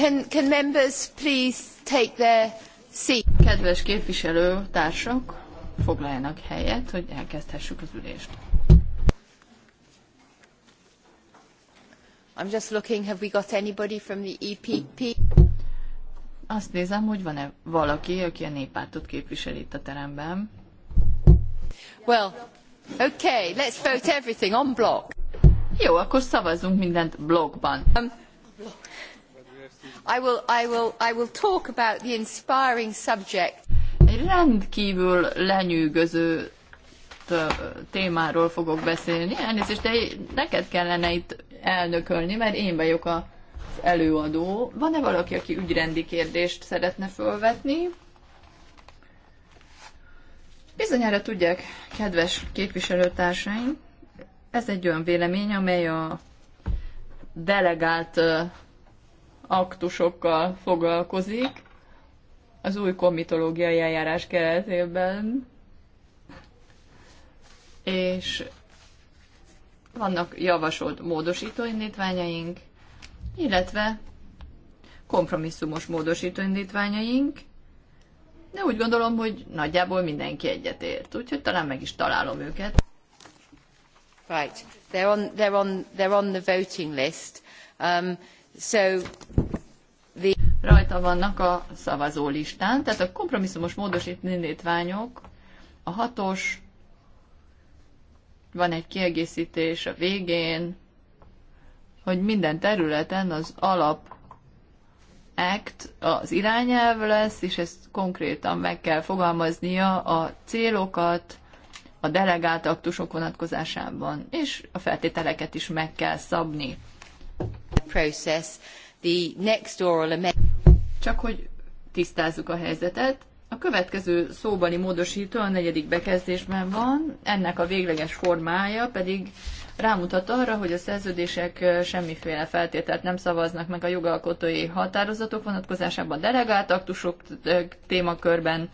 Can, can members please take their seat? Kedves képviselő társak, foglaljanak helyet, hogy elkezdhessük az ülést. I'm just looking, have we got anybody from the EPP? Azt nézem, hogy van-e valaki, aki a néppártot képviseli itt a teremben. Well, okay, let's vote everything on block. Jó, akkor szavazunk mindent blogban. Um, block. I will, I rendkívül lenyűgöző témáról fogok beszélni. Elnézést, de neked kellene itt elnökölni, mert én vagyok az előadó. Van-e valaki, aki ügyrendi kérdést szeretne fölvetni? Bizonyára tudják, kedves képviselőtársaim, ez egy olyan vélemény, amely a delegált aktusokkal foglalkozik az új komitológiai eljárás keretében, és vannak javasolt módosító indítványaink, illetve kompromisszumos módosító indítványaink, de úgy gondolom, hogy nagyjából mindenki egyetért, úgyhogy talán meg is találom őket. Right, they're on, they're on, they're on the voting list. Um, Rajta vannak a szavazólistán, tehát a kompromisszumos módosítványok, a hatos, van egy kiegészítés a végén, hogy minden területen az alap act az irányelv lesz, és ezt konkrétan meg kell fogalmaznia a célokat a delegált aktusok vonatkozásában, és a feltételeket is meg kell szabni process, the next oral amendment... Csak hogy tisztázzuk a helyzetet, a következő szóbani módosító a negyedik bekezdésben van, ennek a végleges formája pedig rámutat arra, hogy a szerződések semmiféle feltételt nem szavaznak meg a jogalkotói határozatok vonatkozásában delegált aktusok témakörben.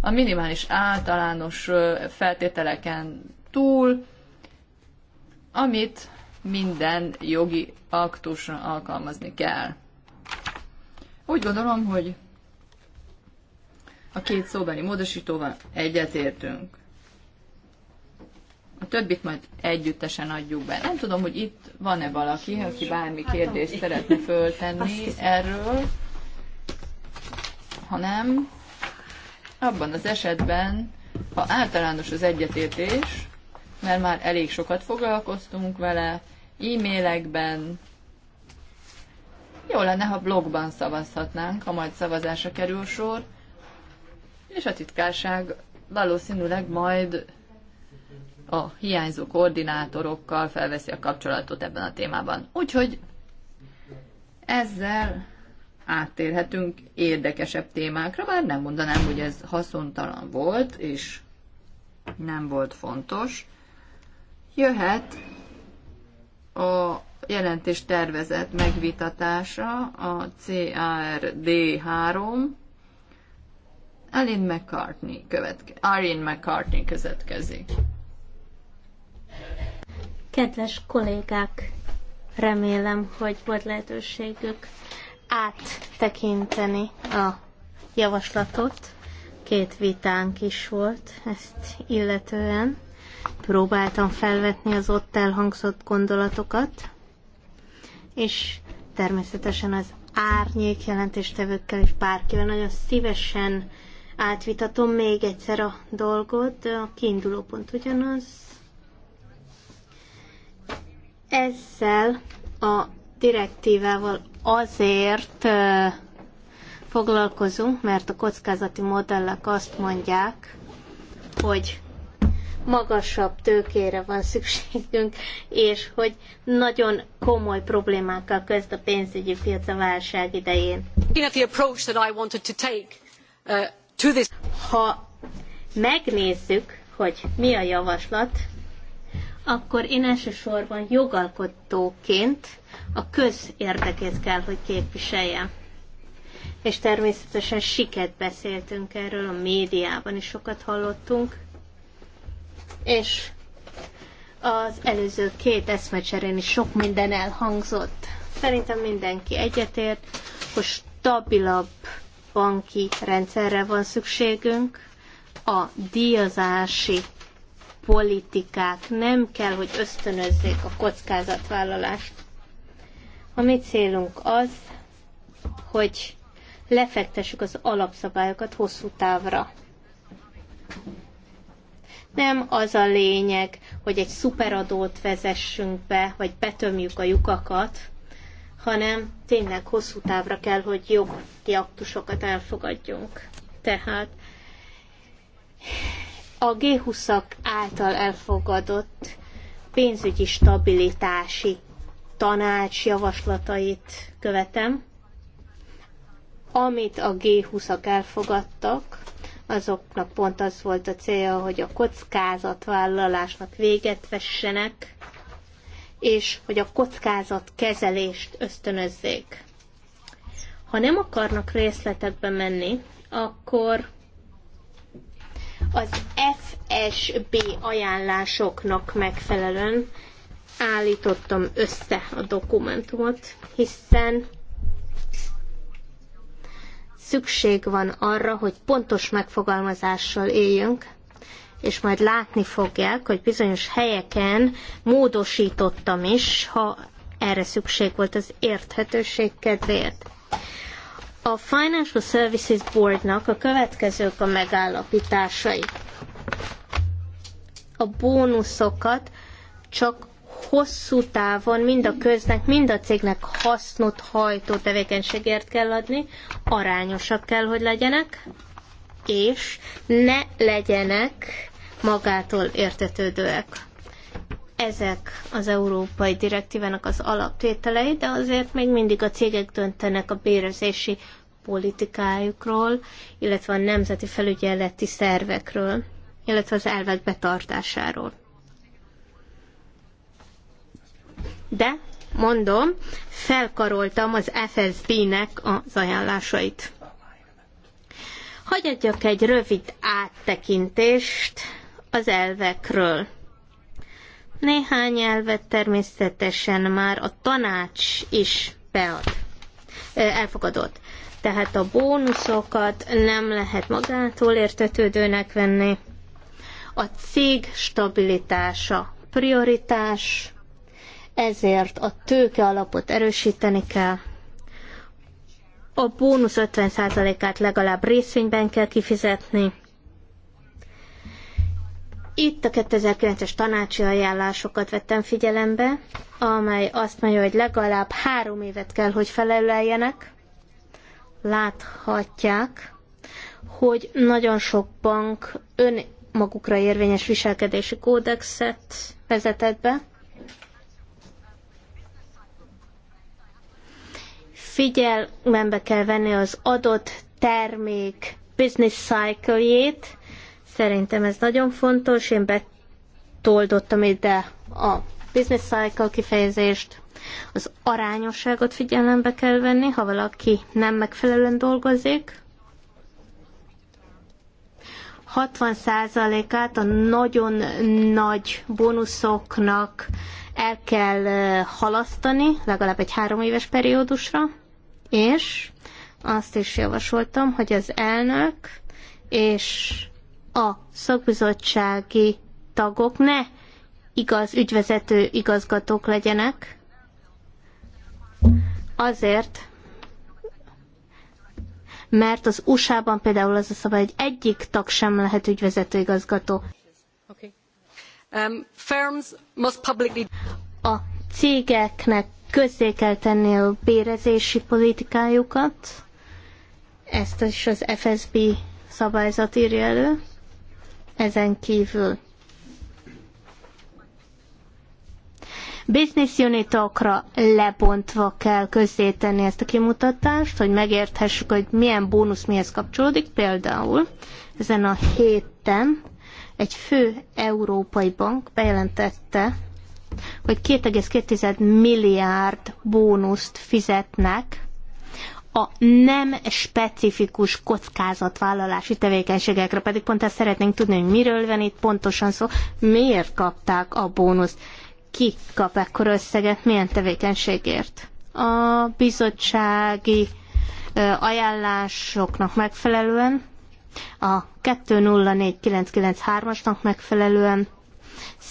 A minimális általános feltételeken túl, amit minden jogi aktusra alkalmazni kell. Úgy gondolom, hogy a két szóbeli módosítóval egyetértünk. A többit majd együttesen adjuk be. Nem tudom, hogy itt van-e valaki, aki bármi kérdést szeretne föltenni erről. Ha nem, abban az esetben, ha általános az egyetértés, mert már elég sokat foglalkoztunk vele, e-mailekben. Jó lenne, ha blogban szavazhatnánk, ha majd szavazásra kerül sor, és a titkárság valószínűleg majd a hiányzó koordinátorokkal felveszi a kapcsolatot ebben a témában. Úgyhogy ezzel áttérhetünk érdekesebb témákra, bár nem mondanám, hogy ez haszontalan volt, és nem volt fontos. Jöhet a jelentés tervezett megvitatása, a CARD3, Alin McCartney következik. Arin McCartney következik. Kedves kollégák, remélem, hogy volt lehetőségük áttekinteni a javaslatot. Két vitánk is volt ezt illetően. Próbáltam felvetni az ott elhangzott gondolatokat, és természetesen az árnyék jelentéstevőkkel és bárkivel nagyon szívesen átvitatom még egyszer a dolgot. A kiinduló pont ugyanaz. Ezzel a direktívával azért foglalkozunk, mert a kockázati modellek azt mondják, hogy magasabb tőkére van szükségünk, és hogy nagyon komoly problémákkal közt a pénzügyi piac a válság idején. Uh, ha megnézzük, hogy mi a javaslat, akkor én elsősorban jogalkotóként a közérdekét kell, hogy képviseljem. És természetesen siket beszéltünk erről, a médiában is sokat hallottunk, és az előző két eszmecserén is sok minden elhangzott. Szerintem mindenki egyetért, hogy stabilabb banki rendszerre van szükségünk, a díjazási politikák nem kell, hogy ösztönözzék a kockázatvállalást. A mi célunk az, hogy lefektessük az alapszabályokat hosszú távra. Nem az a lényeg, hogy egy szuperadót vezessünk be, vagy betömjük a lyukakat, hanem tényleg hosszú távra kell, hogy jogi aktusokat elfogadjunk. Tehát a g 20 által elfogadott pénzügyi stabilitási tanács javaslatait követem, amit a G20-ak elfogadtak, azoknak pont az volt a célja, hogy a kockázatvállalásnak véget vessenek, és hogy a kezelést ösztönözzék. Ha nem akarnak részletekbe menni, akkor az FSB ajánlásoknak megfelelően állítottam össze a dokumentumot, hiszen szükség van arra, hogy pontos megfogalmazással éljünk, és majd látni fogják, hogy bizonyos helyeken módosítottam is, ha erre szükség volt az érthetőség kedvéért. A Financial Services Boardnak a következők a megállapításai. A bónuszokat csak hosszú távon mind a köznek, mind a cégnek hasznot hajtó tevékenységért kell adni, arányosak kell, hogy legyenek, és ne legyenek magától értetődőek. Ezek az európai direktívának az alaptételei, de azért még mindig a cégek döntenek a bérezési politikájukról, illetve a nemzeti felügyeleti szervekről, illetve az elvek betartásáról de mondom, felkaroltam az FSB-nek az ajánlásait. Hagy adjak egy rövid áttekintést az elvekről. Néhány elvet természetesen már a tanács is bead, elfogadott. Tehát a bónuszokat nem lehet magától értetődőnek venni. A cég stabilitása prioritás, ezért a tőke alapot erősíteni kell, a bónusz 50%-át legalább részvényben kell kifizetni. Itt a 2009-es tanácsi ajánlásokat vettem figyelembe, amely azt mondja, hogy legalább három évet kell, hogy feleleljenek. Láthatják, hogy nagyon sok bank önmagukra érvényes viselkedési kódexet vezetett be, figyelmembe kell venni az adott termék business cycle-jét. Szerintem ez nagyon fontos. Én betoldottam ide a business cycle kifejezést. Az arányosságot figyelembe kell venni, ha valaki nem megfelelően dolgozik. 60%-át a nagyon nagy bónuszoknak el kell eh, halasztani, legalább egy három éves periódusra és azt is javasoltam, hogy az elnök és a szakbizottsági tagok ne igaz ügyvezető igazgatók legyenek, azért, mert az USA-ban például az a szabály, hogy egyik tag sem lehet ügyvezető igazgató. Okay. Um, firms must publicly... A cégeknek közzé kell tenni a bérezési politikájukat, ezt is az FSB szabályzat írja elő, ezen kívül business unitokra lebontva kell közzétenni ezt a kimutatást, hogy megérthessük, hogy milyen bónusz mihez kapcsolódik. Például ezen a héten egy fő európai bank bejelentette, hogy 2,2 milliárd bónuszt fizetnek a nem specifikus kockázatvállalási tevékenységekre, pedig pont ezt szeretnénk tudni, hogy miről van itt pontosan szó, miért kapták a bónuszt, ki kap ekkor összeget, milyen tevékenységért. A bizottsági ajánlásoknak megfelelően, a 204993-asnak megfelelően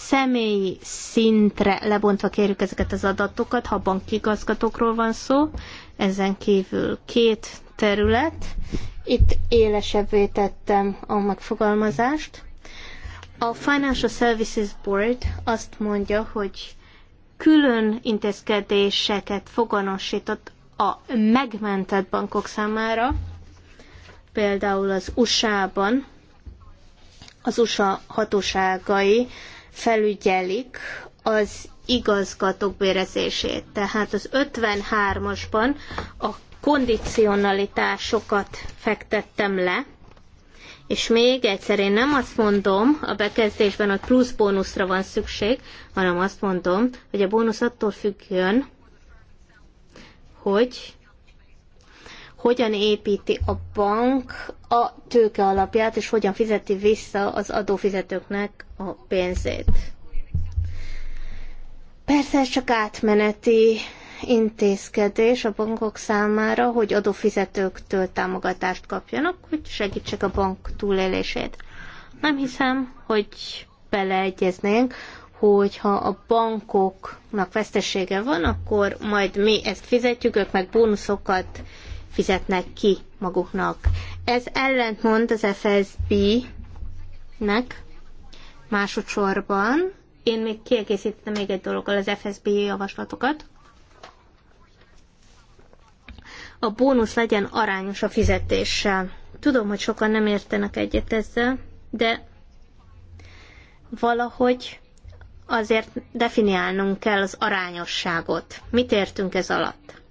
személyi szintre lebontva kérjük ezeket az adatokat, ha bankigazgatókról van szó, ezen kívül két terület. Itt élesebbé tettem a megfogalmazást. A Financial Services Board azt mondja, hogy külön intézkedéseket foganosított a megmentett bankok számára, például az USA-ban, az USA hatóságai felügyelik az igazgatók bérezését. Tehát az 53-asban a kondicionalitásokat fektettem le, és még egyszer én nem azt mondom a bekezdésben, hogy plusz bónuszra van szükség, hanem azt mondom, hogy a bónusz attól függjön, hogy hogyan építi a bank a tőke alapját, és hogyan fizeti vissza az adófizetőknek a pénzét. Persze ez csak átmeneti intézkedés a bankok számára, hogy adófizetőktől támogatást kapjanak, hogy segítsek a bank túlélését. Nem hiszem, hogy beleegyeznénk, hogy ha a bankoknak vesztesége van, akkor majd mi ezt fizetjük, ők meg bónuszokat fizetnek ki maguknak. Ez ellentmond az FSB-nek másodszorban. Én még kiegészítettem még egy dologgal az FSB javaslatokat. A bónusz legyen arányos a fizetéssel. Tudom, hogy sokan nem értenek egyet ezzel, de valahogy azért definiálnunk kell az arányosságot. Mit értünk ez alatt?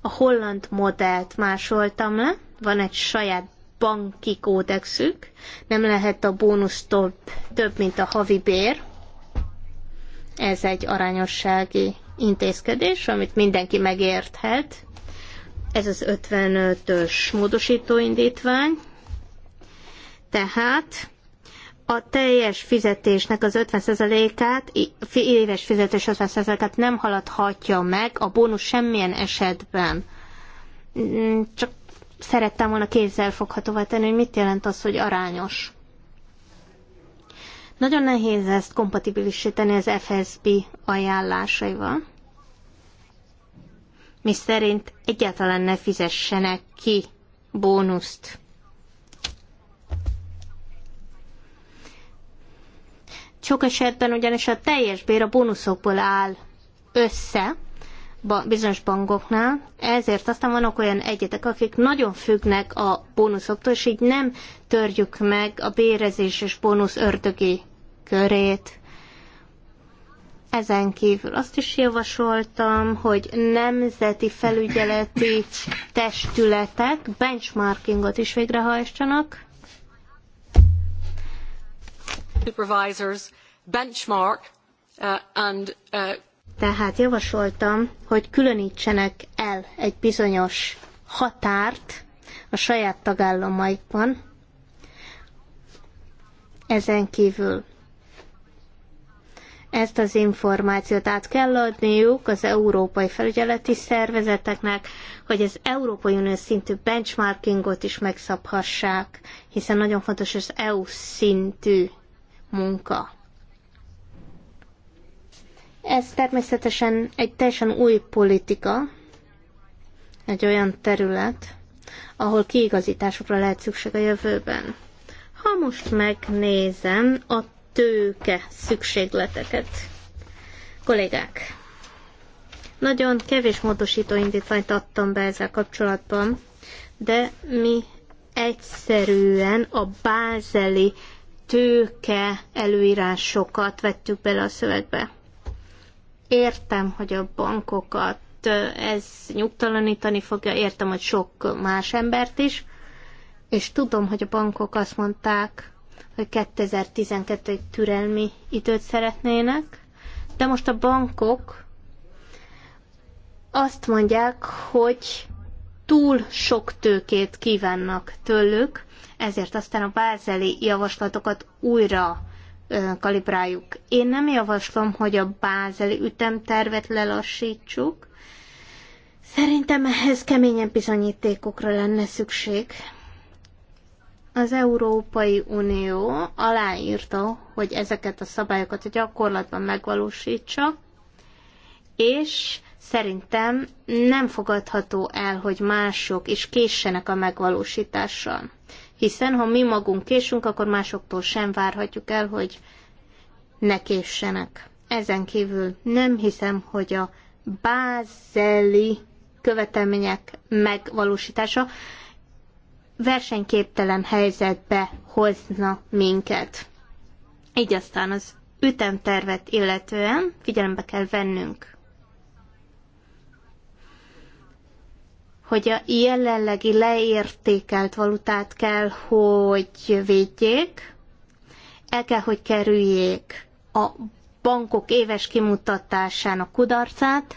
a holland modellt másoltam le, van egy saját banki kódexük, nem lehet a bónusz több, több mint a havi bér. Ez egy arányossági intézkedés, amit mindenki megérthet. Ez az 55-ös módosítóindítvány. Tehát a teljes fizetésnek az 50%-át, éves fizetés 50%-át nem haladhatja meg a bónusz semmilyen esetben. Mm, csak szerettem volna kézzel foghatóvá tenni, hogy mit jelent az, hogy arányos. Nagyon nehéz ezt kompatibilisíteni az FSB ajánlásaival, mi szerint egyáltalán ne fizessenek ki bónuszt Sok esetben ugyanis a teljes bér a bónuszokból áll össze, bizonyos bankoknál, ezért aztán vannak olyan egyetek, akik nagyon függnek a bónuszoktól, és így nem törjük meg a bérezés és bónusz ördögi körét. Ezen kívül azt is javasoltam, hogy nemzeti felügyeleti testületek benchmarkingot is végrehajtsanak, Supervisors benchmark uh, and uh... tehát javasoltam, hogy különítsenek el egy bizonyos határt a saját tagállamaikban. Ezen kívül ezt az információt át kell adniuk az európai felügyeleti szervezeteknek, hogy az Európai Unió szintű benchmarkingot is megszabhassák, hiszen nagyon fontos az EU szintű munka. Ez természetesen egy teljesen új politika, egy olyan terület, ahol kiigazításokra lehet szükség a jövőben. Ha most megnézem a tőke szükségleteket, kollégák, nagyon kevés módosító indítványt adtam be ezzel kapcsolatban, de mi egyszerűen a bázeli tőke előírásokat vettük bele a szövegbe. Értem, hogy a bankokat ez nyugtalanítani fogja, értem, hogy sok más embert is, és tudom, hogy a bankok azt mondták, hogy 2012 egy türelmi időt szeretnének, de most a bankok azt mondják, hogy túl sok tőkét kívánnak tőlük, ezért aztán a bázeli javaslatokat újra kalibráljuk. Én nem javaslom, hogy a bázeli ütemtervet lelassítsuk. Szerintem ehhez keményebb bizonyítékokra lenne szükség. Az Európai Unió aláírta, hogy ezeket a szabályokat a gyakorlatban megvalósítsa, és szerintem nem fogadható el, hogy mások is késsenek a megvalósítással hiszen ha mi magunk késünk, akkor másoktól sem várhatjuk el, hogy ne késsenek. Ezen kívül nem hiszem, hogy a bázeli követelmények megvalósítása versenyképtelen helyzetbe hozna minket. Így aztán az ütemtervet illetően figyelembe kell vennünk hogy a jelenlegi leértékelt valutát kell, hogy védjék, el kell, hogy kerüljék a bankok éves kimutatásának kudarcát,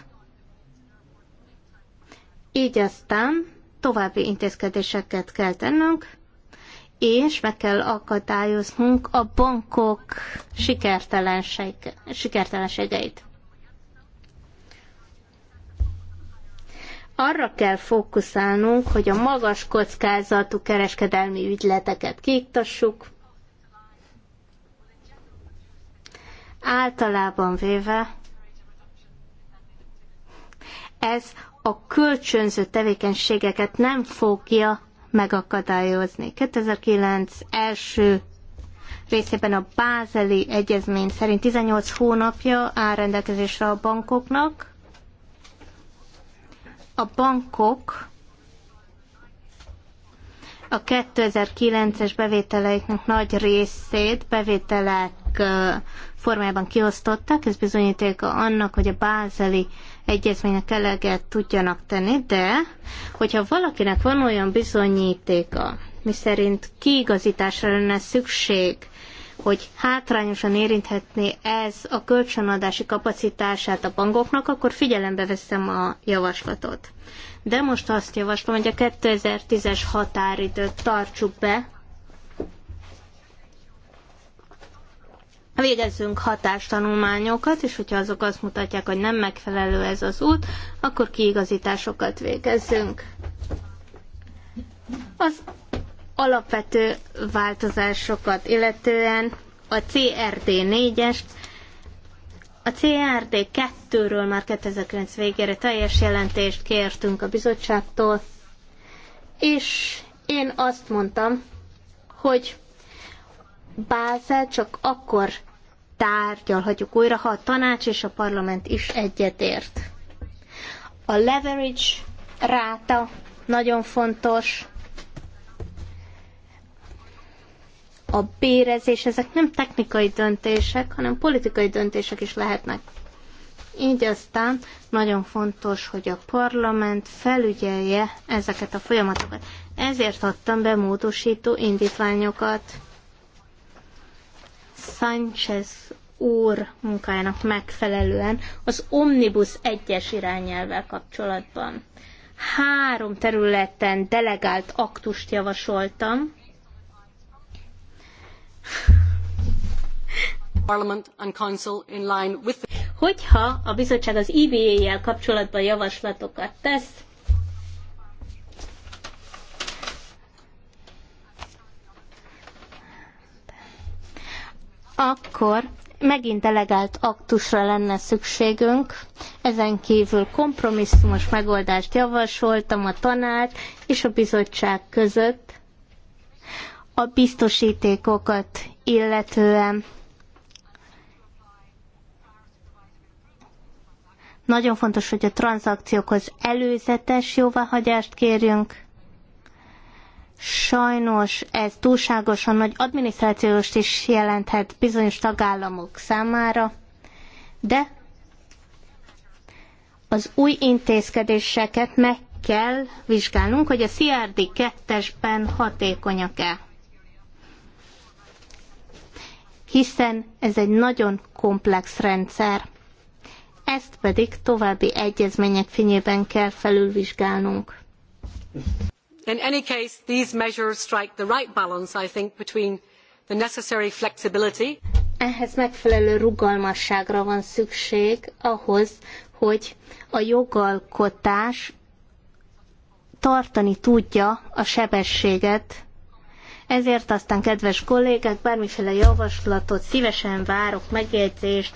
így aztán további intézkedéseket kell tennünk, és meg kell akadályoznunk a bankok sikertelenségeit. arra kell fókuszálnunk, hogy a magas kockázatú kereskedelmi ügyleteket kiiktassuk. Általában véve ez a kölcsönző tevékenységeket nem fogja megakadályozni. 2009 első részében a bázeli egyezmény szerint 18 hónapja áll rendelkezésre a bankoknak, a bankok a 2009-es bevételeiknek nagy részét bevételek formájában kiosztották, ez bizonyítéka annak, hogy a bázeli egyezménynek eleget tudjanak tenni, de hogyha valakinek van olyan bizonyítéka, miszerint kiigazításra lenne szükség hogy hátrányosan érinthetné ez a kölcsönadási kapacitását a bankoknak, akkor figyelembe veszem a javaslatot. De most azt javaslom, hogy a 2010-es határidőt tartsuk be, végezzünk hatástanulmányokat, és hogyha azok azt mutatják, hogy nem megfelelő ez az út, akkor kiigazításokat végezzünk. Az alapvető változásokat, illetően a CRD 4-est, a CRD 2-ről már 2009 végére teljes jelentést kértünk a bizottságtól, és én azt mondtam, hogy Bázel csak akkor tárgyalhatjuk újra, ha a tanács és a parlament is egyetért. A leverage ráta nagyon fontos, a bérezés, ezek nem technikai döntések, hanem politikai döntések is lehetnek. Így aztán nagyon fontos, hogy a parlament felügyelje ezeket a folyamatokat. Ezért adtam be módosító indítványokat. Sanchez úr munkájának megfelelően az Omnibus egyes es irányelvvel kapcsolatban. Három területen delegált aktust javasoltam, Hogyha a bizottság az eba jel kapcsolatban javaslatokat tesz, akkor megint delegált aktusra lenne szükségünk. Ezen kívül kompromisszumos megoldást javasoltam a tanács és a bizottság között, a biztosítékokat illetően. Nagyon fontos, hogy a tranzakciókhoz előzetes jóváhagyást kérjünk. Sajnos ez túlságosan nagy adminisztrációs is jelenthet bizonyos tagállamok számára, de az új intézkedéseket meg kell vizsgálnunk, hogy a CRD 2-esben hatékonyak-e hiszen ez egy nagyon komplex rendszer. Ezt pedig további egyezmények fényében kell felülvizsgálnunk. In any case, these measures strike the right balance, I think, between the necessary flexibility. Ehhez megfelelő rugalmasságra van szükség ahhoz, hogy a jogalkotás tartani tudja a sebességet, ezért aztán, kedves kollégák, bármiféle javaslatot szívesen várok, megjegyzést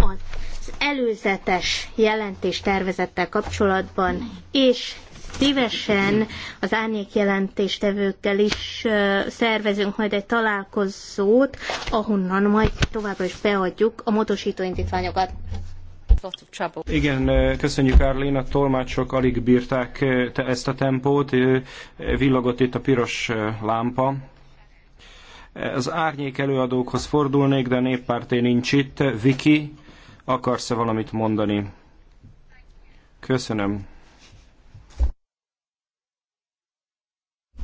az előzetes jelentés tervezettel kapcsolatban, és szívesen az árnyék jelentéstevőkkel is szervezünk majd egy találkozót, ahonnan majd továbbra is beadjuk a módosító indítványokat. Igen, köszönjük Árlén, a tolmácsok alig bírták ezt a tempót, villogott itt a piros lámpa. Az árnyék előadókhoz fordulnék, de a néppárté nincs itt. Viki, akarsz-e valamit mondani? Köszönöm.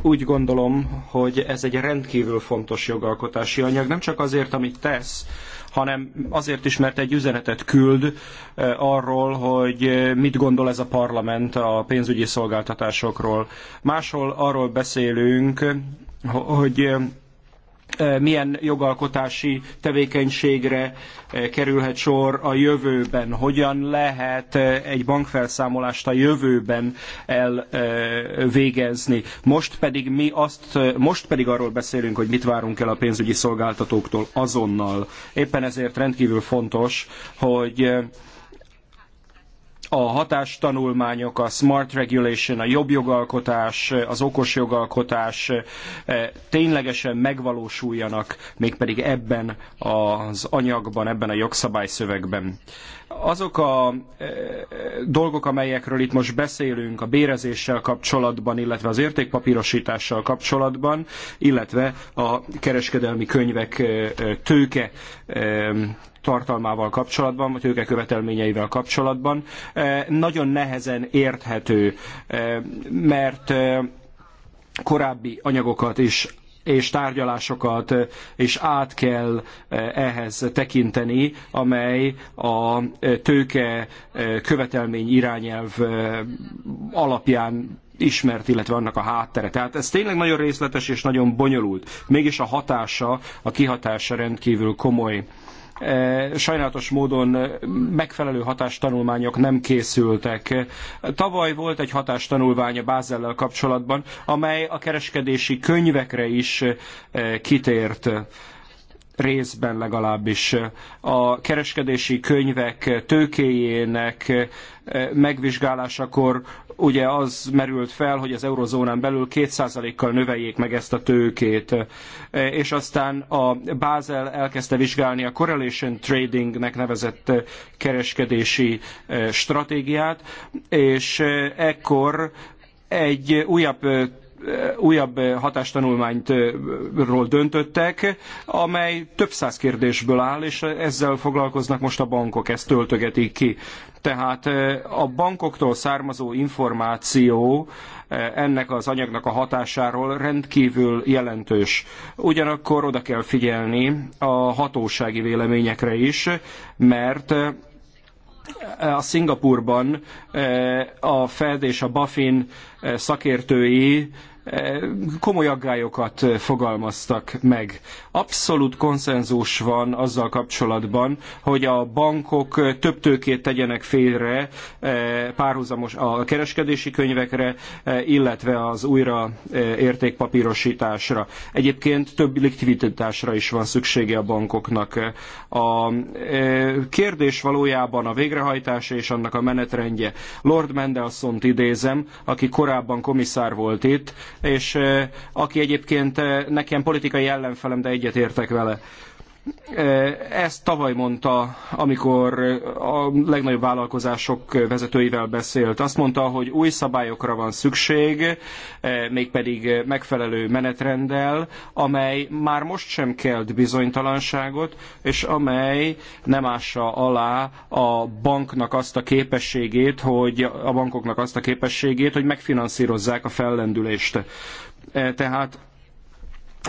úgy gondolom, hogy ez egy rendkívül fontos jogalkotási anyag, nem csak azért, amit tesz, hanem azért is, mert egy üzenetet küld eh, arról, hogy eh, mit gondol ez a parlament a pénzügyi szolgáltatásokról. Máshol arról beszélünk, hogy eh, milyen jogalkotási tevékenységre kerülhet sor a jövőben, hogyan lehet egy bankfelszámolást a jövőben elvégezni. Most pedig mi azt, most pedig arról beszélünk, hogy mit várunk el a pénzügyi szolgáltatóktól azonnal. Éppen ezért rendkívül fontos, hogy a hatástanulmányok, a smart regulation, a jobb jogalkotás, az okos jogalkotás eh, ténylegesen megvalósuljanak, mégpedig ebben az anyagban, ebben a jogszabályszövegben azok a e, e, dolgok, amelyekről itt most beszélünk a bérezéssel kapcsolatban, illetve az értékpapírosítással kapcsolatban, illetve a kereskedelmi könyvek e, tőke tartalmával kapcsolatban, vagy tőke követelményeivel kapcsolatban, nagyon nehezen érthető, mert korábbi anyagokat is és tárgyalásokat is át kell e, ehhez tekinteni, amely a e, tőke e, követelmény irányelv alapján ismert, illetve annak a háttere. Tehát ez tényleg nagyon részletes és nagyon bonyolult. Mégis a hatása, a kihatása rendkívül komoly. Eh, sajnálatos módon eh, megfelelő hatástanulmányok nem készültek. Tavaly volt egy hatástanulmány a Bázellel kapcsolatban, amely a kereskedési könyvekre is eh, kitért részben legalábbis a kereskedési könyvek tőkéjének eh, megvizsgálásakor ugye az merült fel, hogy az eurozónán belül 2%-kal növeljék meg ezt a tőkét, eh, és aztán a Basel elkezdte vizsgálni a correlation tradingnek nevezett eh, kereskedési stratégiát, és ekkor egy újabb újabb eh, hatástanulmányról döntöttek, amely több száz kérdésből áll, és ezzel foglalkoznak most a bankok, ezt töltögetik ki. Tehát eh, a bankoktól származó információ eh, ennek az anyagnak a hatásáról rendkívül jelentős. Ugyanakkor oda kell figyelni a hatósági véleményekre is, mert a Szingapurban a Fed és a Bafin szakértői Eh, komoly aggályokat fogalmaztak meg. Abszolút konszenzus van azzal kapcsolatban, hogy a bankok több tőkét tegyenek félre eh, párhuzamos a kereskedési könyvekre, eh, illetve az újra értékpapírosításra. Egyébként több likviditásra is van szüksége a bankoknak. A kérdés valójában a végrehajtása és annak a menetrendje. Lord Mendelssohn-t idézem, aki korábban komisszár volt itt, és eh, aki egyébként eh, nekem politikai ellenfelem, de egyetértek vele. Ezt tavaly mondta, amikor a legnagyobb vállalkozások vezetőivel beszélt. Azt mondta, hogy új szabályokra van szükség, mégpedig megfelelő menetrenddel, amely már most sem kelt bizonytalanságot, és amely nem ássa alá a banknak azt a képességét, hogy a bankoknak azt a képességét, hogy megfinanszírozzák a fellendülést. Tehát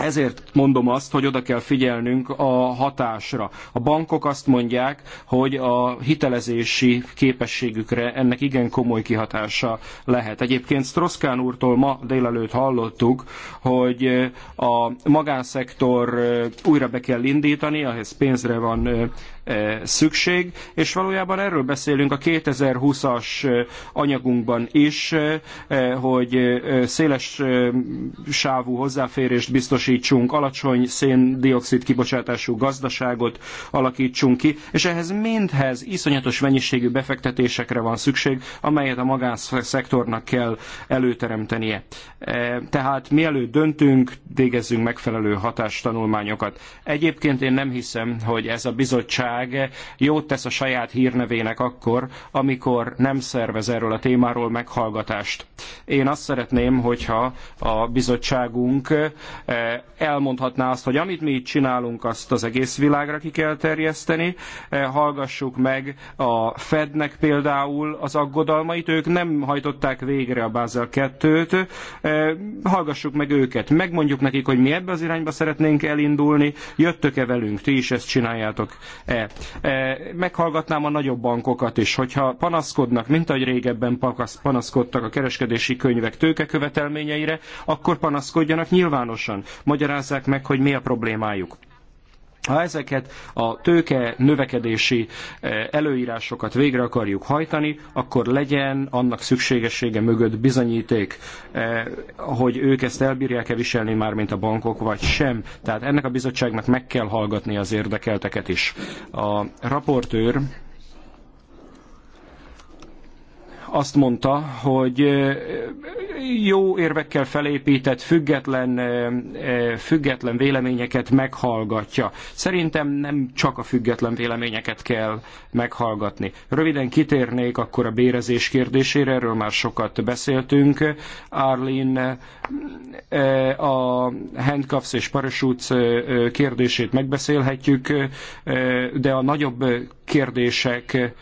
ezért mondom azt, hogy oda kell figyelnünk a hatásra. A bankok azt mondják, hogy a hitelezési képességükre ennek igen komoly kihatása lehet. Egyébként Stroszkán úrtól ma délelőtt hallottuk, hogy a magánszektor újra be kell indítani, ahhez pénzre van szükség, és valójában erről beszélünk a 2020-as anyagunkban is, hogy széles sávú hozzáférést biztosítsunk, alacsony széndiokszid kibocsátású gazdaságot alakítsunk ki, és ehhez mindhez iszonyatos mennyiségű befektetésekre van szükség, amelyet a magánszektornak kell előteremtenie. Tehát mielőtt döntünk, végezzünk megfelelő hatástanulmányokat. Egyébként én nem hiszem, hogy ez a bizottság bizottság jót tesz a saját hírnevének akkor, amikor nem szervez erről a témáról meghallgatást. Én azt szeretném, hogyha a bizottságunk eh, elmondhatná azt, hogy amit mi itt csinálunk, azt az egész világra ki kell terjeszteni. Eh, hallgassuk meg a Fednek például az aggodalmait, ők nem hajtották végre a Basel 2-t. Eh, hallgassuk meg őket, megmondjuk nekik, hogy mi ebbe az irányba szeretnénk elindulni, jöttök-e velünk, ti is ezt csináljátok-e. Eh, meghallgatnám a nagyobb bankokat is, hogyha panaszkodnak, mint ahogy régebben panaszkodtak a kereskedési könyvek tőkekövetelményeire, akkor panaszkodjanak nyilvánosan. Magyarázzák meg, hogy mi a problémájuk. Ha ezeket a tőke növekedési eh, előírásokat végre akarjuk hajtani, akkor legyen annak szükségessége mögött bizonyíték, eh, hogy ők ezt elbírják-e viselni már, mint a bankok, vagy sem. Tehát ennek a bizottságnak meg kell hallgatni az érdekelteket is. A raportőr azt mondta, hogy jó érvekkel felépített, független, független véleményeket meghallgatja. Szerintem nem csak a független véleményeket kell meghallgatni. Röviden kitérnék akkor a bérezés kérdésére, erről már sokat beszéltünk. Arlin a handcuffs és parachutes kérdését megbeszélhetjük, de a nagyobb kérdések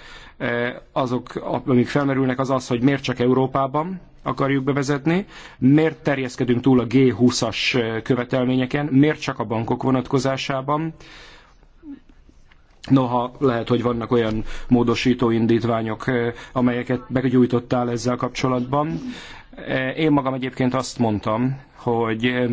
Eh, azok, amik felmerülnek, az az, hogy miért csak Európában akarjuk bevezetni, miért terjeszkedünk túl a G20-as eh, követelményeken, miért csak a bankok vonatkozásában, Noha lehet, hogy vannak olyan módosító indítványok, eh, amelyeket meggyújtottál ezzel kapcsolatban. Én magam egyébként azt mondtam, hogy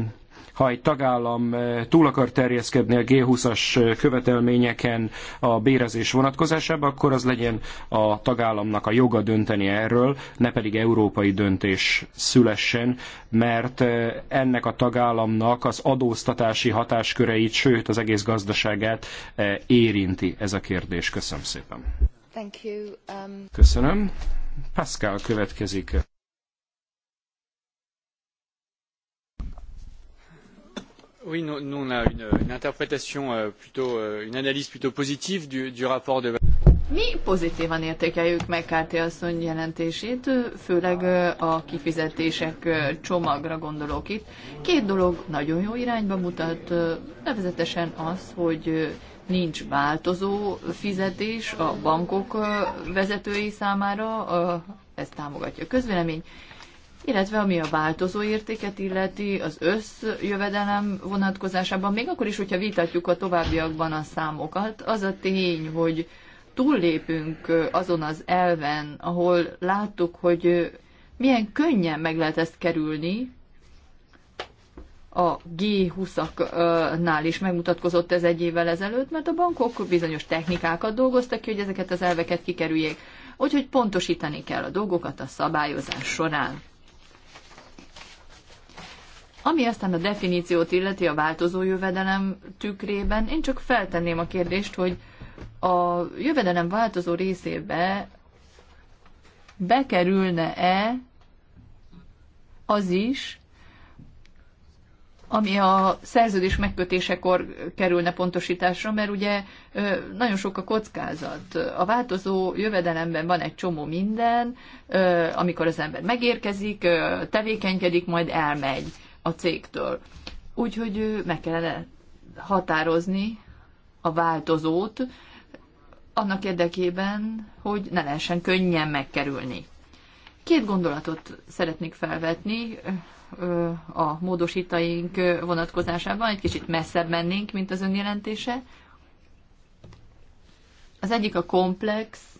ha egy tagállam eh, túl akar terjeszkedni a G20-as eh, követelményeken a bérezés vonatkozásában, akkor az legyen a tagállamnak a joga dönteni erről, ne pedig európai döntés szülessen, mert eh, ennek a tagállamnak az adóztatási hatásköreit, sőt az egész gazdaságát érinti ez a kérdés. Köszönöm szépen. Um... Köszönöm. Pascal következik. Oui, nous, nous on a une, une interprétation euh, plutôt, euh, une analyse plutôt positive du, du rapport de. Mi pozitívan értékeljük McCarthy asszony jelentését, főleg a kifizetések csomagra gondolok itt. Két dolog nagyon jó irányba mutat, nevezetesen az, hogy nincs változó fizetés a bankok vezetői számára, ezt támogatja a közvélemény illetve ami a változó értéket illeti, az összjövedelem vonatkozásában, még akkor is, hogyha vitatjuk a továbbiakban a számokat, az a tény, hogy túllépünk azon az elven, ahol láttuk, hogy milyen könnyen meg lehet ezt kerülni, a G20-aknál is megmutatkozott ez egy évvel ezelőtt, mert a bankok bizonyos technikákat dolgoztak ki, hogy ezeket az elveket kikerüljék. Úgyhogy pontosítani kell a dolgokat a szabályozás során. Ami aztán a definíciót illeti a változó jövedelem tükrében, én csak feltenném a kérdést, hogy a jövedelem változó részébe bekerülne-e az is, ami a szerződés megkötésekor kerülne pontosításra, mert ugye nagyon sok a kockázat. A változó jövedelemben van egy csomó minden, amikor az ember megérkezik, tevékenykedik, majd elmegy a cégtől. Úgyhogy meg kellene határozni a változót annak érdekében, hogy ne lehessen könnyen megkerülni. Két gondolatot szeretnék felvetni a módosítaink vonatkozásában, egy kicsit messzebb mennénk, mint az önjelentése. Az egyik a komplex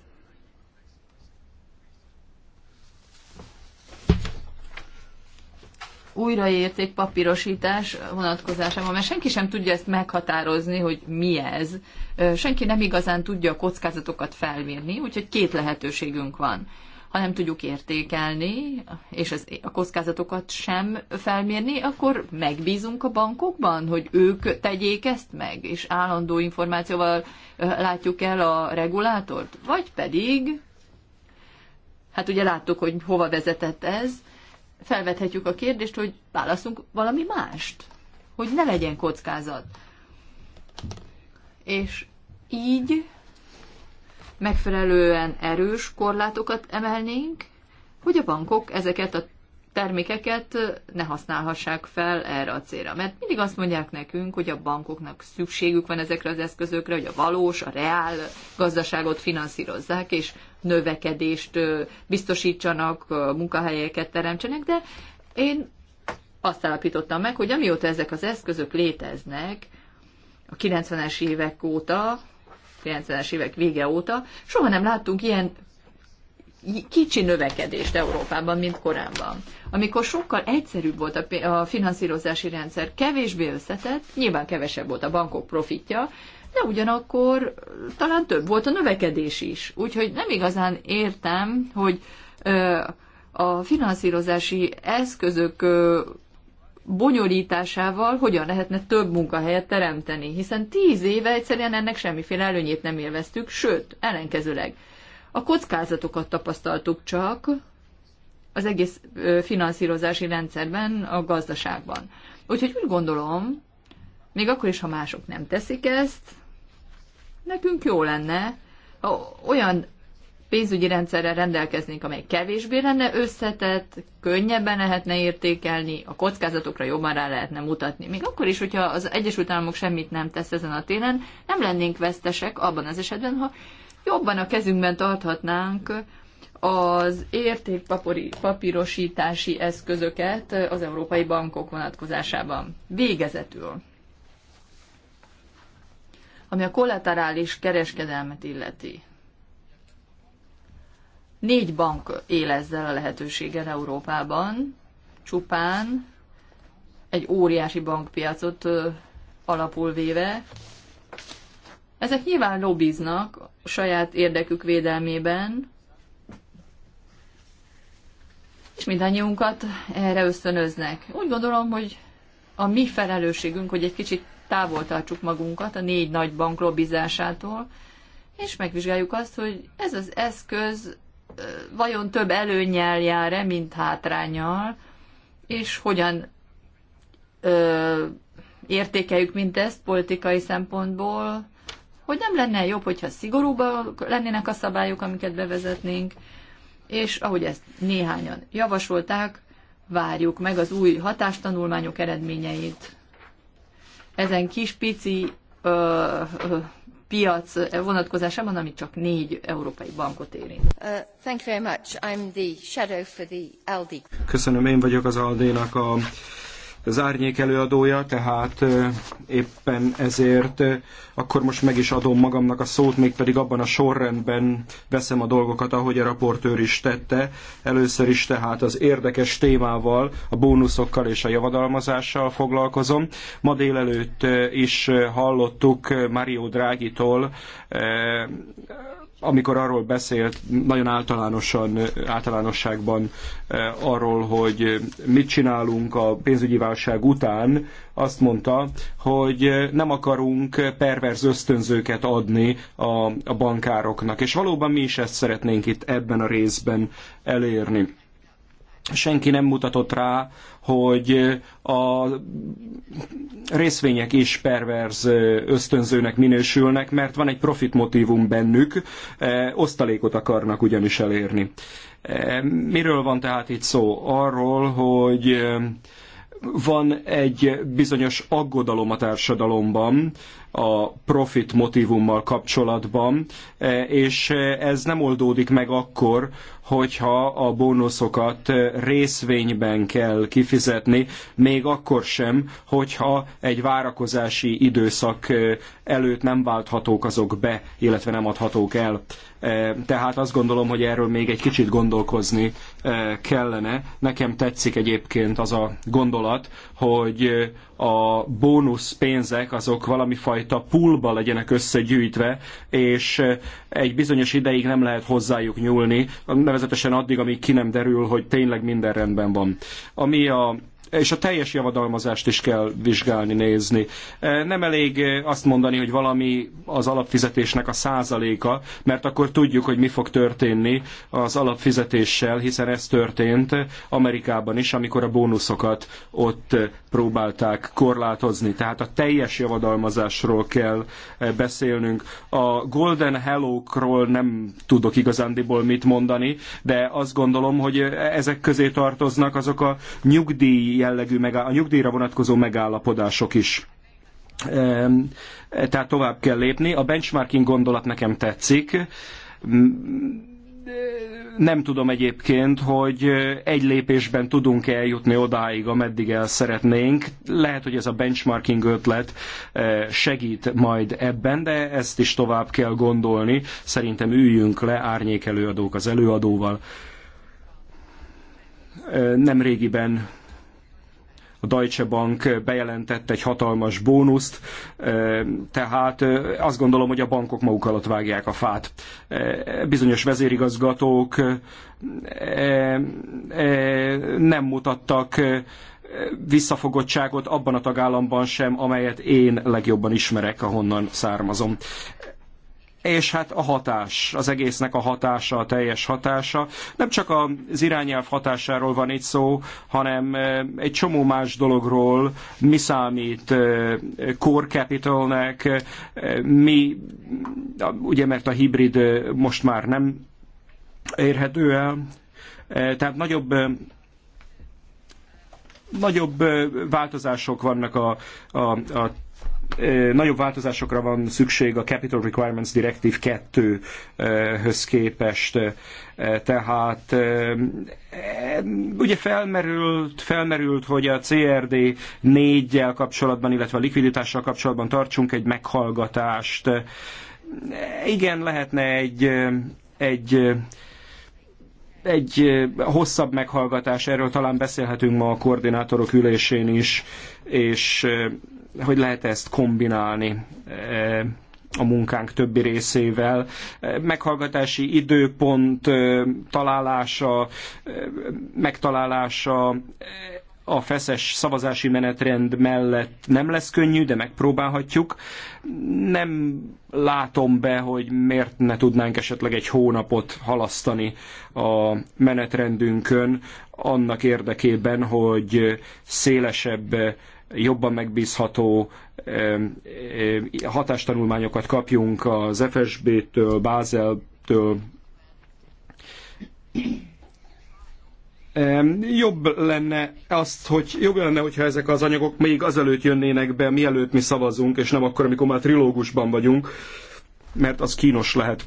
újraérték papírosítás vonatkozásában, mert senki sem tudja ezt meghatározni, hogy mi ez. Senki nem igazán tudja a kockázatokat felmérni, úgyhogy két lehetőségünk van. Ha nem tudjuk értékelni, és az, a kockázatokat sem felmérni, akkor megbízunk a bankokban, hogy ők tegyék ezt meg, és állandó információval látjuk el a regulátort, vagy pedig, hát ugye láttuk, hogy hova vezetett ez, felvethetjük a kérdést, hogy válaszunk valami mást, hogy ne legyen kockázat. És így megfelelően erős korlátokat emelnénk, hogy a bankok ezeket a termékeket ne használhassák fel erre a célra. Mert mindig azt mondják nekünk, hogy a bankoknak szükségük van ezekre az eszközökre, hogy a valós, a reál gazdaságot finanszírozzák, és növekedést biztosítsanak, munkahelyeket teremtsenek, de én azt állapítottam meg, hogy amióta ezek az eszközök léteznek, a 90-es évek óta, 90-es évek vége óta, soha nem láttunk ilyen kicsi növekedést Európában, mint korábban. Amikor sokkal egyszerűbb volt a, finanszírozási rendszer, kevésbé összetett, nyilván kevesebb volt a bankok profitja, de ugyanakkor talán több volt a növekedés is. Úgyhogy nem igazán értem, hogy a finanszírozási eszközök bonyolításával hogyan lehetne több munkahelyet teremteni, hiszen tíz éve egyszerűen ennek semmiféle előnyét nem élveztük, sőt, ellenkezőleg. A kockázatokat tapasztaltuk csak az egész finanszírozási rendszerben, a gazdaságban. Úgyhogy úgy gondolom, még akkor is, ha mások nem teszik ezt, nekünk jó lenne, ha olyan pénzügyi rendszerrel rendelkeznénk, amely kevésbé lenne összetett, könnyebben lehetne értékelni, a kockázatokra jobban rá lehetne mutatni. Még akkor is, hogyha az Egyesült Államok semmit nem tesz ezen a téren, nem lennénk vesztesek abban az esetben, ha jobban a kezünkben tarthatnánk az értékpapírosítási eszközöket az európai bankok vonatkozásában. Végezetül, ami a kollaterális kereskedelmet illeti. Négy bank él ezzel a lehetőséggel Európában, csupán egy óriási bankpiacot alapul véve, ezek nyilván lobbiznak a saját érdekük védelmében, és mindannyiunkat erre ösztönöznek. Úgy gondolom, hogy a mi felelősségünk, hogy egy kicsit távol tartsuk magunkat a négy nagy bank lobbizásától, és megvizsgáljuk azt, hogy ez az eszköz vajon több előnyel jár-e, mint hátrányal, és hogyan ö, értékeljük mindezt politikai szempontból, hogy nem lenne jobb, hogyha szigorúbbak lennének a szabályok, amiket bevezetnénk, és ahogy ezt néhányan javasolták, várjuk meg az új hatástanulmányok eredményeit. Ezen kis pici ö, ö, piac vonatkozásában, amit csak négy európai bankot érint. Uh, thank you very much. I'm the shadow for the Aldi. Köszönöm, én vagyok az Aldi-nak a az árnyék előadója, tehát éppen ezért akkor most meg is adom magamnak a szót, mégpedig abban a sorrendben veszem a dolgokat, ahogy a raportőr is tette. Először is tehát az érdekes témával, a bónuszokkal és a javadalmazással foglalkozom. Ma délelőtt is hallottuk Mario Drágitól amikor arról beszélt, nagyon általánosan, általánosságban eh, arról, hogy mit csinálunk a pénzügyi válság után, azt mondta, hogy eh, nem akarunk perverz ösztönzőket adni a, a bankároknak. És valóban mi is ezt szeretnénk itt ebben a részben elérni senki nem mutatott rá, hogy a részvények is perverz ösztönzőnek minősülnek, mert van egy profit motivum bennük, e, osztalékot akarnak ugyanis elérni. E, miről van tehát itt szó? Arról, hogy e, van egy bizonyos aggodalom a társadalomban a profit motivummal kapcsolatban, és ez nem oldódik meg akkor, hogyha a bónuszokat részvényben kell kifizetni, még akkor sem, hogyha egy várakozási időszak előtt nem válthatók azok be, illetve nem adhatók el. Tehát azt gondolom, hogy erről még egy kicsit gondolkozni kellene. Nekem tetszik egyébként az a gondolat, hogy a bónusz pénzek azok valami fajta poolba legyenek összegyűjtve, és egy bizonyos ideig nem lehet hozzájuk nyúlni, nevezetesen addig, amíg ki nem derül, hogy tényleg minden rendben van. Ami a és a teljes javadalmazást is kell vizsgálni, nézni. E, nem elég e, azt mondani, hogy valami az alapfizetésnek a százaléka, mert akkor tudjuk, hogy mi fog történni az alapfizetéssel, hiszen ez történt Amerikában is, amikor a bónuszokat ott próbálták korlátozni. Tehát a teljes javadalmazásról kell e, beszélnünk. A Golden Hello-król nem tudok igazándiból mit mondani, de azt gondolom, hogy ezek közé tartoznak azok a nyugdíj jellegű, a nyugdíjra vonatkozó megállapodások is tehát tovább kell lépni. A benchmarking gondolat nekem tetszik. Nem tudom egyébként, hogy egy lépésben tudunk -e eljutni odáig, ameddig el szeretnénk. Lehet, hogy ez a benchmarking ötlet eh, segít majd ebben, de ezt is tovább kell gondolni. Szerintem üljünk le árnyék előadók az előadóval. Eh, nem régiben a Deutsche Bank bejelentett egy hatalmas bónuszt, e, tehát e, azt gondolom, hogy a bankok maguk alatt vágják a fát. E, bizonyos vezérigazgatók nem mutattak visszafogottságot abban a tagállamban sem, amelyet én legjobban ismerek, ahonnan származom és hát a hatás, az egésznek a hatása, a teljes hatása. Nem csak az irányelv hatásáról van itt szó, hanem egy csomó más dologról, mi számít core capitalnek, mi, ugye mert a hibrid most már nem érhető el, tehát nagyobb nagyobb változások vannak a, a, a nagyobb változásokra van szükség a Capital Requirements Directive 2-höz képest. Tehát ugye felmerült, felmerült, hogy a CRD 4-jel kapcsolatban, illetve a likviditással kapcsolatban tartsunk egy meghallgatást. Igen, lehetne egy, egy egy hosszabb meghallgatás, erről talán beszélhetünk ma a koordinátorok ülésén is, és hogy lehet ezt kombinálni a munkánk többi részével. Meghallgatási időpont találása, megtalálása, a feszes szavazási menetrend mellett nem lesz könnyű, de megpróbálhatjuk. Nem látom be, hogy miért ne tudnánk esetleg egy hónapot halasztani a menetrendünkön annak érdekében, hogy szélesebb jobban megbízható hatástanulmányokat kapjunk az FSB-től, Bázel-től, jobb lenne azt, hogy jobb lenne, hogyha ezek az anyagok még azelőtt jönnének be, mielőtt mi szavazunk, és nem akkor, amikor már trilógusban vagyunk, mert az kínos lehet.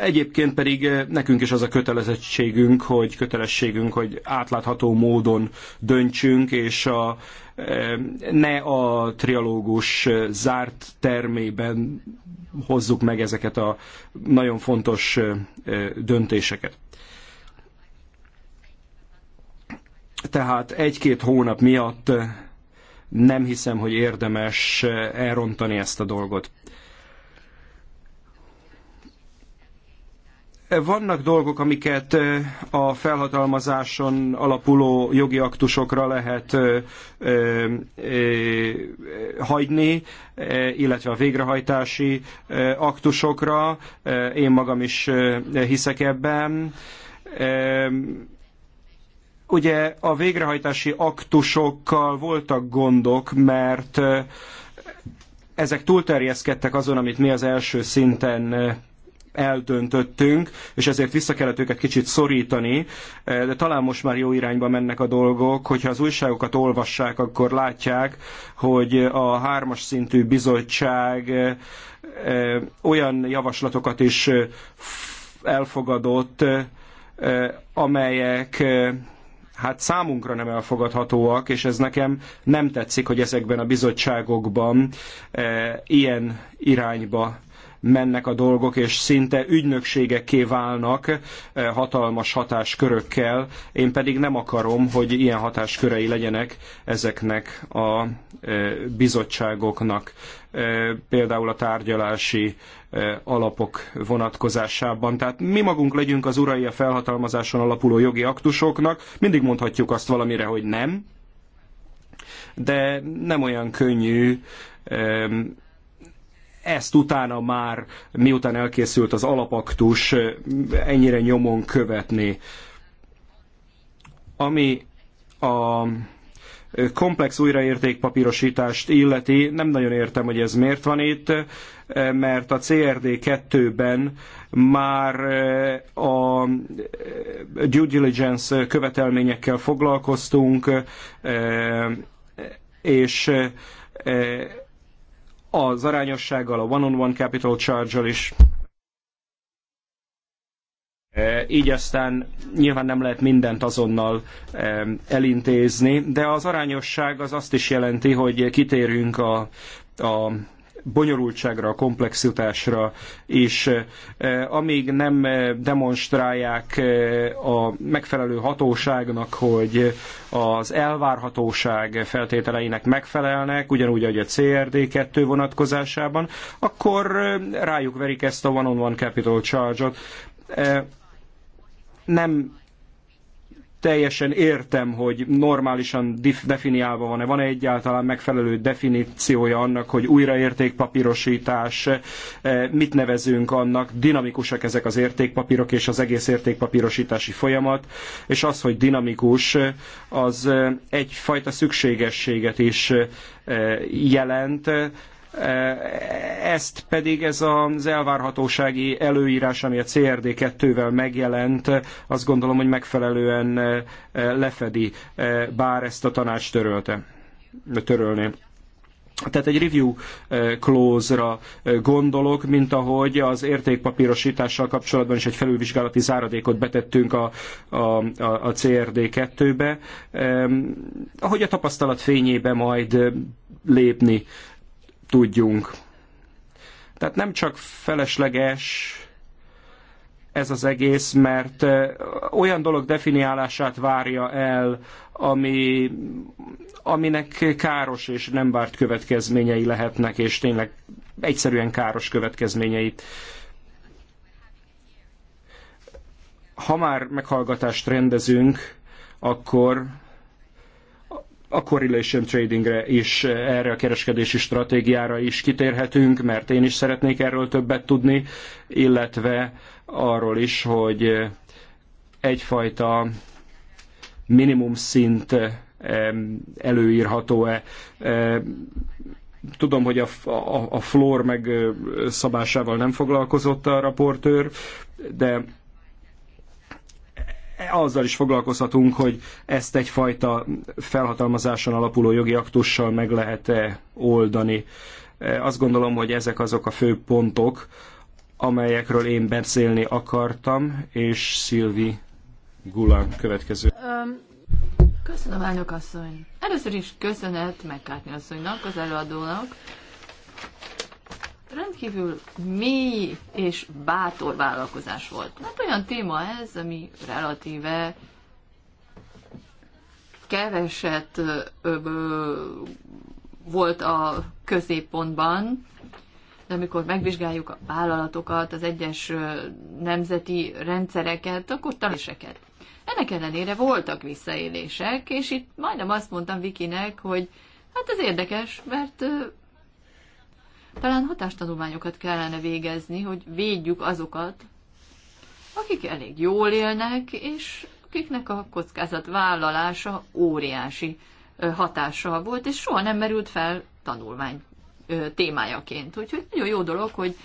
Egyébként pedig eh, nekünk is az a kötelezettségünk, hogy kötelességünk, hogy átlátható módon döntsünk, és a, ne a trialógus eh, zárt termében hozzuk meg ezeket a nagyon fontos eh, döntéseket. Tehát egy-két hónap miatt eh, nem hiszem, hogy érdemes eh, elrontani ezt a dolgot. Vannak dolgok, amiket eh, a felhatalmazáson alapuló jogi aktusokra lehet hagyni, illetve a végrehajtási aktusokra. Én magam is hiszek ebben Ugye a végrehajtási aktusokkal voltak gondok, mert ezek túlterjeszkedtek azon, amit mi az első szinten eldöntöttünk, és ezért vissza kellett őket kicsit szorítani, de talán most már jó irányba mennek a dolgok, hogyha az újságokat olvassák, akkor látják, hogy a hármas szintű bizottság olyan javaslatokat is elfogadott, amelyek hát számunkra nem elfogadhatóak, és ez nekem nem tetszik, hogy ezekben a bizottságokban e, ilyen irányba mennek a dolgok, és szinte ügynökségekké válnak eh, hatalmas hatáskörökkel. Én pedig nem akarom, hogy ilyen hatáskörei legyenek ezeknek a eh, bizottságoknak, eh, például a tárgyalási alapok vonatkozásában. Tehát mi magunk legyünk az urai a felhatalmazáson alapuló jogi aktusoknak, mindig mondhatjuk azt valamire, hogy nem, de nem olyan könnyű ezt utána már, miután elkészült az alapaktus, ennyire nyomon követni. Ami a komplex újraértékpapírosítást illeti, nem nagyon értem, hogy ez miért van itt, mert a CRD2-ben már a due diligence követelményekkel foglalkoztunk, és az arányossággal, a one-on-one -on -one capital charge-al is. E, így aztán nyilván nem lehet mindent azonnal e, elintézni, de az arányosság az azt is jelenti, hogy kitérünk a, a bonyolultságra, a komplexitásra, és e, amíg nem e, demonstrálják e, a megfelelő hatóságnak, hogy az elvárhatóság feltételeinek megfelelnek, ugyanúgy, ahogy a CRD2 vonatkozásában, akkor rájuk verik ezt a one-on-one -on -one capital charge-ot. Nem teljesen értem, hogy normálisan definiálva van-e, van-e egyáltalán megfelelő definíciója annak, hogy újraértékpapírosítás, eh, mit nevezünk annak, dinamikusak ezek az értékpapírok és az egész értékpapírosítási folyamat, és az, hogy dinamikus, eh, az eh, egyfajta szükségességet is jelent, Eh, ezt pedig ez az elvárhatósági előírás, ami a CRD2-vel megjelent, azt gondolom, hogy megfelelően eh, lefedi, eh, bár ezt a tanács törölte, törölné. Tehát egy review close-ra gondolok, mint ahogy az értékpapírosítással kapcsolatban is egy felülvizsgálati záradékot betettünk a, a, a CRD2-be. Ahogy a tapasztalat fényébe majd lépni tudjunk. Tehát nem csak felesleges ez az egész, mert olyan dolog definiálását várja el, ami, aminek káros és nem várt következményei lehetnek, és tényleg egyszerűen káros következményei. Ha már meghallgatást rendezünk, akkor a correlation tradingre is, erre a kereskedési stratégiára is kitérhetünk, mert én is szeretnék erről többet tudni, illetve arról is, hogy egyfajta minimum szint előírható-e. Tudom, hogy a, a, a floor meg szabásával nem foglalkozott a raportőr, de azzal is foglalkozhatunk, hogy ezt egyfajta felhatalmazáson alapuló jogi aktussal meg lehet -e oldani. Azt gondolom, hogy ezek azok a fő pontok, amelyekről én beszélni akartam, és Szilvi Gulán következő. Köszönöm, elnök asszony. Először is köszönet McCartney asszonynak, az előadónak, rendkívül mély és bátor vállalkozás volt. Hát olyan téma ez, ami relatíve keveset ö, ö, volt a középpontban, de amikor megvizsgáljuk a vállalatokat, az egyes nemzeti rendszereket, akkor taléseket. Ennek ellenére voltak visszaélések, és itt majdnem azt mondtam Vikinek, hogy hát ez érdekes, mert talán hatástanulmányokat kellene végezni, hogy védjük azokat, akik elég jól élnek, és akiknek a kockázat vállalása óriási hatással volt, és soha nem merült fel tanulmány témájaként. Úgyhogy nagyon jó dolog, hogy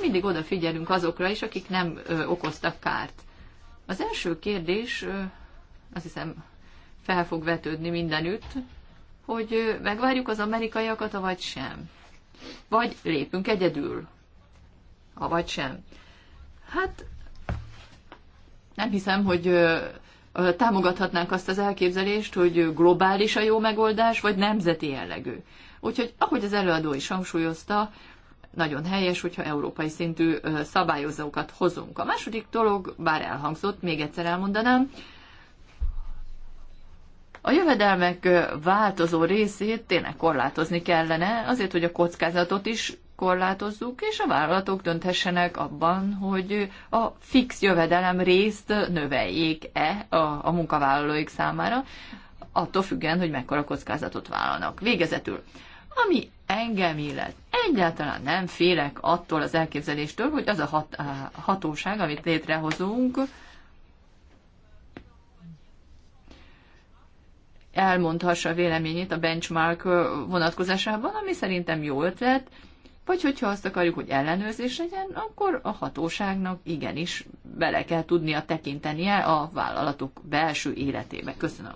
mindig odafigyelünk azokra is, akik nem okoztak kárt. Az első kérdés, azt hiszem, fel fog vetődni mindenütt, hogy megvárjuk az amerikaiakat, vagy sem. Vagy lépünk egyedül, vagy sem. Hát nem hiszem, hogy támogathatnánk azt az elképzelést, hogy globális a jó megoldás, vagy nemzeti jellegű. Úgyhogy, ahogy az előadó is hangsúlyozta, nagyon helyes, hogyha európai szintű szabályozókat hozunk. A második dolog, bár elhangzott, még egyszer elmondanám, a jövedelmek változó részét tényleg korlátozni kellene, azért, hogy a kockázatot is korlátozzuk, és a vállalatok dönthessenek abban, hogy a fix jövedelem részt növeljék-e a, a munkavállalóik számára, attól függően, hogy mekkora kockázatot vállalnak. Végezetül, ami engem illet, egyáltalán nem félek attól az elképzeléstől, hogy az a hat, hatóság, amit létrehozunk, elmondhassa a véleményét a benchmark vonatkozásában, ami szerintem jó ötlet, vagy hogyha azt akarjuk, hogy ellenőrzés legyen, akkor a hatóságnak igenis bele kell tudnia tekintenie a vállalatok belső életébe. Köszönöm.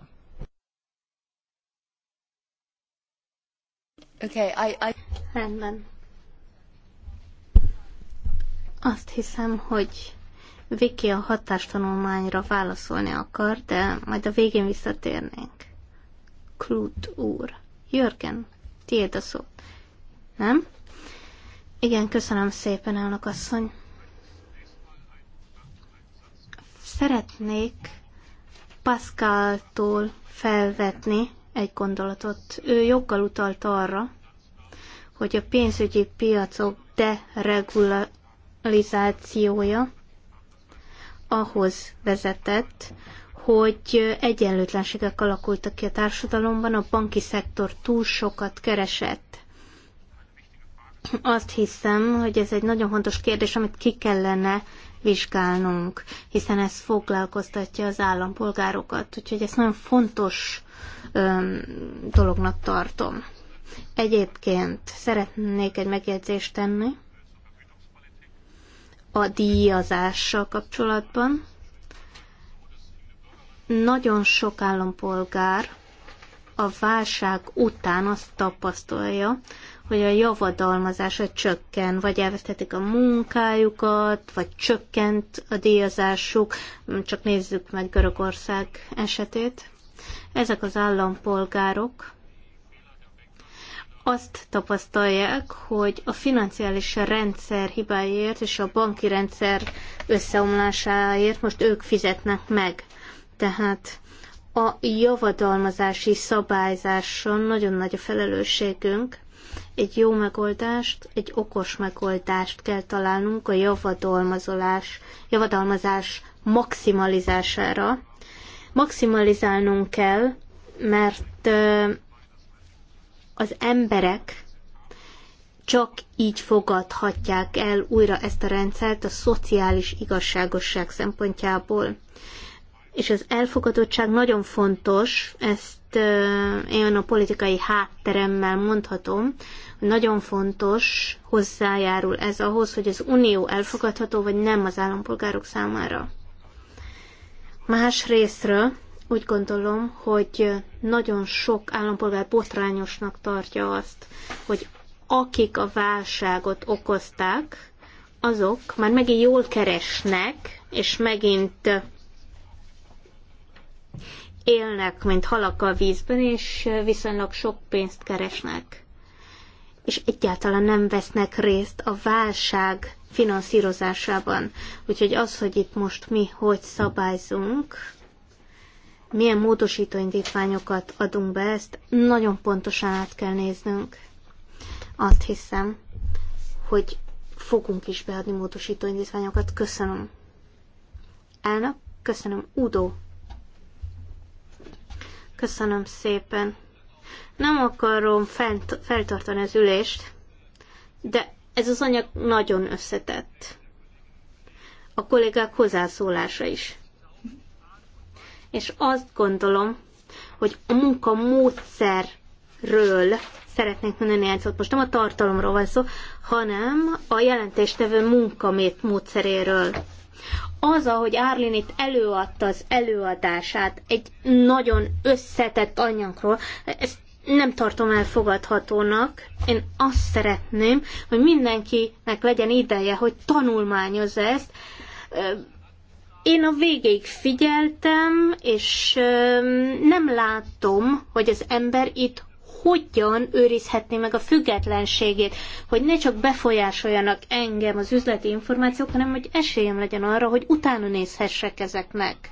Okay, I, I... Rendben. Azt hiszem, hogy Viki a hatástanulmányra válaszolni akar, de majd a végén visszatérnénk. Klut úr. Jörgen, tiéd a szó. Nem? Igen, köszönöm szépen, elnök asszony. Szeretnék Pascaltól felvetni egy gondolatot. Ő joggal utalt arra, hogy a pénzügyi piacok deregulizációja ahhoz vezetett, hogy egyenlőtlenségek alakultak ki a társadalomban, a banki szektor túl sokat keresett. Azt hiszem, hogy ez egy nagyon fontos kérdés, amit ki kellene vizsgálnunk, hiszen ez foglalkoztatja az állampolgárokat, úgyhogy ezt nagyon fontos öm, dolognak tartom. Egyébként szeretnék egy megjegyzést tenni a díjazással kapcsolatban nagyon sok állampolgár a válság után azt tapasztalja, hogy a javadalmazása csökken, vagy elvesztetik a munkájukat, vagy csökkent a díjazásuk, csak nézzük meg Görögország esetét. Ezek az állampolgárok azt tapasztalják, hogy a financiális rendszer hibáért és a banki rendszer összeomlásáért most ők fizetnek meg. Tehát a javadalmazási szabályzáson nagyon nagy a felelősségünk. Egy jó megoldást, egy okos megoldást kell találnunk a javadalmazolás, javadalmazás maximalizására. Maximalizálnunk kell, mert az emberek csak így fogadhatják el újra ezt a rendszert a szociális igazságosság szempontjából és az elfogadottság nagyon fontos, ezt én a politikai hátteremmel mondhatom, hogy nagyon fontos hozzájárul ez ahhoz, hogy az unió elfogadható, vagy nem az állampolgárok számára. Más részről úgy gondolom, hogy nagyon sok állampolgár botrányosnak tartja azt, hogy akik a válságot okozták, azok már megint jól keresnek, és megint élnek, mint halak a vízben, és viszonylag sok pénzt keresnek. És egyáltalán nem vesznek részt a válság finanszírozásában. Úgyhogy az, hogy itt most mi hogy szabályzunk, milyen módosítóindítványokat adunk be, ezt nagyon pontosan át kell néznünk. Azt hiszem, hogy fogunk is beadni módosítóindítványokat. Köszönöm. Elnök, köszönöm. Udo Köszönöm szépen. Nem akarom fent, feltartani az ülést, de ez az anyag nagyon összetett. A kollégák hozzászólása is. És azt gondolom, hogy a munka módszerről szeretnénk mondani néhány szót. Most nem a tartalomról van szó, hanem a jelentéstevő munkamét módszeréről az, ahogy Arlin itt előadta az előadását egy nagyon összetett anyagról, ezt nem tartom elfogadhatónak. Én azt szeretném, hogy mindenkinek legyen ideje, hogy tanulmányozza ezt. Én a végéig figyeltem, és nem látom, hogy az ember itt hogyan őrizhetné meg a függetlenségét, hogy ne csak befolyásoljanak engem az üzleti információk, hanem hogy esélyem legyen arra, hogy utána nézhessek ezeknek.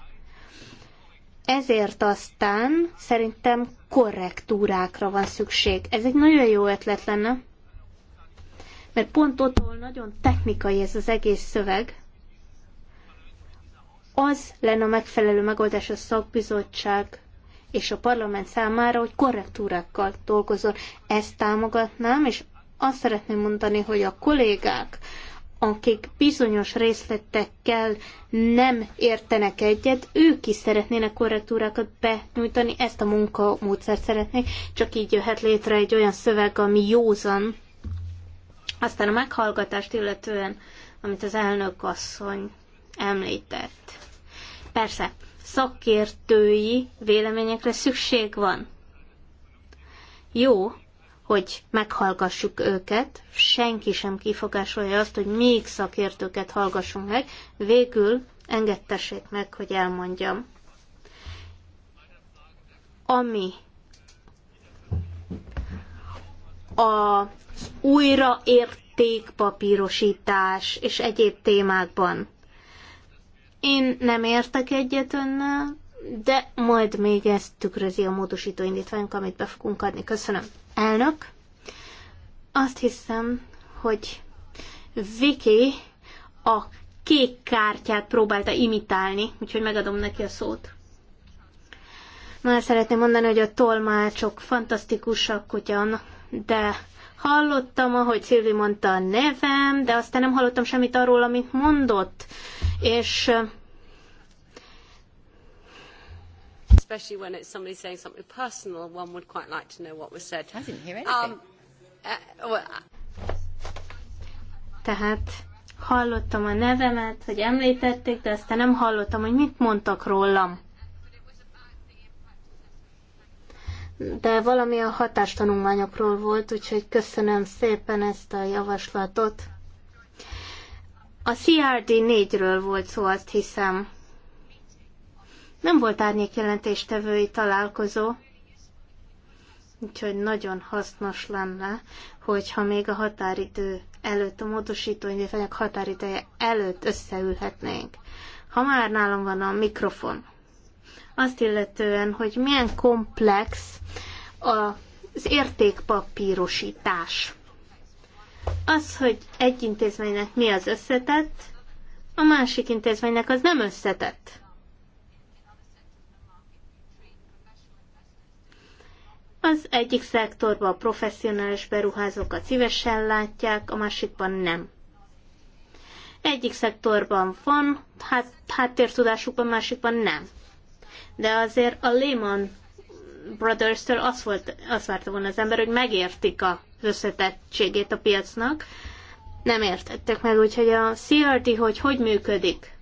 Ezért aztán szerintem korrektúrákra van szükség. Ez egy nagyon jó ötlet lenne, mert pont ott, ahol nagyon technikai ez az egész szöveg, az lenne a megfelelő megoldás a szakbizottság és a parlament számára, hogy korrektúrákkal dolgozol. Ezt támogatnám, és azt szeretném mondani, hogy a kollégák, akik bizonyos részletekkel nem értenek egyet, ők is szeretnének korrektúrákat benyújtani, ezt a munkamódszert szeretnék, csak így jöhet létre egy olyan szöveg, ami józan. Aztán a meghallgatást illetően, amit az elnök asszony említett. Persze, szakértői véleményekre szükség van. Jó, hogy meghallgassuk őket, senki sem kifogásolja azt, hogy még szakértőket hallgassunk meg, végül engedtessék meg, hogy elmondjam. Ami az újraértékpapírosítás és egyéb témákban én nem értek egyet önnel, de majd még ezt tükrözi a módosító indítványunk, amit be fogunk adni. Köszönöm. Elnök, azt hiszem, hogy Viki a kék kártyát próbálta imitálni, úgyhogy megadom neki a szót. Már szeretném mondani, hogy a tolmácsok fantasztikusak ugyan, de hallottam, ahogy Szilvi mondta a nevem, de aztán nem hallottam semmit arról, amit mondott. És especially when it's somebody saying something personal, one would quite like to know what was said. I didn't hear um, anything. Um, uh, well, uh, tehát hallottam a nevemet, hogy említették, de aztán nem hallottam, hogy mit mondtak rólam. De valami a hatástanulmányokról volt, úgyhogy köszönöm szépen ezt a javaslatot. A CRD 4-ről volt szó, azt hiszem. Nem volt árnyékjelentéstevői találkozó, úgyhogy nagyon hasznos lenne, hogyha még a határidő előtt, a módosító indítványok határideje előtt összeülhetnénk. Ha már nálam van a mikrofon, azt illetően, hogy milyen komplex az értékpapírosítás. Az, hogy egy intézménynek mi az összetett, a másik intézménynek az nem összetett. Az egyik szektorban a professzionális beruházókat szívesen látják, a másikban nem. Egyik szektorban van hát, háttértudásukban, másikban nem. De azért a Lehman Brothers-től azt, volt, azt várta volna az ember, hogy megértik az összetettségét a piacnak. Nem értettek meg, úgyhogy a CRT, hogy hogy működik.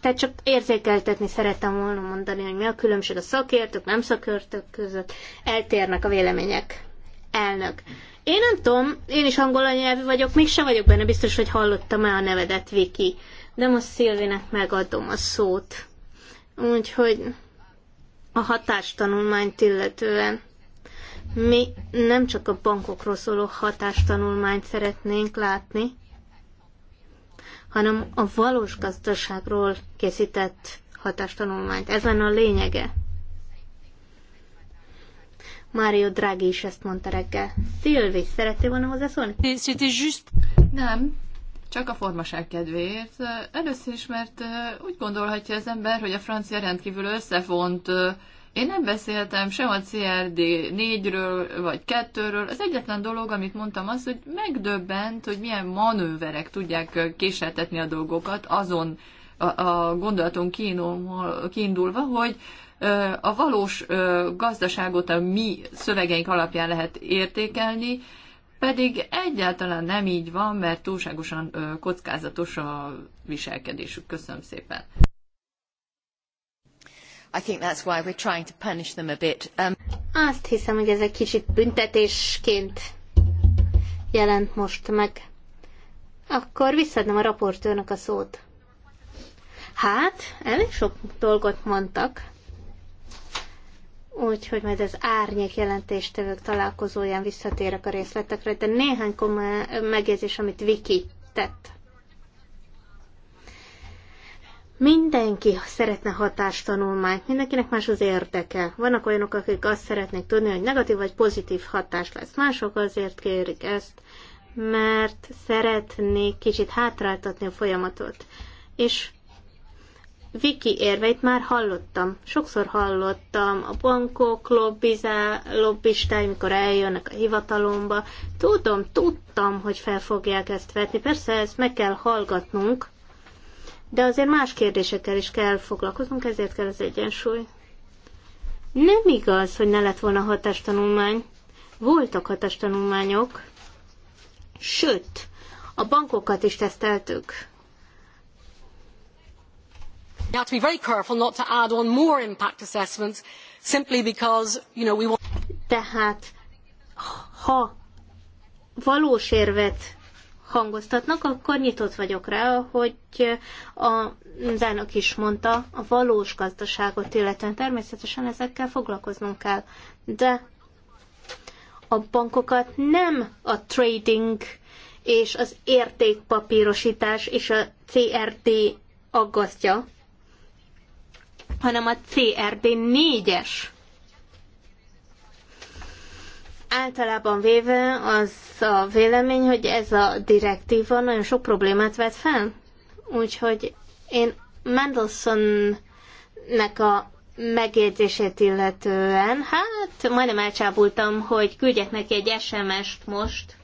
Tehát csak érzékeltetni szerettem volna mondani, hogy mi a különbség a szakértők, nem szakértők között. Eltérnek a vélemények. Elnök. Én nem tudom, én is angol nyelvű vagyok, mégsem vagyok benne biztos, hogy hallottam-e a nevedet, Viki de most Szilvinek megadom a szót. Úgyhogy a hatástanulmányt illetően mi nem csak a bankokról szóló hatástanulmányt szeretnénk látni, hanem a valós gazdaságról készített hatástanulmányt. Ez lenne a lényege. Mário Draghi is ezt mondta reggel. Szilvi, szeretné volna hozzászólni? Nem, csak a formaság kedvéért. Először is, mert úgy gondolhatja az ember, hogy a francia rendkívül összefont. Én nem beszéltem sem a CRD 4-ről, vagy 2-ről. Az egyetlen dolog, amit mondtam, az, hogy megdöbbent, hogy milyen manőverek tudják késeltetni a dolgokat azon a, a gondolaton kiindulva, hogy a valós gazdaságot a mi szövegeink alapján lehet értékelni, pedig egyáltalán nem így van, mert túlságosan ö, kockázatos a viselkedésük. Köszönöm szépen. I think that's why we're trying to punish them a bit. Um... Azt hiszem, hogy ez egy kicsit büntetésként jelent most meg. Akkor visszadnám a raportőrnek a szót. Hát, elég sok dolgot mondtak, úgyhogy majd az árnyék jelentéstevők találkozóján visszatérek a részletekre, de néhány komoly megjegyzés, amit Viki tett. Mindenki szeretne hatástanulmányt, mindenkinek más az érdeke. Vannak olyanok, akik azt szeretnék tudni, hogy negatív vagy pozitív hatás lesz. Mások azért kérik ezt, mert szeretnék kicsit hátráltatni a folyamatot. És Viki érveit már hallottam. Sokszor hallottam a bankok lobbizá, lobbistái, mikor eljönnek a hivatalomba. Tudom, tudtam, hogy fel fogják ezt vetni. Persze ezt meg kell hallgatnunk, de azért más kérdésekkel is kell foglalkoznunk, ezért kell az egyensúly. Nem igaz, hogy ne lett volna hatástanulmány. Voltak hatástanulmányok, sőt, a bankokat is teszteltük You have to be very careful not to add on more impact assessments simply because, you know, we want... Tehát, ha valós érvet hangoztatnak, akkor nyitott vagyok rá, hogy a Zánok is mondta, a valós gazdaságot illetően természetesen ezekkel foglalkoznunk kell. De a bankokat nem a trading és az értékpapírosítás és a CRD aggasztja, hanem a CRD 4-es. Általában véve az a vélemény, hogy ez a direktíva nagyon sok problémát vet fel. Úgyhogy én Mendelson-nek a megjegyzését illetően, hát majdnem elcsábultam, hogy küldjek neki egy SMS-t most,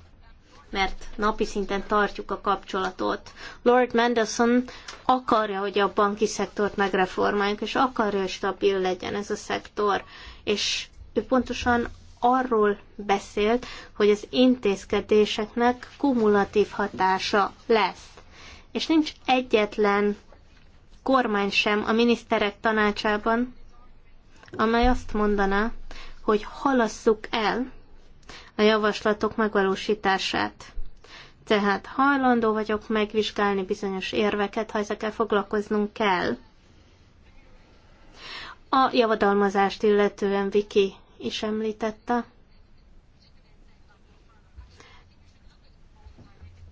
mert napi szinten tartjuk a kapcsolatot. Lord Mandelson akarja, hogy a banki szektort megreformáljuk, és akarja, hogy stabil legyen ez a szektor. És ő pontosan arról beszélt, hogy az intézkedéseknek kumulatív hatása lesz. És nincs egyetlen kormány sem a miniszterek tanácsában, amely azt mondaná, hogy halasszuk el a javaslatok megvalósítását. Tehát hajlandó vagyok megvizsgálni bizonyos érveket, ha ezekkel foglalkoznunk kell. A javadalmazást illetően Viki is említette.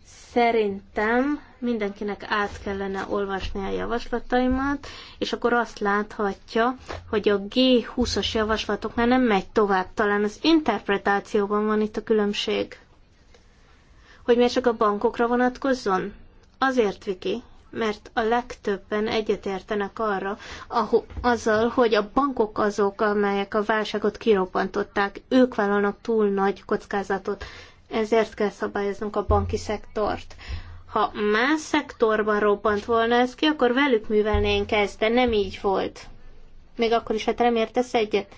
Szerintem mindenkinek át kellene olvasni a javaslataimat, és akkor azt láthatja, hogy a G20-as javaslatoknál nem megy tovább. Talán az interpretációban van itt a különbség. Hogy miért csak a bankokra vonatkozzon? Azért, Viki, mert a legtöbben egyetértenek arra, aho- azzal, hogy a bankok azok, amelyek a válságot kirobbantották, ők vállalnak túl nagy kockázatot, ezért kell szabályoznunk a banki szektort. Ha más szektorban robbant volna ez ki, akkor velük művelnénk ezt, de nem így volt. Még akkor is, hát te nem egyet.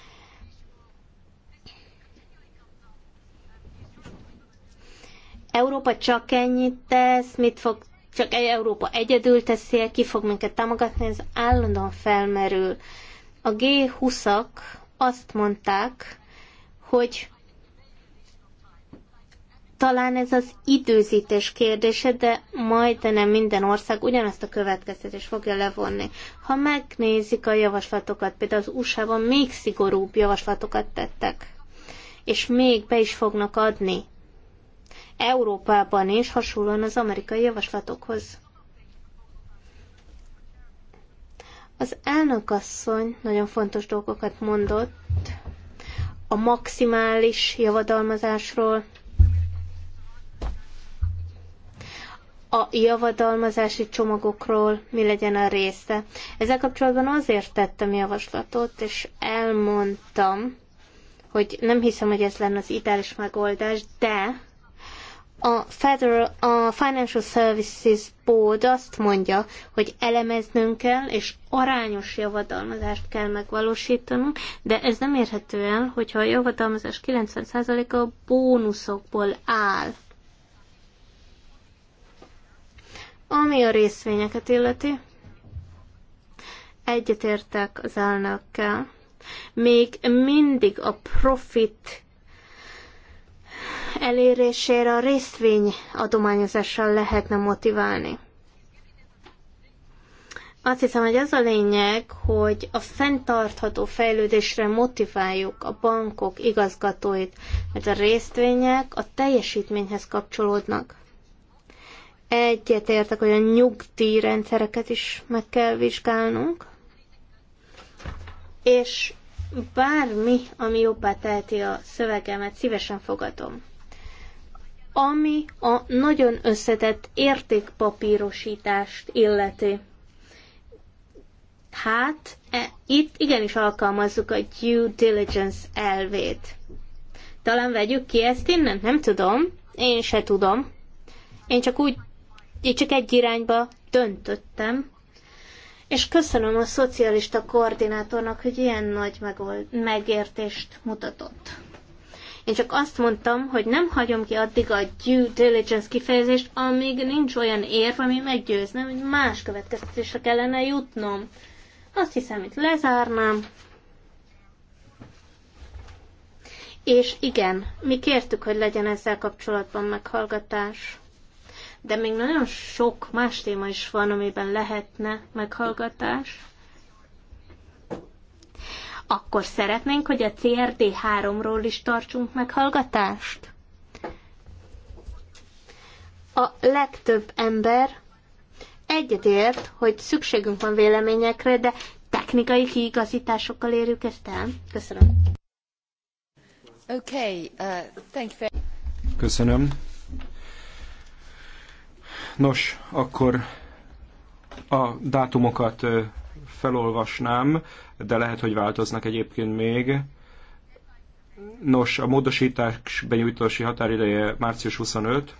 Európa csak ennyit tesz, mit fog, csak egy Európa egyedül teszi, ki fog minket támogatni, ez állandóan felmerül. A G20-ak azt mondták, hogy talán ez az időzítés kérdése, de majdnem minden ország ugyanazt a következtetést fogja levonni. Ha megnézik a javaslatokat, például az USA-ban még szigorúbb javaslatokat tettek, és még be is fognak adni. Európában is hasonlóan az amerikai javaslatokhoz. Az elnökasszony nagyon fontos dolgokat mondott a maximális javadalmazásról, a javadalmazási csomagokról mi legyen a része. Ezzel kapcsolatban azért tettem javaslatot, és elmondtam, hogy nem hiszem, hogy ez lenne az ideális megoldás, de a, Federal, a Financial Services Board azt mondja, hogy elemeznünk kell, és arányos javadalmazást kell megvalósítanunk, de ez nem érhető el, hogyha a javadalmazás 90%-a bónuszokból áll. Ami a részvényeket illeti, egyetértek az elnökkel. Még mindig a profit elérésére a részvény adományozással lehetne motiválni. Azt hiszem, hogy az a lényeg, hogy a fenntartható fejlődésre motiváljuk a bankok igazgatóit, mert a részvények a teljesítményhez kapcsolódnak. Egyetértek, hogy a nyugdíjrendszereket is meg kell vizsgálnunk, és bármi, ami jobbá teheti a szövegemet, szívesen fogadom. Ami a nagyon összetett értékpapírosítást illeti. Hát, e, itt igenis alkalmazzuk a due diligence elvét. Talán vegyük ki ezt innen? Nem tudom. Én se tudom. Én csak úgy én csak egy irányba döntöttem, és köszönöm a szocialista koordinátornak, hogy ilyen nagy megértést mutatott. Én csak azt mondtam, hogy nem hagyom ki addig a due diligence kifejezést, amíg nincs olyan érv, ami meggyőzne, hogy más következtetésre kellene jutnom. Azt hiszem, itt lezárnám. És igen, mi kértük, hogy legyen ezzel kapcsolatban meghallgatás de még nagyon sok más téma is van, amiben lehetne meghallgatás. Akkor szeretnénk, hogy a CRD3-ról is tartsunk meghallgatást? A legtöbb ember egyetért, hogy szükségünk van véleményekre, de technikai kiigazításokkal érjük ezt el. Köszönöm. Okay, uh, thank you. Köszönöm. Nos, akkor a dátumokat felolvasnám, de lehet, hogy változnak egyébként még. Nos, a módosítás benyújtási határideje március 25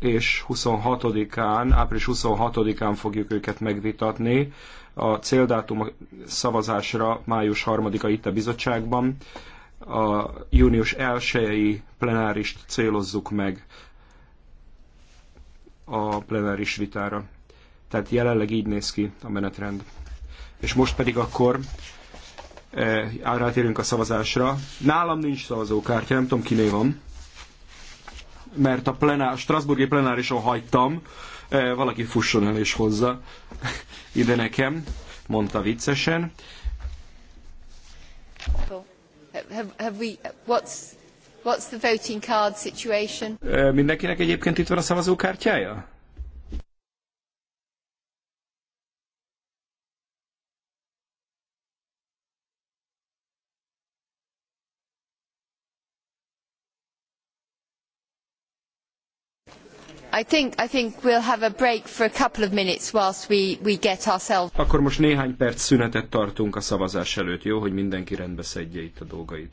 és 26-án, április 26-án fogjuk őket megvitatni. A céldátum a szavazásra május 3-a itt a bizottságban. A június 1-i plenárist célozzuk meg a plenáris vitára. Tehát jelenleg így néz ki a menetrend. És most pedig akkor eh, rátérünk a szavazásra. Nálam nincs szavazókártya, nem tudom kiné van. Mert a plenár, Strasburgi plenárison hagytam, eh, valaki fusson el és hozza ide nekem, mondta viccesen. Have, have we, what's What's the voting card situation? Mindenkinek egyébként itt van a szavazókártyája? I think, I think we'll have a break for a couple of minutes whilst we, we get ourselves. Akkor most néhány perc szünetet tartunk a szavazás előtt, jó, hogy mindenki rendbe szedje itt a dolgait.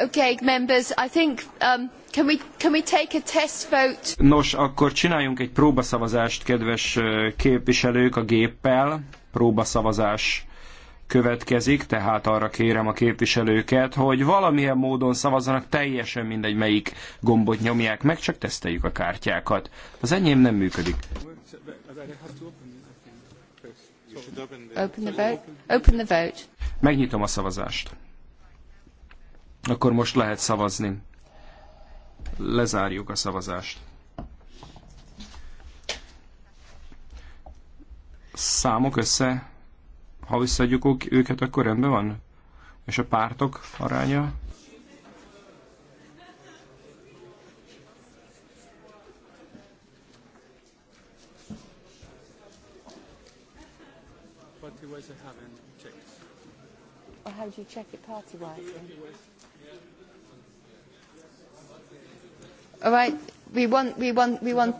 Okay, members, I think, um, can we, can we take a test vote? Nos, akkor csináljunk egy próbaszavazást, kedves képviselők, a géppel. Próbaszavazás következik, tehát arra kérem a képviselőket, hogy valamilyen módon szavazzanak, teljesen mindegy, melyik gombot nyomják meg, csak teszteljük a kártyákat. Az enyém nem működik. Open the vote. Open the vote. Megnyitom a szavazást. Akkor most lehet szavazni. Lezárjuk a szavazást. Számok össze, ha visszaadjuk őket, akkor rendben van? És a pártok aránya? how do you check it party-wise? Right, we want, we want, we want.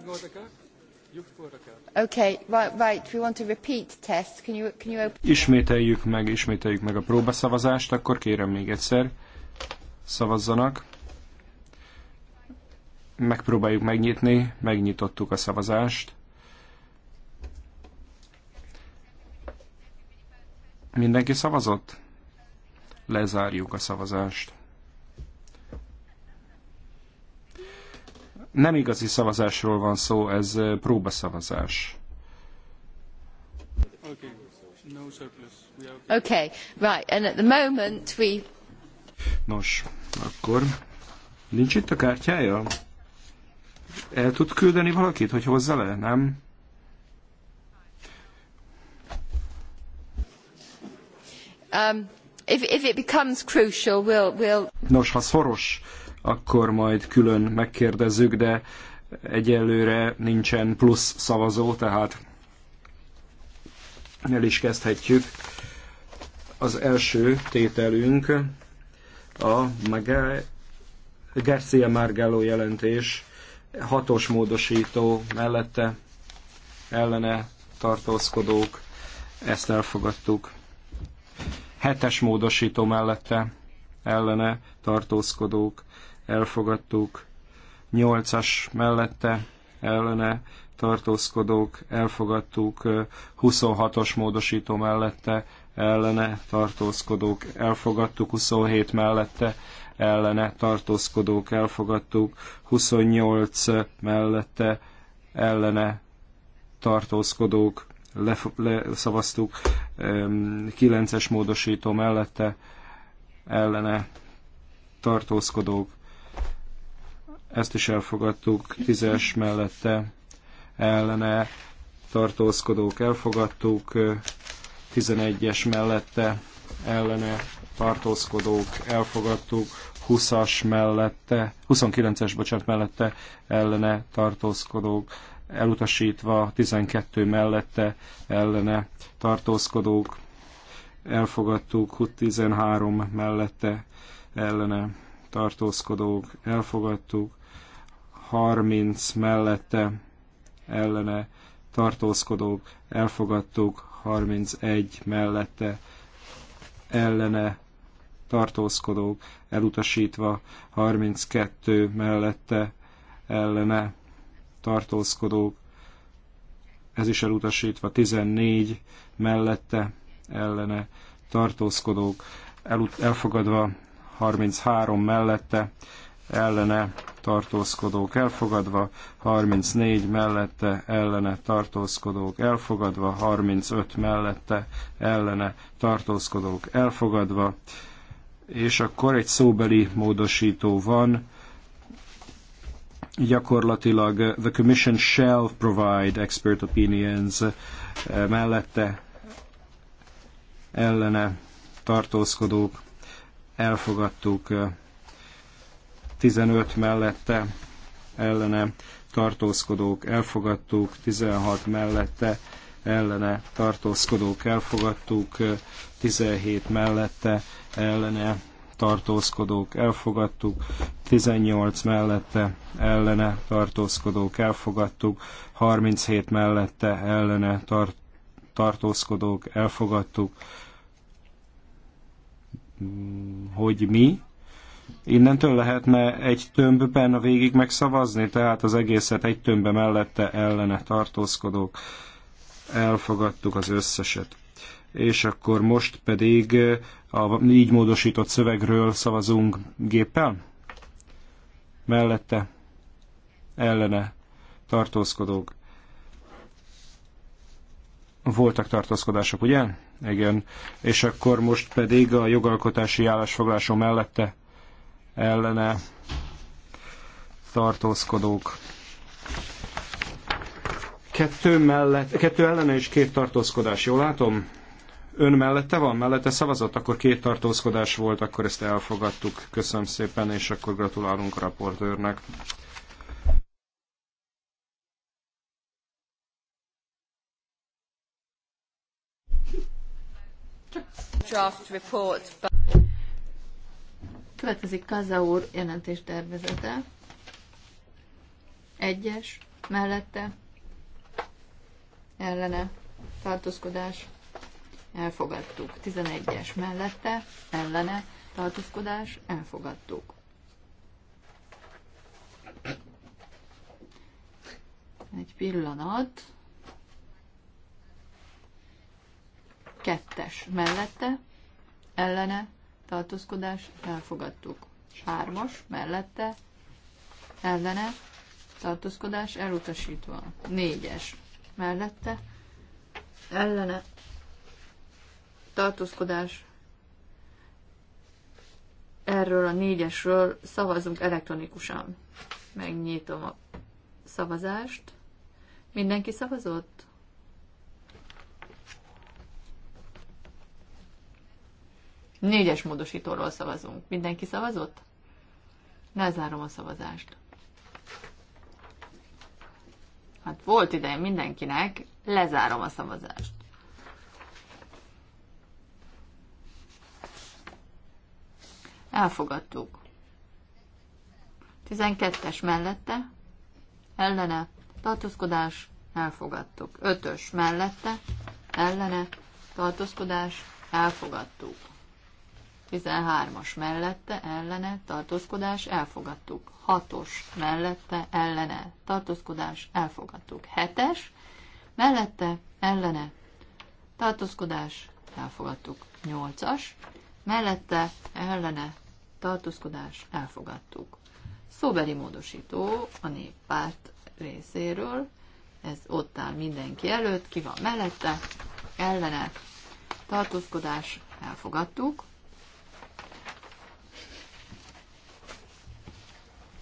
Okay, right, right, we want to repeat test. Can you, can you open... Ismételjük meg, ismételjük meg a próbaszavazást, akkor kérem még egyszer, szavazzanak. Megpróbáljuk megnyitni, megnyitottuk a szavazást. Mindenki szavazott? Lezárjuk a szavazást. nem igazi szavazásról van szó, ez próbaszavazás. Okay. No okay. right. And at the moment we... Nos, akkor nincs itt a kártyája? El tud küldeni valakit, hogy hozza le, nem? Um, if, if it becomes crucial, we'll, we'll... Nos, ha szoros akkor majd külön megkérdezzük, de egyelőre nincsen plusz szavazó, tehát el is kezdhetjük. Az első tételünk a Garcia Margello jelentés hatos módosító mellette ellene tartózkodók, ezt elfogadtuk. Hetes módosító mellette ellene tartózkodók, elfogadtuk, nyolcas mellette ellene tartózkodók, elfogadtuk, 26-os módosító mellette ellene tartózkodók, elfogadtuk, 27 mellette ellene tartózkodók, elfogadtuk, 28 mellette ellene tartózkodók, leszavaztuk, le, 9-es módosító mellette ellene tartózkodók, ezt is elfogadtuk, tízes mellette ellene tartózkodók elfogadtuk, Tizenegyes mellette ellene tartózkodók elfogadtuk, 20-as mellette, 29-es, bocsánat, mellette ellene tartózkodók elutasítva, 12 mellette ellene tartózkodók elfogadtuk, 13 mellette ellene tartózkodók elfogadtuk, 30 mellette ellene tartózkodók, elfogadtuk 31 mellette ellene tartózkodók, elutasítva 32 mellette ellene tartózkodók, ez is elutasítva 14 mellette ellene tartózkodók, elut- elfogadva 33 mellette ellene tartózkodók elfogadva, 34 mellette ellene tartózkodók elfogadva, 35 mellette ellene tartózkodók elfogadva, és akkor egy szóbeli módosító van, gyakorlatilag the commission shall provide expert opinions eh, mellette ellene tartózkodók elfogadtuk eh, 15 mellette ellene tartózkodók elfogadtuk, 16 mellette ellene tartózkodók elfogadtuk, 17 mellette ellene tartózkodók elfogadtuk, 18 mellette ellene tartózkodók elfogadtuk, 37 mellette ellene tar- tartózkodók elfogadtuk, hmm, hogy mi, innentől lehetne egy tömbben a végig megszavazni, tehát az egészet egy tömbbe mellette ellene tartózkodók. Elfogadtuk az összeset. És akkor most pedig a így módosított szövegről szavazunk géppel? Mellette ellene tartózkodók. Voltak tartózkodások, ugye? Igen. És akkor most pedig a jogalkotási állásfoglásom mellette ellene tartózkodók. Kettő, mellett, kettő ellene és két tartózkodás, jól látom? Ön mellette van? Mellette szavazott? Akkor két tartózkodás volt, akkor ezt elfogadtuk. Köszönöm szépen, és akkor gratulálunk a raportőrnek. Draft report. Következik Kaza úr jelentés tervezete. Egyes, mellette, ellene, tartózkodás, elfogadtuk. 11-es mellette, ellene, tartózkodás, elfogadtuk. Egy pillanat. Kettes mellette, ellene, tartózkodás, elfogadtuk. Hármas, mellette, ellene, tartózkodás, elutasítva. Négyes, mellette, ellene, tartózkodás, erről a négyesről szavazunk elektronikusan. Megnyitom a szavazást. Mindenki szavazott? Négyes módosítóról szavazunk. Mindenki szavazott? Lezárom a szavazást. Hát volt ideje mindenkinek, lezárom a szavazást. Elfogadtuk. 12-es mellette, ellene, tartózkodás, elfogadtuk. 5-ös mellette, ellene, tartózkodás, elfogadtuk. 13-as mellette ellene tartózkodás elfogadtuk. 6-os mellette ellene tartózkodás elfogadtuk. 7-es mellette ellene tartózkodás elfogadtuk. 8-as mellette ellene tartózkodás elfogadtuk. Szóbeli módosító a néppárt részéről, ez ott áll mindenki előtt, ki van mellette, ellene, tartózkodás, elfogadtuk.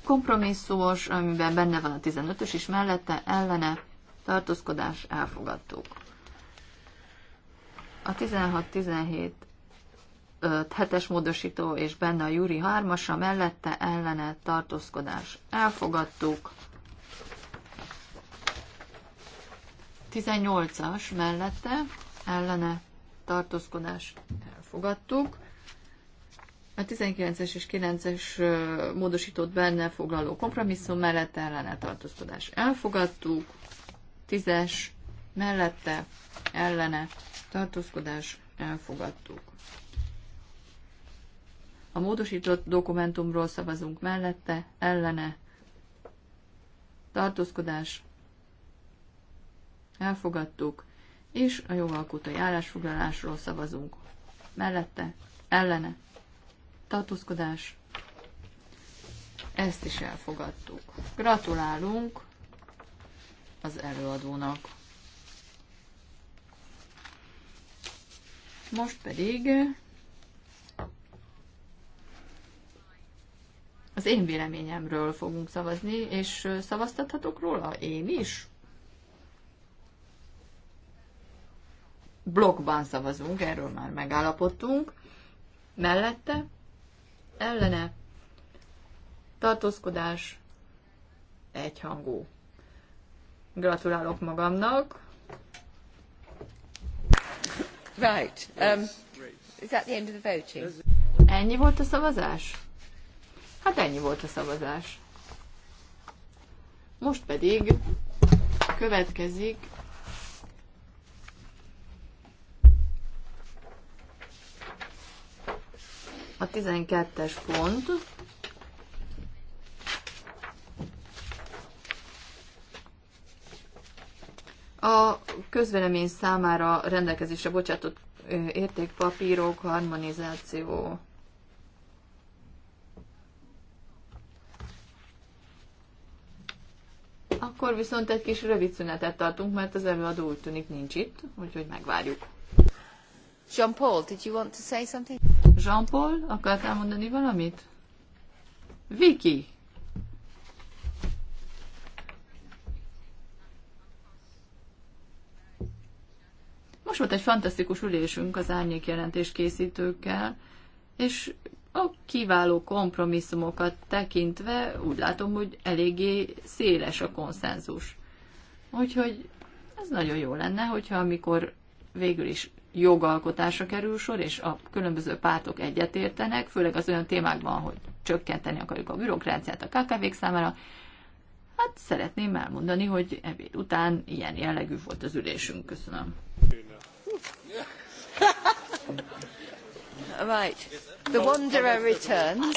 kompromisszumos, amiben benne van a 15-ös is, mellette ellene tartózkodás elfogadtuk. A 16-17 hetes módosító és benne a Júri 3-asa, mellette ellene tartózkodás elfogadtuk. 18-as mellette ellene tartózkodás elfogadtuk. A 19-es és 9-es módosított benne foglaló kompromisszum mellett ellene elfogadtuk. 10-es mellette ellene tartózkodás elfogadtuk. A módosított dokumentumról szavazunk mellette, ellene, tartózkodás, elfogadtuk, és a jogalkotói állásfoglalásról szavazunk mellette, ellene, tartózkodás. Ezt is elfogadtuk. Gratulálunk az előadónak. Most pedig az én véleményemről fogunk szavazni, és szavaztathatok róla? Én is? Blokkban szavazunk, erről már megállapodtunk. Mellette ellene, tartózkodás, egyhangú. Gratulálok magamnak. Right. Um, is that the end of the voting? Ennyi volt a szavazás? Hát ennyi volt a szavazás. Most pedig következik a 12-es pont. A közvelemény számára rendelkezésre bocsátott értékpapírok, harmonizáció. Akkor viszont egy kis rövid szünetet tartunk, mert az előadó úgy tűnik nincs itt, úgyhogy megvárjuk. Jean-Paul, did you want to say something? Jean-Paul, akartál mondani valamit? Vicky. Most volt egy fantasztikus ülésünk az árnyék jelentés készítőkkel, és a kiváló kompromisszumokat tekintve úgy látom, hogy eléggé széles a konszenzus. Úgyhogy ez nagyon jó lenne, hogyha amikor végül is jogalkotásra kerül sor, és a különböző pártok egyetértenek, főleg az olyan témákban, hogy csökkenteni akarjuk a bürokráciát a kkv számára. Hát szeretném elmondani, hogy ebéd után ilyen jellegű volt az ülésünk. Köszönöm. right. The wanderer returns.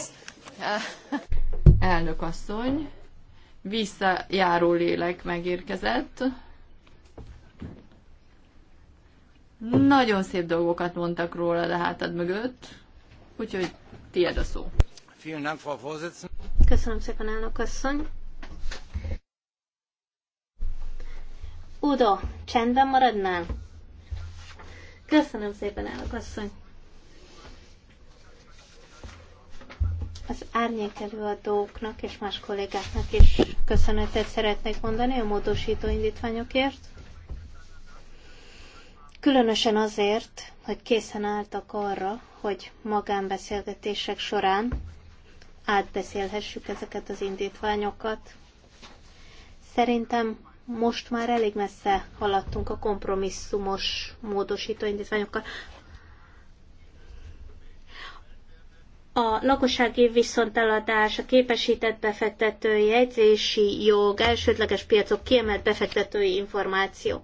Elnök asszony, visszajáró lélek megérkezett. Nagyon szép dolgokat mondtak róla a hátad mögött, úgyhogy tiéd a szó. Köszönöm szépen, elnök asszony. Udo, csendben maradnál? Köszönöm szépen, elnök asszony. Az árnyék előadóknak és más kollégáknak is köszönetet szeretnék mondani a módosító indítványokért. Különösen azért, hogy készen álltak arra, hogy magánbeszélgetések során átbeszélhessük ezeket az indítványokat. Szerintem most már elég messze haladtunk a kompromisszumos módosító indítványokkal. a lakossági viszonteladás, a képesített befektetői jegyzési jog, elsődleges piacok, kiemelt befektetői információ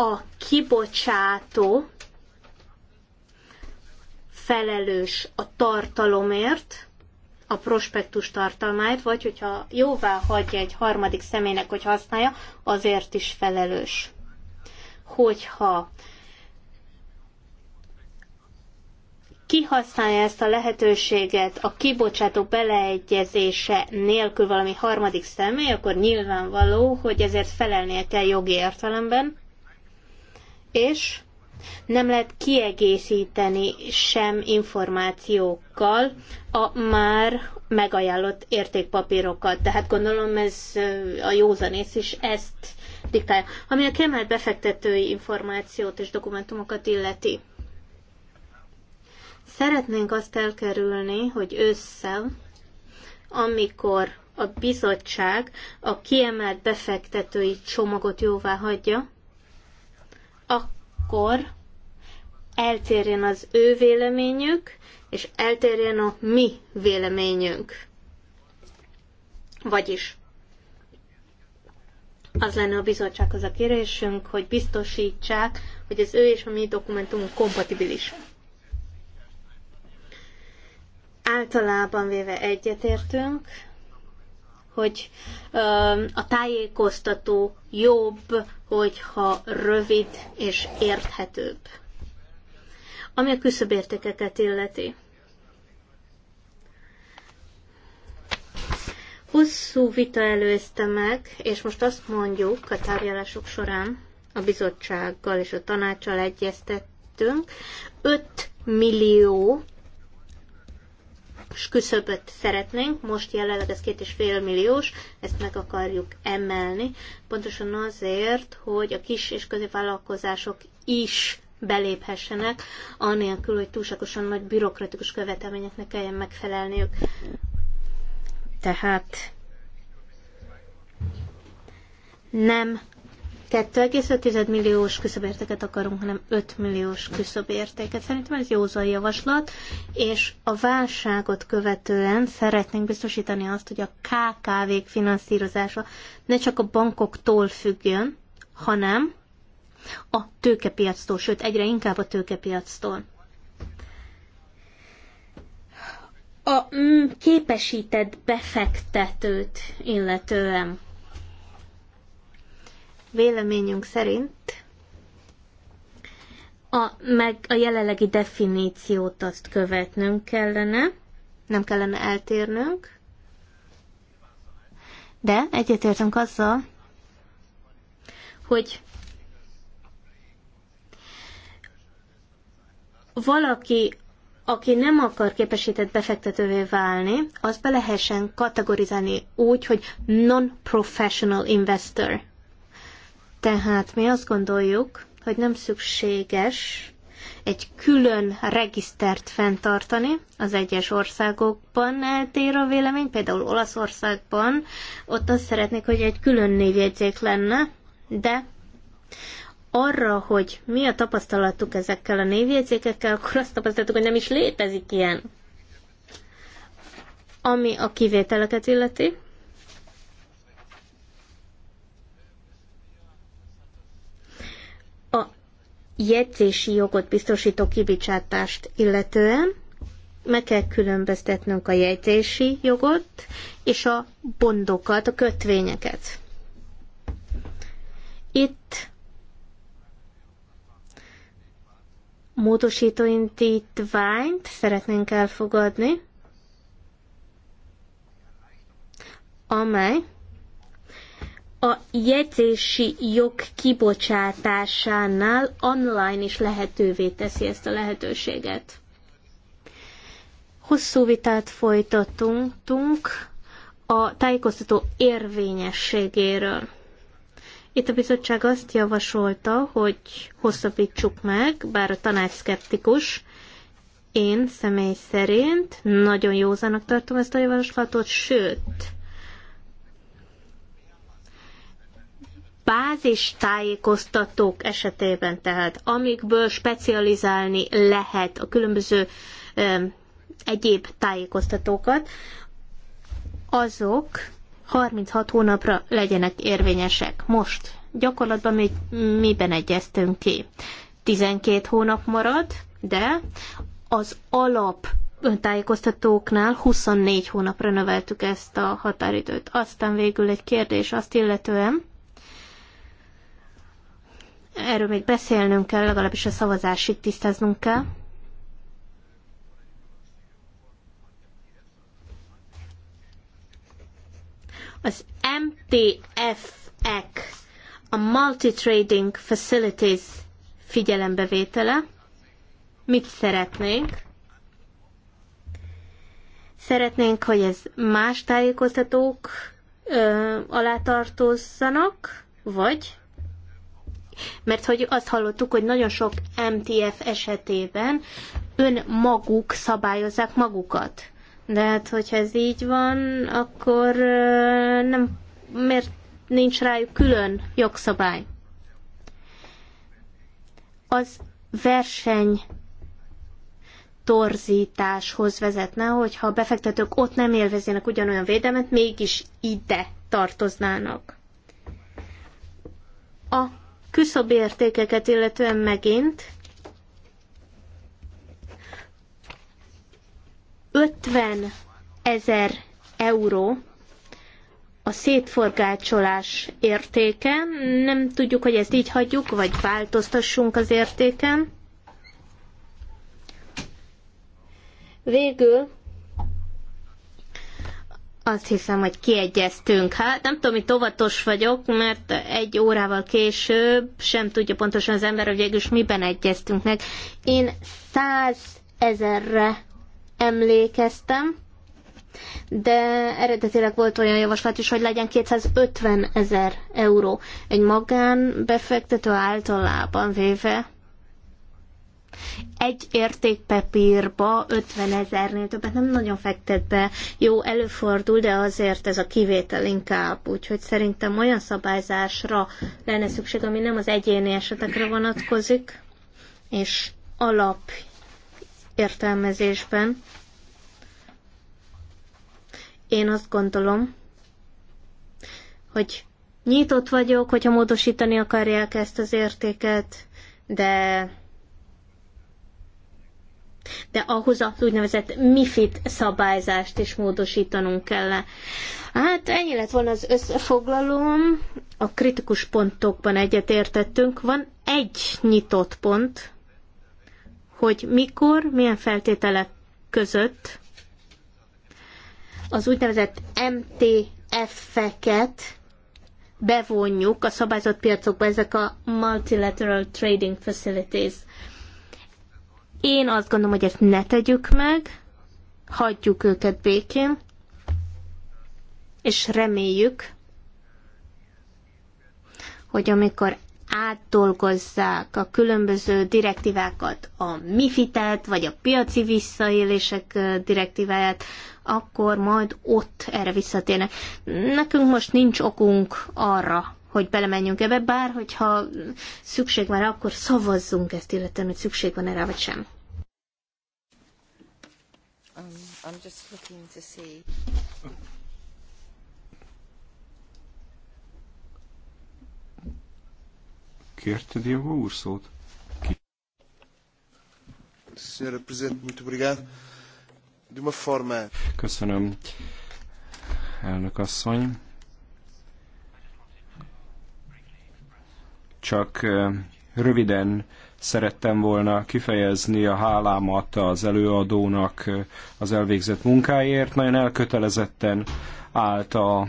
a kibocsátó felelős a tartalomért, a prospektus tartalmáért, vagy hogyha jóvá hagyja egy harmadik személynek, hogy használja, azért is felelős. Hogyha kihasználja ezt a lehetőséget a kibocsátó beleegyezése nélkül valami harmadik személy, akkor nyilvánvaló, hogy ezért felelnie kell jogi értelemben, és nem lehet kiegészíteni sem információkkal a már megajánlott értékpapírokat. Tehát gondolom ez a józanész is ezt diktálja. Ami a kiemelt befektetői információt és dokumentumokat illeti. Szeretnénk azt elkerülni, hogy ősszel, amikor a bizottság a kiemelt befektetői csomagot jóvá hagyja, akkor eltérjen az ő véleményük, és eltérjen a mi véleményünk. Vagyis az lenne a bizottsághoz a kérésünk, hogy biztosítsák, hogy az ő és a mi dokumentumunk kompatibilis. Általában véve egyetértünk, hogy a tájékoztató jobb, hogyha rövid és érthetőbb. Ami a küszöbértékeket illeti. Hosszú vita előzte meg, és most azt mondjuk a tárgyalások során a bizottsággal és a tanácsal egyeztettünk, 5 millió küszöböt szeretnénk, most jelenleg ez két és fél milliós, ezt meg akarjuk emelni, pontosan azért, hogy a kis és középvállalkozások is beléphessenek, anélkül, hogy túlságosan nagy bürokratikus követelményeknek kelljen megfelelniük. Tehát nem 2,5 milliós küszöbértéket akarunk, hanem 5 milliós küszöbértéket. Szerintem ez józai javaslat, és a válságot követően szeretnénk biztosítani azt, hogy a KKV-k finanszírozása ne csak a bankoktól függjön, hanem a tőkepiactól, sőt egyre inkább a tőkepiactól. A mm, képesített befektetőt illetően véleményünk szerint a, meg a jelenlegi definíciót azt követnünk kellene, nem kellene eltérnünk, de egyetértünk azzal, hogy valaki, aki nem akar képesített befektetővé válni, az be lehessen kategorizálni úgy, hogy non-professional investor. Tehát mi azt gondoljuk, hogy nem szükséges egy külön regisztert fenntartani az egyes országokban eltér a vélemény, például Olaszországban, ott azt szeretnék, hogy egy külön névjegyzék lenne, de arra, hogy mi a tapasztalatuk ezekkel a névjegyzékekkel, akkor azt tapasztaltuk, hogy nem is létezik ilyen. Ami a kivételeket illeti, jegyzési jogot biztosító kibicsátást illetően meg kell különböztetnünk a jegyzési jogot és a bondokat, a kötvényeket. Itt módosítóindítványt szeretnénk elfogadni, amely a jegyzési jog kibocsátásánál online is lehetővé teszi ezt a lehetőséget. Hosszú vitát folytatunk a tájékoztató érvényességéről. Itt a bizottság azt javasolta, hogy hosszabbítsuk meg, bár a tanács szkeptikus. Én személy szerint nagyon józanak tartom ezt a javaslatot, sőt, bázis tájékoztatók esetében, tehát amikből specializálni lehet a különböző egyéb tájékoztatókat, azok 36 hónapra legyenek érvényesek. Most gyakorlatban mi, miben egyeztünk ki? 12 hónap marad, de az alap tájékoztatóknál 24 hónapra növeltük ezt a határidőt. Aztán végül egy kérdés azt illetően, erről még beszélnünk kell, legalábbis a szavazásig tisztáznunk kell. Az MTF-ek, a Multi-Trading Facilities figyelembevétele. Mit szeretnénk? Szeretnénk, hogy ez más tájékoztatók ö, alá tartozzanak, vagy mert hogy azt hallottuk, hogy nagyon sok MTF esetében ön maguk szabályozzák magukat. De hát, hogyha ez így van, akkor nem, miért nincs rájuk külön jogszabály? Az verseny torzításhoz vezetne, hogyha a befektetők ott nem élvezének ugyanolyan védelmet, mégis ide tartoznának. A Küszöbértékeket illetően megint 50 ezer euró a szétforgácsolás értéke. Nem tudjuk, hogy ezt így hagyjuk, vagy változtassunk az értéken. Végül azt hiszem, hogy kiegyeztünk. Hát nem tudom, itt óvatos vagyok, mert egy órával később sem tudja pontosan az ember, hogy is miben egyeztünk meg. Én száz ezerre emlékeztem, de eredetileg volt olyan javaslat is, hogy legyen 250 ezer euró. Egy magánbefektető általában véve egy értékpapírba 50 ezernél többet nem nagyon fektet be. Jó, előfordul, de azért ez a kivétel inkább. Úgyhogy szerintem olyan szabályzásra lenne szükség, ami nem az egyéni esetekre vonatkozik, és alap értelmezésben. Én azt gondolom, hogy nyitott vagyok, hogyha módosítani akarják ezt az értéket, de de ahhoz az úgynevezett MIFID szabályzást is módosítanunk kell. Hát ennyi lett volna az összefoglalóm. A kritikus pontokban egyetértettünk. Van egy nyitott pont, hogy mikor, milyen feltételek között az úgynevezett MTF-eket bevonjuk a szabályzott piacokba, ezek a Multilateral Trading Facilities. Én azt gondolom, hogy ezt ne tegyük meg, hagyjuk őket békén, és reméljük, hogy amikor átdolgozzák a különböző direktívákat, a MIFIT-et, vagy a piaci visszaélések direktíváját, akkor majd ott erre visszatérnek. Nekünk most nincs okunk arra, hogy belemenjünk ebbe, bár hogyha szükség van rá, akkor szavazzunk ezt illetően, hogy szükség van erre, vagy sem. Um, I'm just looking to see. Senhora Presidente, úr szót? Köszönöm, elnök asszony csak röviden szerettem volna kifejezni a hálámat az előadónak az elvégzett munkáért. Nagyon elkötelezetten állt a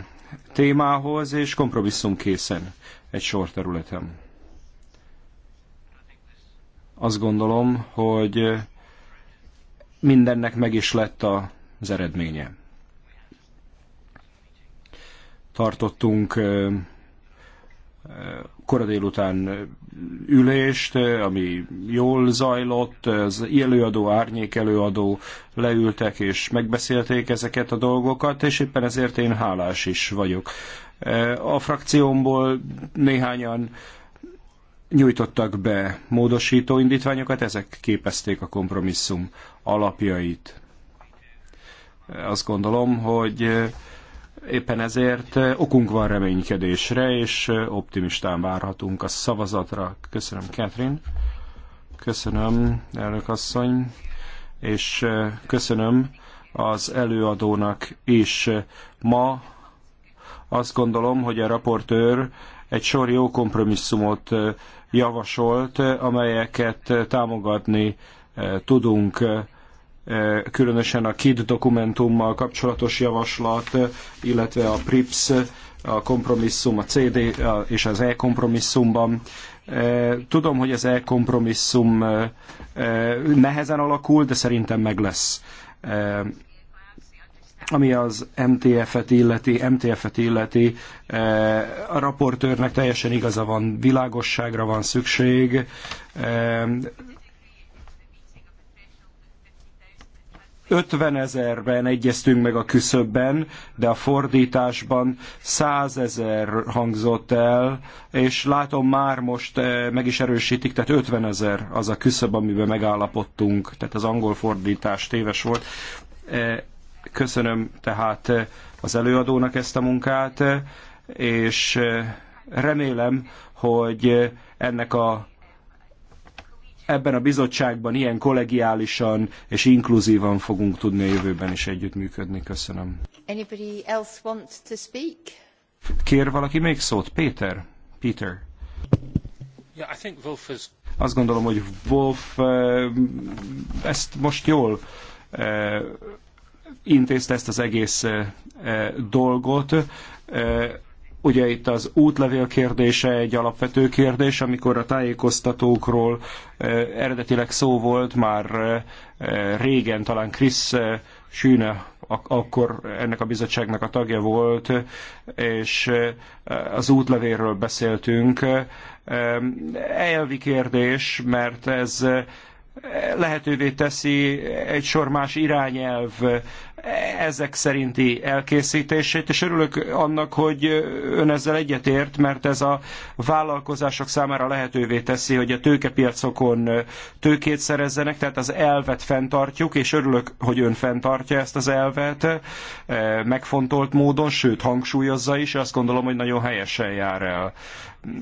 témához, és kompromisszumkészen egy sor területen. Azt gondolom, hogy mindennek meg is lett az eredménye. Tartottunk kora délután ülést, ami jól zajlott, az előadó, árnyék előadó leültek és megbeszélték ezeket a dolgokat, és éppen ezért én hálás is vagyok. A frakciómból néhányan nyújtottak be módosító indítványokat, ezek képezték a kompromisszum alapjait. Azt gondolom, hogy Éppen ezért eh, okunk van reménykedésre, és eh, optimistán várhatunk a szavazatra. Köszönöm, Catherine. Köszönöm, elnök asszony. És eh, köszönöm az előadónak is. Ma azt gondolom, hogy a raportőr egy sor jó kompromisszumot javasolt, amelyeket támogatni tudunk Eh, különösen a KID dokumentummal kapcsolatos javaslat, illetve a PRIPS, a kompromisszum, a CD és az e-kompromisszumban. Eh, tudom, hogy az e-kompromisszum eh, nehezen alakul, de szerintem meg lesz. Ami az MTF-et illeti, MTF-et illeti, a raportőrnek teljesen igaza van, világosságra van szükség, 50 ezerben egyeztünk meg a küszöbben, de a fordításban 100 ezer hangzott el, és látom már most eh, meg is erősítik, tehát 50 ezer az a küszöb, amiben megállapodtunk, tehát az angol fordítás téves volt. Eh, köszönöm tehát eh, az előadónak ezt a munkát, és remélem, hogy ennek a ebben a bizottságban ilyen kollegiálisan és inkluzívan fogunk tudni a jövőben is együttműködni. Köszönöm. Anybody else to speak? Kér valaki még szót? Peter. Peter? Yeah, I think Wolf is... Azt gondolom, hogy Wolf ezt most jól intézte ezt az egész dolgot Ugye itt az útlevél kérdése egy alapvető kérdés, amikor a tájékoztatókról eredetileg szó volt, már régen talán Krisz Sűne akkor ennek a bizottságnak a tagja volt, és az útlevéről beszéltünk. Elvi kérdés, mert ez lehetővé teszi egy sor más irányelv ezek szerinti elkészítését, és örülök annak, hogy ön ezzel egyetért, mert ez a vállalkozások számára lehetővé teszi, hogy a tőkepiacokon tőkét szerezzenek, tehát az elvet fenntartjuk, és örülök, hogy ön fenntartja ezt az elvet e, megfontolt módon, sőt hangsúlyozza is, azt gondolom, hogy nagyon helyesen jár el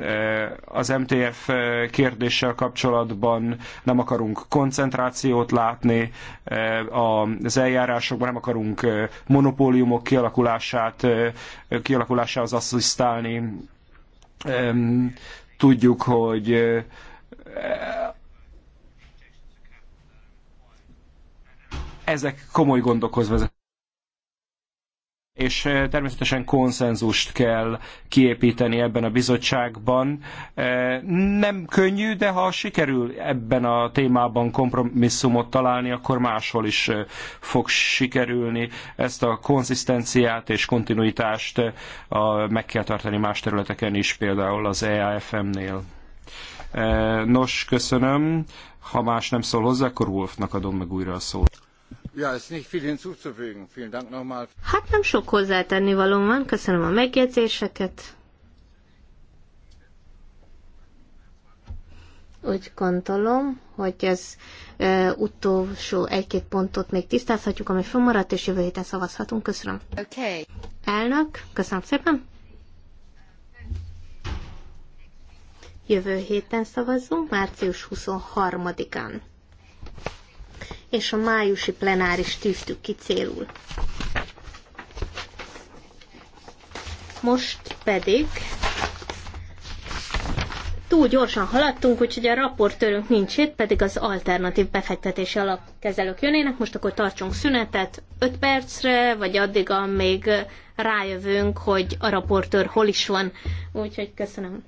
e, az MTF kérdéssel kapcsolatban nem akarunk koncentrációt látni, e, az eljárásokban nem akarunk monopóliumok kialakulását, kialakulásához asszisztálni. Tudjuk, hogy ezek komoly gondokhoz vezetnek és természetesen konszenzust kell kiépíteni ebben a bizottságban. Nem könnyű, de ha sikerül ebben a témában kompromisszumot találni, akkor máshol is fog sikerülni. Ezt a konszisztenciát és kontinuitást meg kell tartani más területeken is, például az EAFM-nél. Nos, köszönöm. Ha más nem szól hozzá, akkor Wolfnak adom meg újra a szót. Hát nem sok hozzátenni valóm van. Köszönöm a megjegyzéseket. Úgy gondolom, hogy ez utolsó egy-két pontot még tisztázhatjuk, ami fölmaradt, és jövő héten szavazhatunk. Köszönöm. Okay. Elnök, köszönöm szépen. Jövő héten szavazunk, március 23-án és a májusi plenáris tűztük ki célul. Most pedig túl gyorsan haladtunk, úgyhogy a raportőrünk nincs itt, pedig az alternatív befektetési alapkezelők jönnének. Most akkor tartsunk szünetet 5 percre, vagy addig, amíg rájövünk, hogy a raportőr hol is van. Úgyhogy köszönöm.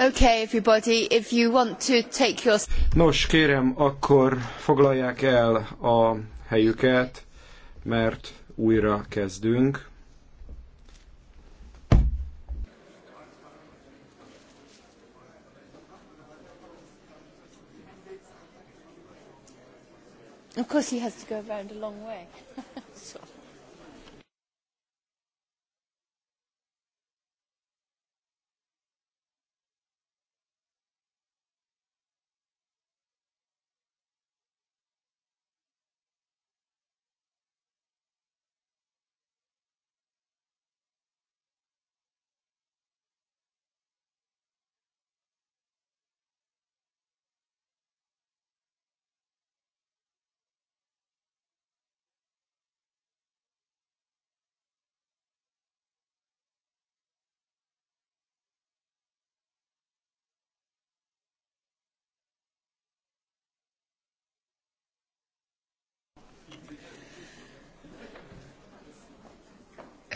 Okay, everybody, if you want to take your... Nos, kérem, akkor foglalják el a helyüket, mert újra kezdünk. Of course he has to go around a long way.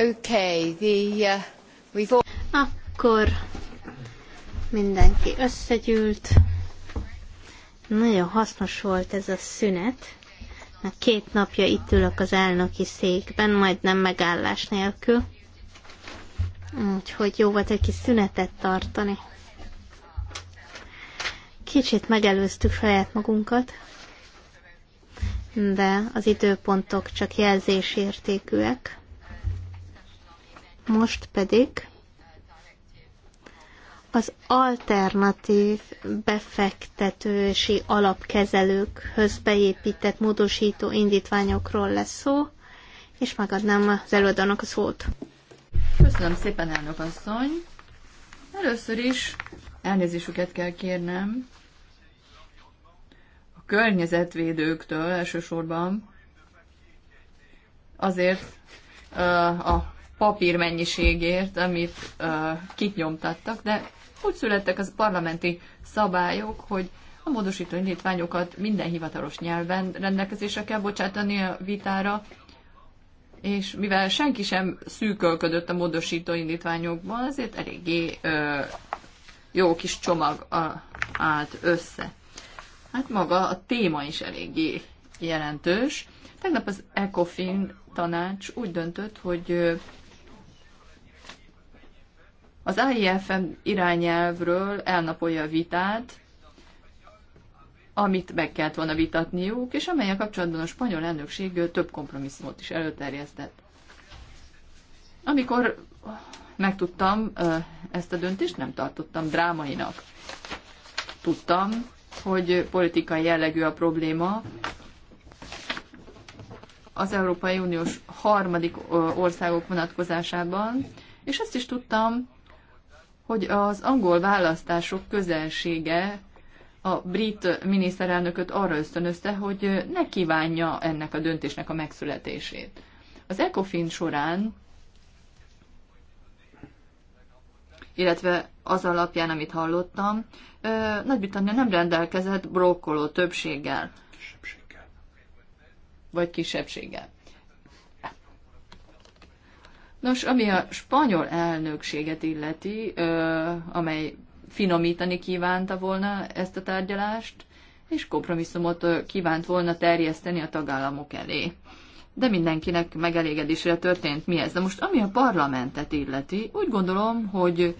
Okay, the, uh, we've all... Akkor mindenki összegyűlt. Nagyon hasznos volt ez a szünet. Már két napja itt ülök az elnöki székben, majdnem megállás nélkül. Úgyhogy jó volt egy kis szünetet tartani. Kicsit megelőztük saját magunkat, de az időpontok csak jelzésértékűek. Most pedig az alternatív befektetési alapkezelőkhöz beépített módosító indítványokról lesz szó, és megadnám az előadónak a szót. Köszönöm szépen, elnök asszony! Először is elnézésüket kell kérnem a környezetvédőktől elsősorban, azért a papír mennyiségért, amit uh, kinyomtattak, de úgy születtek az parlamenti szabályok, hogy a módosító indítványokat minden hivatalos nyelven rendelkezésre kell bocsátani a vitára, és mivel senki sem szűkölködött a módosító indítványokban, azért eléggé ö, jó kis csomag a, állt össze. Hát maga a téma is eléggé jelentős. Tegnap az ECOFIN tanács úgy döntött, hogy az AIFM irányelvről elnapolja a vitát, amit meg kellett volna vitatniuk, és amelyek kapcsolatban a spanyol elnökség több kompromisszumot is előterjesztett. Amikor megtudtam ezt a döntést, nem tartottam drámainak. Tudtam, hogy politikai jellegű a probléma. Az Európai Uniós harmadik országok vonatkozásában, és azt is tudtam, hogy az angol választások közelsége a brit miniszterelnököt arra ösztönözte, hogy ne kívánja ennek a döntésnek a megszületését. Az ECOFIN során, illetve az alapján, amit hallottam, Nagy-Britannia nem rendelkezett brokkoló többséggel. Kisebbséggel. Vagy kisebbséggel. Nos, ami a spanyol elnökséget illeti, amely finomítani kívánta volna ezt a tárgyalást, és kompromisszumot kívánt volna terjeszteni a tagállamok elé. De mindenkinek megelégedésre történt mi ez. De most ami a parlamentet illeti, úgy gondolom, hogy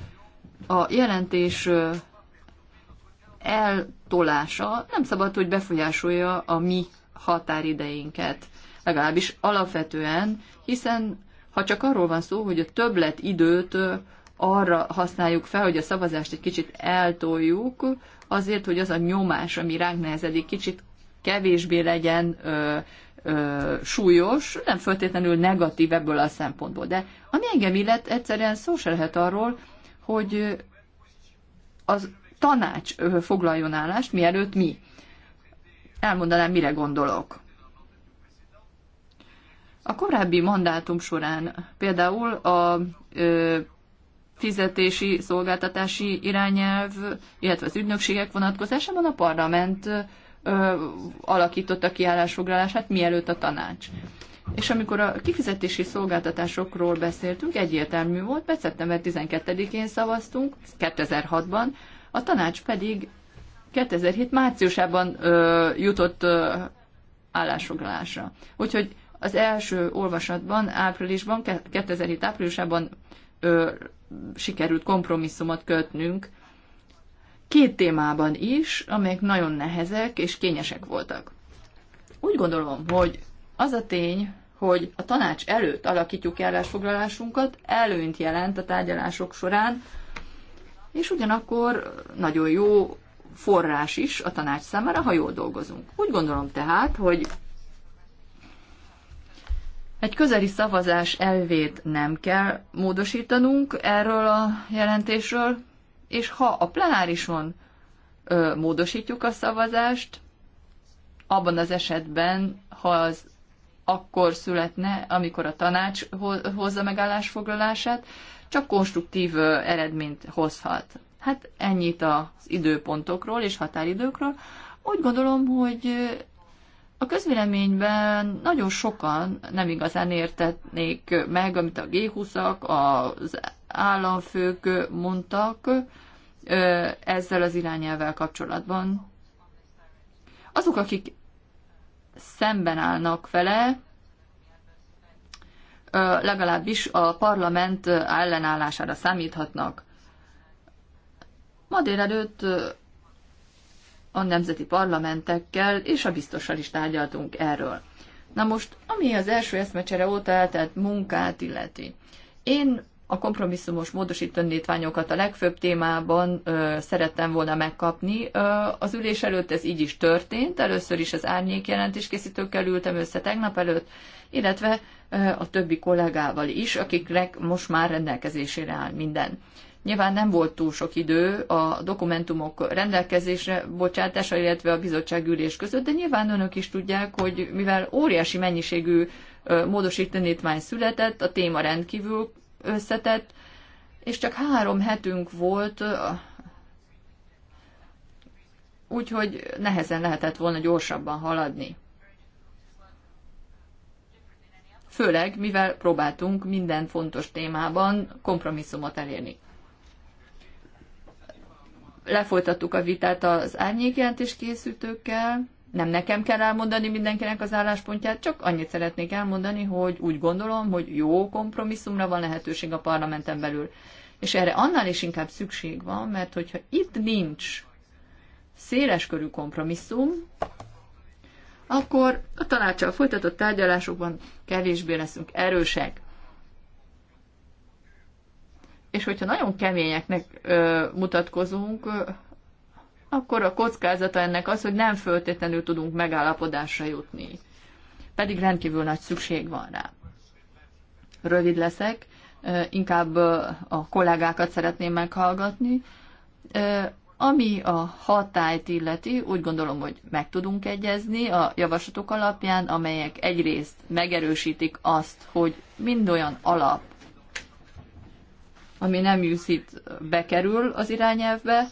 a jelentés eltolása nem szabad, hogy befolyásolja a mi határideinket, legalábbis alapvetően, hiszen ha csak arról van szó, hogy a többlet időt arra használjuk fel, hogy a szavazást egy kicsit eltoljuk, azért, hogy az a nyomás, ami ránk nehezedik, kicsit kevésbé legyen ö, ö, súlyos, nem feltétlenül negatív ebből a szempontból. De ami engem illet, egyszerűen szó se lehet arról, hogy az tanács foglaljon állást, mielőtt mi. Elmondanám, mire gondolok. A korábbi mandátum során például a ö, fizetési szolgáltatási irányelv, illetve az ügynökségek vonatkozásában a parlament ö, alakította ki állásfoglalását, mielőtt a tanács. És amikor a kifizetési szolgáltatásokról beszéltünk, egyértelmű volt, mert szeptember 12-én szavaztunk, 2006-ban, a tanács pedig 2007 márciusában ö, jutott ö, állásfoglalásra. Úgyhogy az első olvasatban, áprilisban, 2007 áprilisában ö, sikerült kompromisszumot kötnünk két témában is, amelyek nagyon nehezek és kényesek voltak. Úgy gondolom, hogy az a tény, hogy a tanács előtt alakítjuk állásfoglalásunkat, előnyt jelent a tárgyalások során, és ugyanakkor nagyon jó forrás is a tanács számára, ha jól dolgozunk. Úgy gondolom tehát, hogy egy közeli szavazás elvét nem kell módosítanunk erről a jelentésről, és ha a plenárison ö, módosítjuk a szavazást, abban az esetben, ha az akkor születne, amikor a tanács hozza megállásfoglalását, csak konstruktív eredményt hozhat. Hát ennyit az időpontokról és határidőkről. Úgy gondolom, hogy a közvéleményben nagyon sokan nem igazán értetnék meg, amit a G20-ak, az államfők mondtak ezzel az irányelvel kapcsolatban. Azok, akik szemben állnak vele, legalábbis a parlament ellenállására számíthatnak. Ma délelőtt a nemzeti parlamentekkel és a biztossal is tárgyaltunk erről. Na most, ami az első eszmecsere óta eltelt munkát illeti. Én a kompromisszumos módosítanítványokat a legfőbb témában ö, szerettem volna megkapni. Ö, az ülés előtt ez így is történt. Először is az árnyék jelentéskészítőkkel ültem össze tegnap előtt, illetve ö, a többi kollégával is, akiknek most már rendelkezésére áll minden. Nyilván nem volt túl sok idő a dokumentumok rendelkezésre bocsátása, illetve a bizottság ülés között, de nyilván önök is tudják, hogy mivel óriási mennyiségű módosítanítvány született, a téma rendkívül összetett, és csak három hetünk volt, úgyhogy nehezen lehetett volna gyorsabban haladni. Főleg, mivel próbáltunk minden fontos témában kompromisszumot elérni lefolytattuk a vitát az árnyékjelentés készítőkkel, nem nekem kell elmondani mindenkinek az álláspontját, csak annyit szeretnék elmondani, hogy úgy gondolom, hogy jó kompromisszumra van lehetőség a parlamenten belül. És erre annál is inkább szükség van, mert hogyha itt nincs széleskörű kompromisszum, akkor a tanácsal folytatott tárgyalásokban kevésbé leszünk erősek és hogyha nagyon keményeknek ö, mutatkozunk, ö, akkor a kockázata ennek az, hogy nem föltétlenül tudunk megállapodásra jutni. Pedig rendkívül nagy szükség van rá. Rövid leszek, ö, inkább ö, a kollégákat szeretném meghallgatni. Ö, ami a hatályt illeti, úgy gondolom, hogy meg tudunk egyezni a javaslatok alapján, amelyek egyrészt megerősítik azt, hogy mind olyan alap, ami nem jusszít, bekerül az irányelvbe.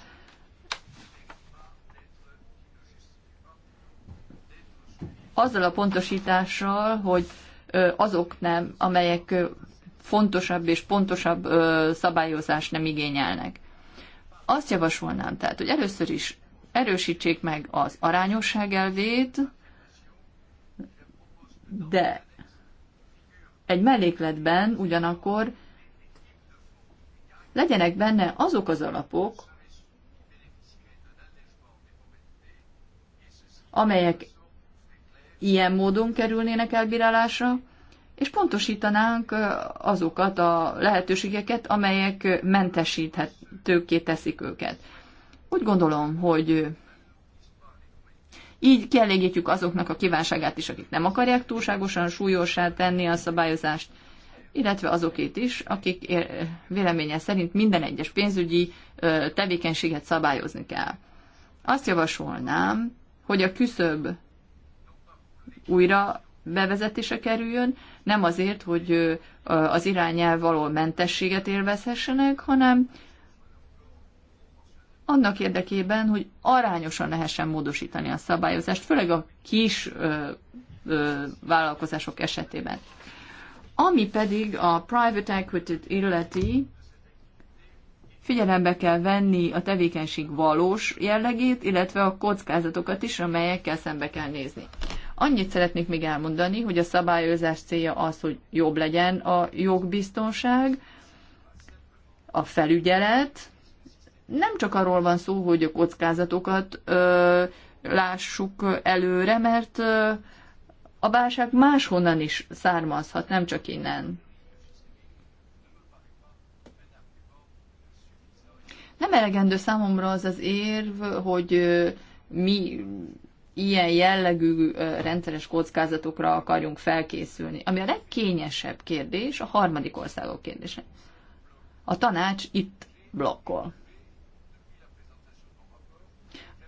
Azzal a pontosítással, hogy azok nem, amelyek fontosabb és pontosabb szabályozást nem igényelnek. Azt javasolnám tehát, hogy először is erősítsék meg az arányosság elvét, de egy mellékletben ugyanakkor legyenek benne azok az alapok, amelyek ilyen módon kerülnének elbírálásra, és pontosítanánk azokat a lehetőségeket, amelyek mentesíthetőké teszik őket. Úgy gondolom, hogy így kielégítjük azoknak a kívánságát is, akik nem akarják túlságosan súlyosá tenni a szabályozást, illetve azokét is, akik véleménye szerint minden egyes pénzügyi tevékenységet szabályozni kell. Azt javasolnám, hogy a küszöb újra bevezetése kerüljön, nem azért, hogy az irányelv való mentességet élvezhessenek, hanem annak érdekében, hogy arányosan lehessen módosítani a szabályozást, főleg a kis ö, ö, vállalkozások esetében. Ami pedig a private equity-t illeti, figyelembe kell venni a tevékenység valós jellegét, illetve a kockázatokat is, amelyekkel szembe kell nézni. Annyit szeretnék még elmondani, hogy a szabályozás célja az, hogy jobb legyen a jogbiztonság, a felügyelet. Nem csak arról van szó, hogy a kockázatokat ö, lássuk előre, mert ö, a válság máshonnan is származhat, nem csak innen. Nem elegendő számomra az az érv, hogy mi ilyen jellegű rendszeres kockázatokra akarjunk felkészülni. Ami a legkényesebb kérdés, a harmadik országok kérdése. A tanács itt blokkol.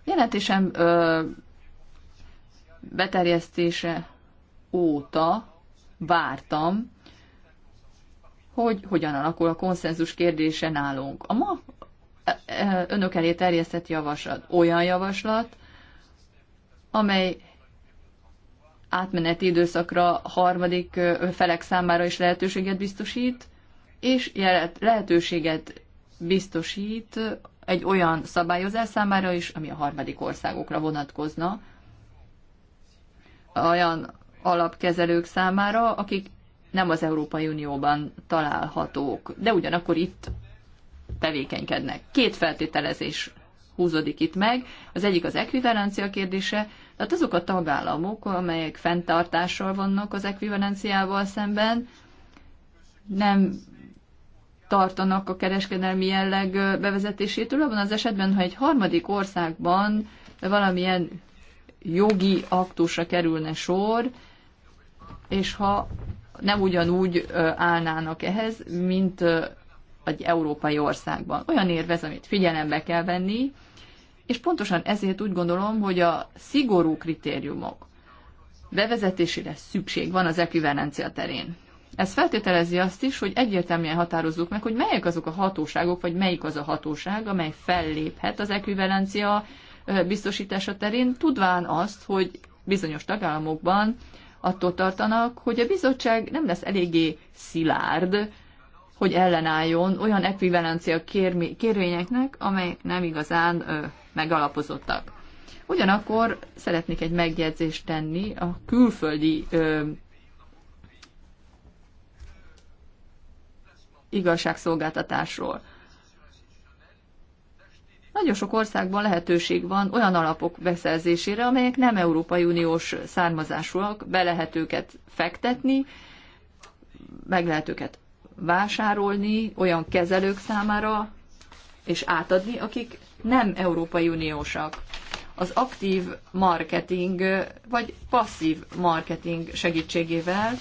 Jelentésem ö, beterjesztése óta vártam, hogy hogyan alakul a konszenzus kérdése nálunk. A ma e, e, önök elé terjesztett javaslat olyan javaslat, amely átmeneti időszakra harmadik felek számára is lehetőséget biztosít, és lehetőséget biztosít egy olyan szabályozás számára is, ami a harmadik országokra vonatkozna, olyan alapkezelők számára, akik nem az Európai Unióban találhatók, de ugyanakkor itt tevékenykednek. Két feltételezés húzódik itt meg. Az egyik az ekvivalencia kérdése, tehát azok a tagállamok, amelyek fenntartással vannak az ekvivalenciával szemben, nem tartanak a kereskedelmi jelleg bevezetésétől, abban az esetben, ha egy harmadik országban valamilyen jogi aktusra kerülne sor, és ha nem ugyanúgy állnának ehhez, mint egy európai országban. Olyan érvez, amit figyelembe kell venni, és pontosan ezért úgy gondolom, hogy a szigorú kritériumok bevezetésére szükség van az ekvivalencia terén. Ez feltételezi azt is, hogy egyértelműen határozzuk meg, hogy melyek azok a hatóságok, vagy melyik az a hatóság, amely felléphet az ekvivalencia biztosítása terén, tudván azt, hogy bizonyos tagállamokban attól tartanak, hogy a bizottság nem lesz eléggé szilárd, hogy ellenálljon olyan ekvivalencia kérvényeknek, amelyek nem igazán ö, megalapozottak. Ugyanakkor szeretnék egy megjegyzést tenni a külföldi ö, igazságszolgáltatásról. Nagyon sok országban lehetőség van olyan alapok beszerzésére, amelyek nem Európai Uniós származásúak, be lehet őket fektetni, meg lehet őket vásárolni olyan kezelők számára, és átadni, akik nem Európai Uniósak. Az aktív marketing, vagy passzív marketing segítségével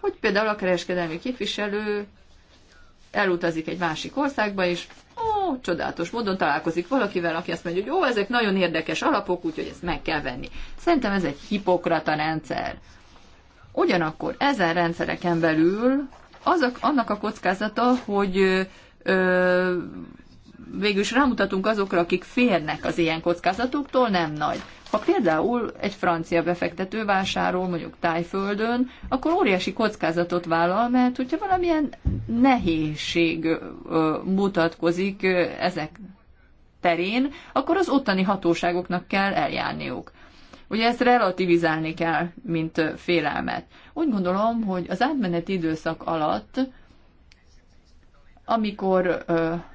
hogy például a kereskedelmi képviselő elutazik egy másik országba, és ó, csodálatos módon találkozik valakivel, aki azt mondja, hogy ó, ezek nagyon érdekes alapok, úgyhogy ezt meg kell venni. Szerintem ez egy hipokrata rendszer. Ugyanakkor ezen rendszereken belül az a, annak a kockázata, hogy ö, végül végülis rámutatunk azokra, akik férnek az ilyen kockázatoktól, nem nagy. Ha például egy francia befektető vásárol mondjuk tájföldön, akkor óriási kockázatot vállal, mert hogyha valamilyen nehézség mutatkozik ezek terén, akkor az ottani hatóságoknak kell eljárniuk. Ugye ezt relativizálni kell, mint félelmet. Úgy gondolom, hogy az átmeneti időszak alatt, amikor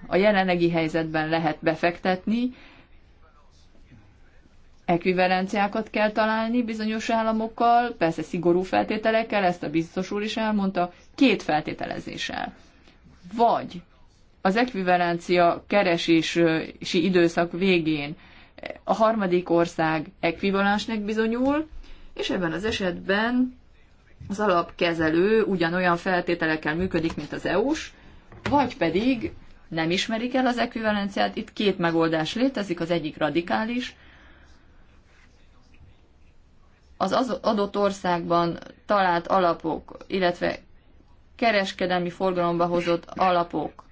a jelenlegi helyzetben lehet befektetni, ekvivalenciákat kell találni bizonyos államokkal, persze szigorú feltételekkel, ezt a biztos úr is elmondta, két feltételezéssel. Vagy az ekvivalencia keresési időszak végén a harmadik ország ekvivalensnek bizonyul, és ebben az esetben az alapkezelő ugyanolyan feltételekkel működik, mint az EU-s, vagy pedig nem ismerik el az ekvivalenciát, itt két megoldás létezik, az egyik radikális, az adott országban talált alapok, illetve kereskedelmi forgalomba hozott alapok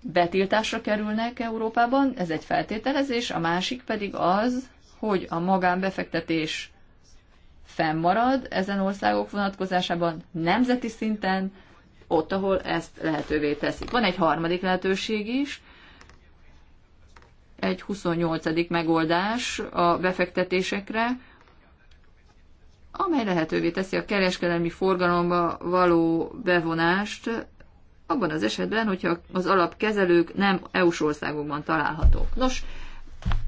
betiltásra kerülnek Európában, ez egy feltételezés, a másik pedig az, hogy a magánbefektetés fennmarad ezen országok vonatkozásában nemzeti szinten, ott, ahol ezt lehetővé teszik. Van egy harmadik lehetőség is, egy 28. megoldás a befektetésekre, amely lehetővé teszi a kereskedelmi forgalomba való bevonást, abban az esetben, hogyha az alapkezelők nem EU-s országokban találhatók. Nos,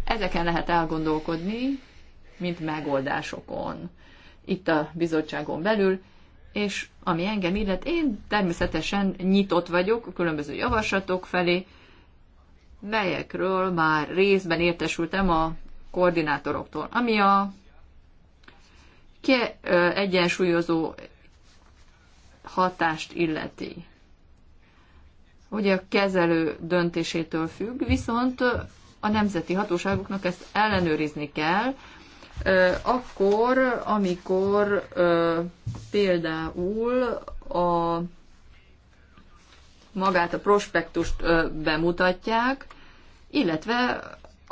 ezeken lehet elgondolkodni, mint megoldásokon itt a bizottságon belül, és ami engem illet, én természetesen nyitott vagyok a különböző javaslatok felé, melyekről már részben értesültem a koordinátoroktól. Ami a ke egyensúlyozó hatást illeti. Ugye a kezelő döntésétől függ, viszont a nemzeti hatóságoknak ezt ellenőrizni kell, akkor, amikor például a magát a prospektust bemutatják, illetve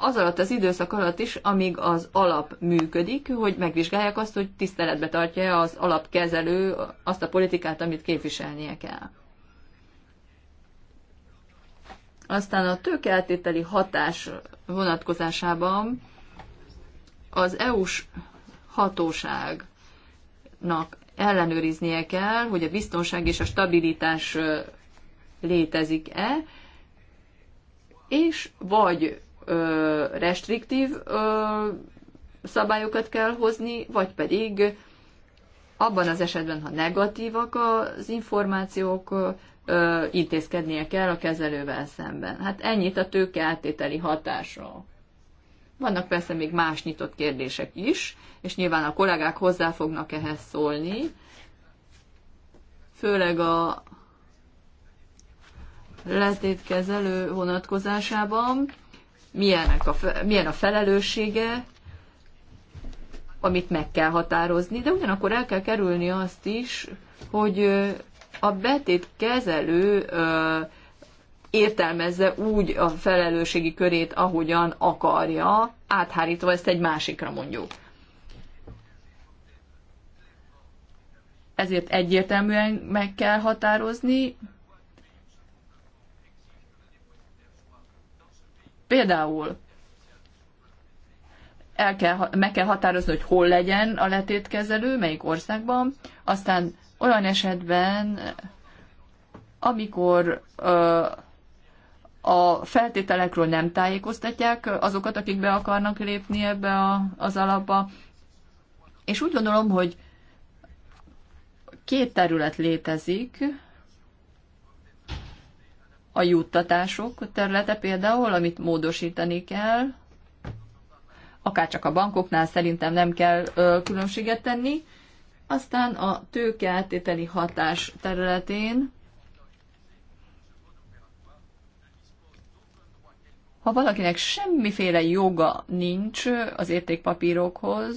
az alatt az időszak alatt is, amíg az alap működik, hogy megvizsgálják azt, hogy tiszteletbe tartja az alapkezelő azt a politikát, amit képviselnie kell. Aztán a tőkeltételi hatás vonatkozásában az EU-s hatóságnak ellenőriznie kell, hogy a biztonság és a stabilitás létezik-e, és vagy ö, restriktív ö, szabályokat kell hozni, vagy pedig abban az esetben, ha negatívak az információk, ö, intézkednie kell a kezelővel szemben. Hát ennyit a tőke áttételi hatásról. Vannak persze még más nyitott kérdések is, és nyilván a kollégák hozzá fognak ehhez szólni, főleg a letétkezelő vonatkozásában milyenek a, milyen a felelőssége, amit meg kell határozni, de ugyanakkor el kell kerülni azt is, hogy a betét kezelő értelmezze úgy a felelősségi körét, ahogyan akarja, áthárítva ezt egy másikra mondjuk. Ezért egyértelműen meg kell határozni, Például el kell, meg kell határozni, hogy hol legyen a letétkezelő, melyik országban, aztán olyan esetben, amikor ö, a feltételekről nem tájékoztatják azokat, akik be akarnak lépni ebbe a, az alapba. És úgy gondolom, hogy két terület létezik, a juttatások területe például, amit módosítani kell, akárcsak a bankoknál szerintem nem kell ö, különbséget tenni. Aztán a tőkeáttételi hatás területén, ha valakinek semmiféle joga nincs az értékpapírokhoz,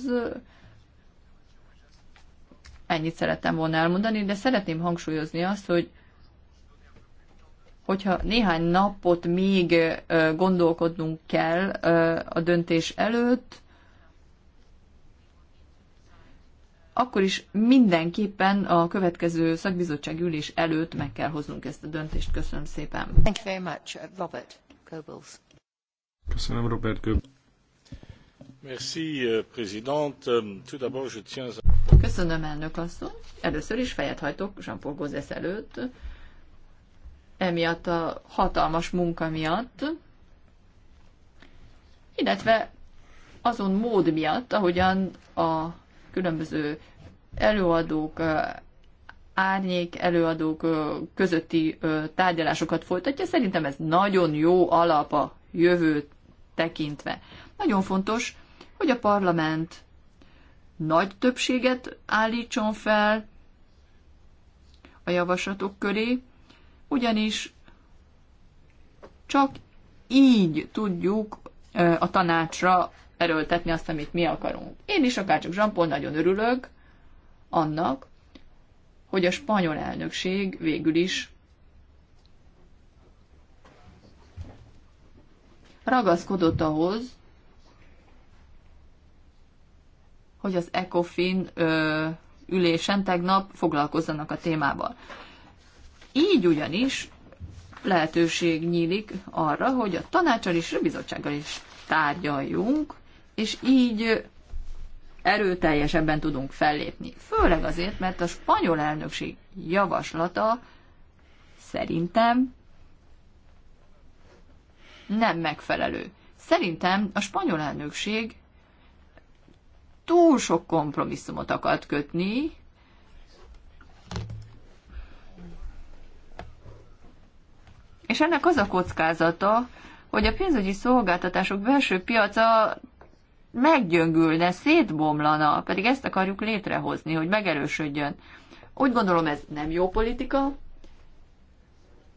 ennyit szerettem volna elmondani, de szeretném hangsúlyozni azt, hogy hogyha néhány napot még gondolkodnunk kell a döntés előtt, akkor is mindenképpen a következő szakbizottság ülés előtt meg kell hoznunk ezt a döntést. Köszönöm szépen. Thank you very much, uh, Robert Goebbels. Köszönöm, Robert Goebbels. Merci, euh, président. Euh, tout d'abord, je tiens... Köszönöm, elnök asszony. Először is fejet hajtok Jean-Paul Gauzès előtt emiatt a hatalmas munka miatt, illetve azon mód miatt, ahogyan a különböző előadók, árnyék előadók közötti tárgyalásokat folytatja. Szerintem ez nagyon jó alap a jövőt tekintve. Nagyon fontos, hogy a parlament nagy többséget állítson fel a javaslatok köré, ugyanis csak így tudjuk a tanácsra erőltetni azt, amit mi akarunk. Én is, akárcsak csak paul nagyon örülök annak, hogy a spanyol elnökség végül is ragaszkodott ahhoz, hogy az ECOFIN ülésen tegnap foglalkozzanak a témával. Így ugyanis lehetőség nyílik arra, hogy a tanácsal és a bizottsággal is tárgyaljunk, és így erőteljesebben tudunk fellépni. Főleg azért, mert a spanyol elnökség javaslata szerintem nem megfelelő. Szerintem a spanyol elnökség túl sok kompromisszumot akart kötni, És ennek az a kockázata, hogy a pénzügyi szolgáltatások belső piaca meggyöngülne, szétbomlana, pedig ezt akarjuk létrehozni, hogy megerősödjön. Úgy gondolom, ez nem jó politika,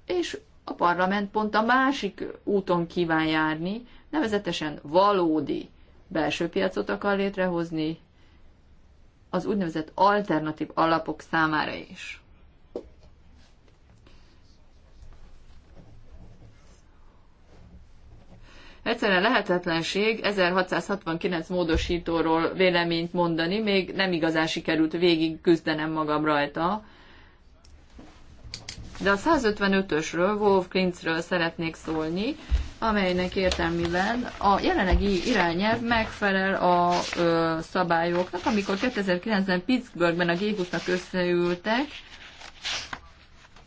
és a parlament pont a másik úton kíván járni, nevezetesen valódi belső piacot akar létrehozni, az úgynevezett alternatív alapok számára is. Egyszerűen lehetetlenség 1669 módosítóról véleményt mondani, még nem igazán sikerült végig küzdenem magam rajta. De a 155-ösről, Wolf Klintzről szeretnék szólni, amelynek értelmében a jelenlegi irányelv megfelel a ö, szabályoknak, amikor 2009-ben Pittsburghben a G20-nak összeültek,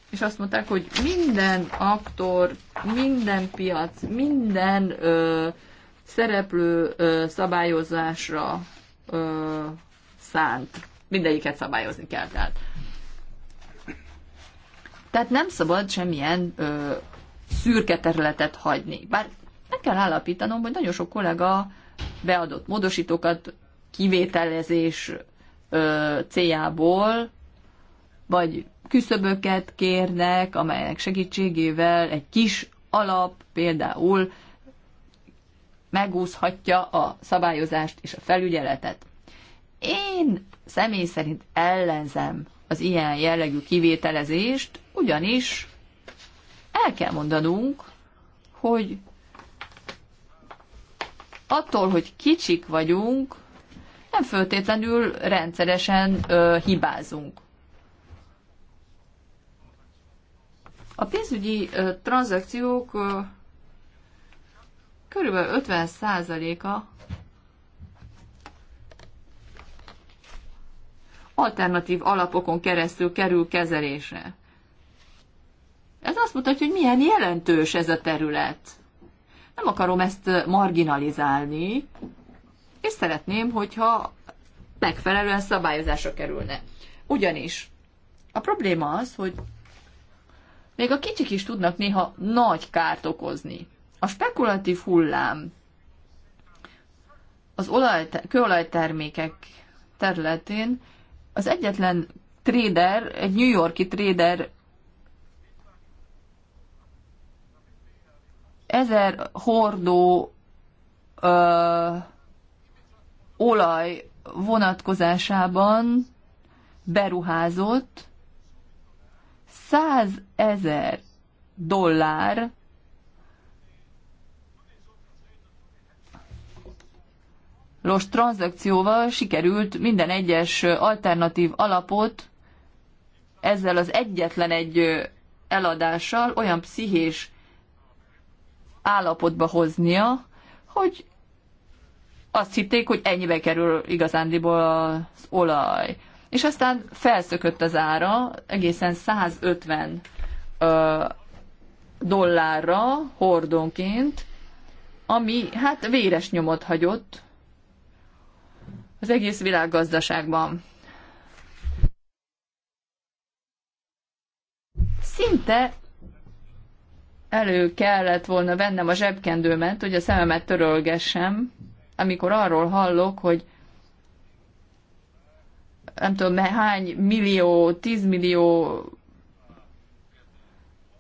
és azt mondták, hogy minden aktor, minden piac, minden ö, szereplő ö, szabályozásra ö, szánt. Mindegyiket szabályozni kell. Tehát, tehát nem szabad semmilyen ö, szürke területet hagyni. Bár meg kell állapítanom, hogy nagyon sok kollega beadott módosítókat kivételezés ö, céljából, vagy küszöböket kérnek, amelyek segítségével egy kis alap például megúszhatja a szabályozást és a felügyeletet. Én személy szerint ellenzem az ilyen jellegű kivételezést, ugyanis el kell mondanunk, hogy attól, hogy kicsik vagyunk, nem föltétlenül rendszeresen ö, hibázunk. A pénzügyi tranzakciók körülbelül 50%-a alternatív alapokon keresztül kerül kezelésre. Ez azt mutatja, hogy milyen jelentős ez a terület. Nem akarom ezt marginalizálni, és szeretném, hogyha megfelelően szabályozásra kerülne. Ugyanis a probléma az, hogy még a kicsik is tudnak néha nagy kárt okozni. A spekulatív hullám az olaj, kőolajtermékek területén az egyetlen trader, egy New Yorki trader 1000 hordó ö, olaj vonatkozásában beruházott, 100 ezer dollár los tranzakcióval sikerült minden egyes alternatív alapot ezzel az egyetlen egy eladással olyan pszichés állapotba hoznia, hogy azt hitték, hogy ennyibe kerül igazándiból az olaj és aztán felszökött az ára egészen 150 uh, dollárra hordonként, ami hát véres nyomot hagyott az egész világgazdaságban. Szinte elő kellett volna vennem a zsebkendőmet, hogy a szememet törölgessem, amikor arról hallok, hogy nem tudom hány millió, tízmillió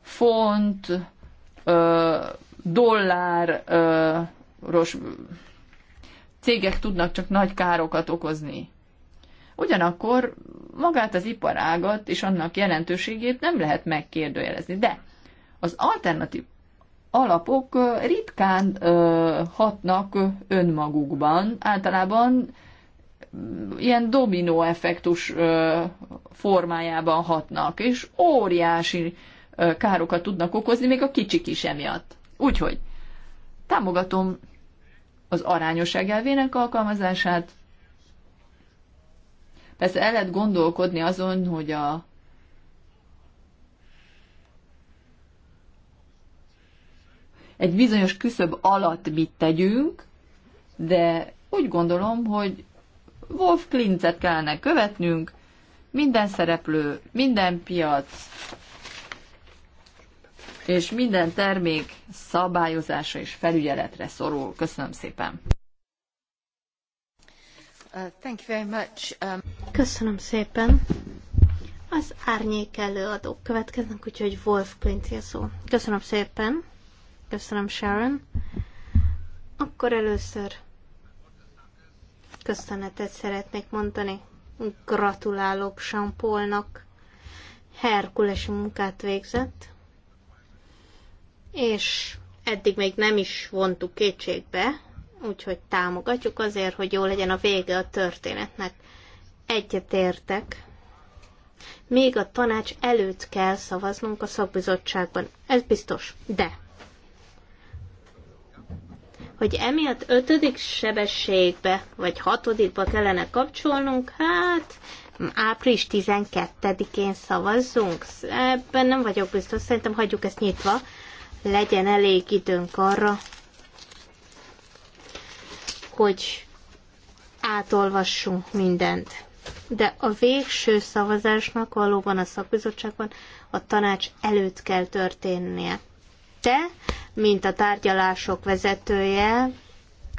font, ö, dollár, ö, ros, cégek tudnak csak nagy károkat okozni. Ugyanakkor magát az iparágat és annak jelentőségét nem lehet megkérdőjelezni, de az alternatív alapok ritkán ö, hatnak önmagukban, általában ilyen dominó effektus formájában hatnak, és óriási károkat tudnak okozni, még a kicsik is emiatt. Úgyhogy támogatom az arányosság elvének alkalmazását. Persze el lehet gondolkodni azon, hogy a egy bizonyos küszöb alatt mit tegyünk, de úgy gondolom, hogy Wolf Klinzet kellene követnünk, minden szereplő, minden piac és minden termék szabályozása és felügyeletre szorul. Köszönöm szépen! Uh, um, Köszönöm szépen. Az árnyék előadók következnek, úgyhogy Wolf Klintz szó. Köszönöm szépen. Köszönöm Sharon. Akkor először köszönetet szeretnék mondani. Gratulálok Sampolnak. Herkulesi munkát végzett, és eddig még nem is vontuk kétségbe, úgyhogy támogatjuk azért, hogy jó legyen a vége a történetnek. Egyetértek. Még a tanács előtt kell szavaznunk a szakbizottságban. Ez biztos. De hogy emiatt ötödik sebességbe, vagy hatodikba kellene kapcsolnunk, hát április 12-én szavazzunk. Ebben nem vagyok biztos, szerintem hagyjuk ezt nyitva. Legyen elég időnk arra, hogy átolvassunk mindent. De a végső szavazásnak valóban a szakbizottságban a tanács előtt kell történnie te, mint a tárgyalások vezetője,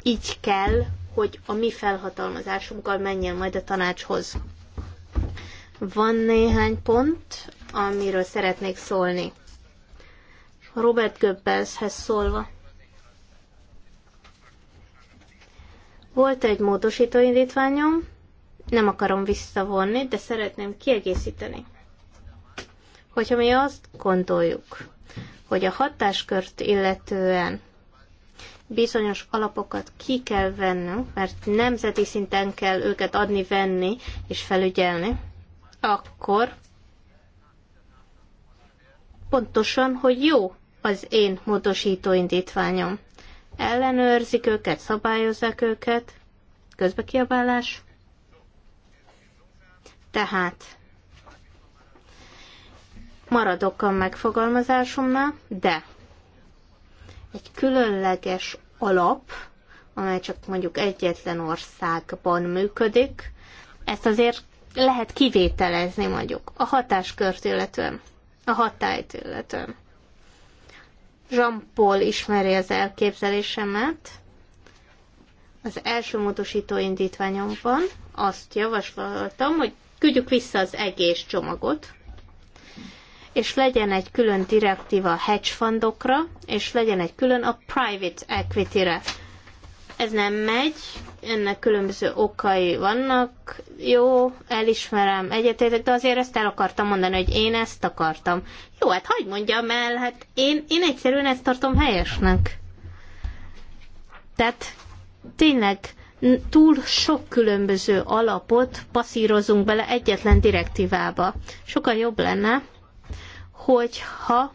így kell, hogy a mi felhatalmazásunkkal menjen majd a tanácshoz. Van néhány pont, amiről szeretnék szólni. Robert Goebbelshez szólva. Volt egy módosító indítványom, nem akarom visszavonni, de szeretném kiegészíteni. Hogyha mi azt gondoljuk, hogy a hatáskört illetően bizonyos alapokat ki kell vennünk, mert nemzeti szinten kell őket adni, venni és felügyelni, akkor pontosan, hogy jó az én módosító indítványom. Ellenőrzik őket, szabályozzák őket, közbekiabálás. Tehát maradok a megfogalmazásomnál, de egy különleges alap, amely csak mondjuk egyetlen országban működik, ezt azért lehet kivételezni mondjuk a hatáskört illetően, a hatályt illetően. Jean-Paul ismeri az elképzelésemet. Az első módosító indítványomban azt javasoltam, hogy küldjük vissza az egész csomagot, és legyen egy külön direktíva a hedge fundokra, és legyen egy külön a private equity-re. Ez nem megy, ennek különböző okai vannak. Jó, elismerem, egyetértek, de azért ezt el akartam mondani, hogy én ezt akartam. Jó, hát hagyd mondjam el, hát én, én egyszerűen ezt tartom helyesnek. Tehát tényleg túl sok különböző alapot passzírozunk bele egyetlen direktívába. Sokkal jobb lenne, hogyha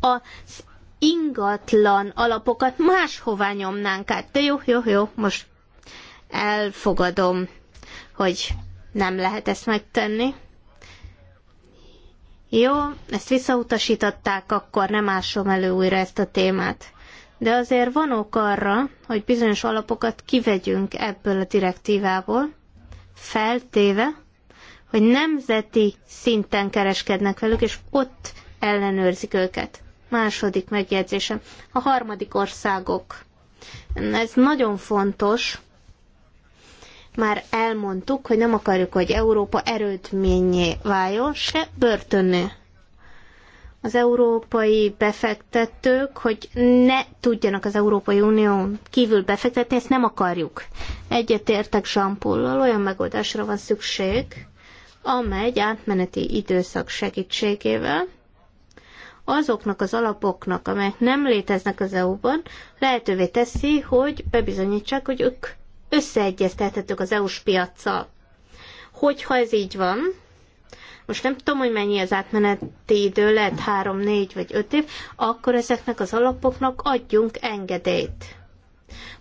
az ingatlan alapokat máshová nyomnánk át. De jó, jó, jó, most elfogadom, hogy nem lehet ezt megtenni. Jó, ezt visszautasították, akkor nem ásom elő újra ezt a témát. De azért van ok arra, hogy bizonyos alapokat kivegyünk ebből a direktívából, feltéve, hogy nemzeti szinten kereskednek velük, és ott ellenőrzik őket. Második megjegyzésem. A harmadik országok. Ez nagyon fontos. Már elmondtuk, hogy nem akarjuk, hogy Európa erődményé váljon, se börtönné az európai befektetők, hogy ne tudjanak az Európai Unión kívül befektetni, ezt nem akarjuk. Egyetértek Zsampullal, olyan megoldásra van szükség, amely egy átmeneti időszak segítségével azoknak az alapoknak, amelyek nem léteznek az EU-ban, lehetővé teszi, hogy bebizonyítsák, hogy ők összeegyeztethetők az EU-s piaccal. Hogyha ez így van, most nem tudom, hogy mennyi az átmeneti idő, lehet három, négy vagy öt év, akkor ezeknek az alapoknak adjunk engedélyt.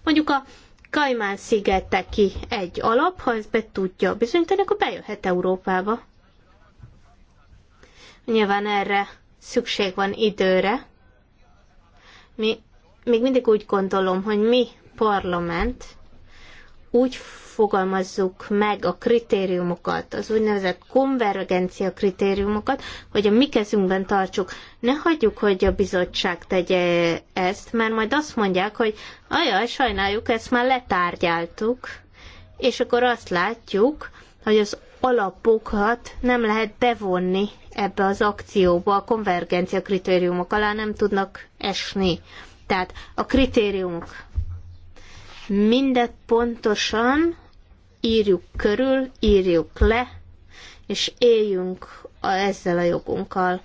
Mondjuk a Kajmán szigeteki egy alap, ha ezt be tudja bizonyítani, akkor bejöhet Európába. Nyilván erre szükség van időre. Mi, még mindig úgy gondolom, hogy mi parlament úgy fogalmazzuk meg a kritériumokat, az úgynevezett konvergencia kritériumokat, hogy a mi kezünkben tartsuk. Ne hagyjuk, hogy a bizottság tegye ezt, mert majd azt mondják, hogy ajaj, sajnáljuk, ezt már letárgyáltuk, és akkor azt látjuk, hogy az alapokat nem lehet bevonni ebbe az akcióba, a konvergencia kritériumok alá nem tudnak esni. Tehát a kritériumok Mindet pontosan írjuk körül, írjuk le, és éljünk a ezzel a jogunkkal.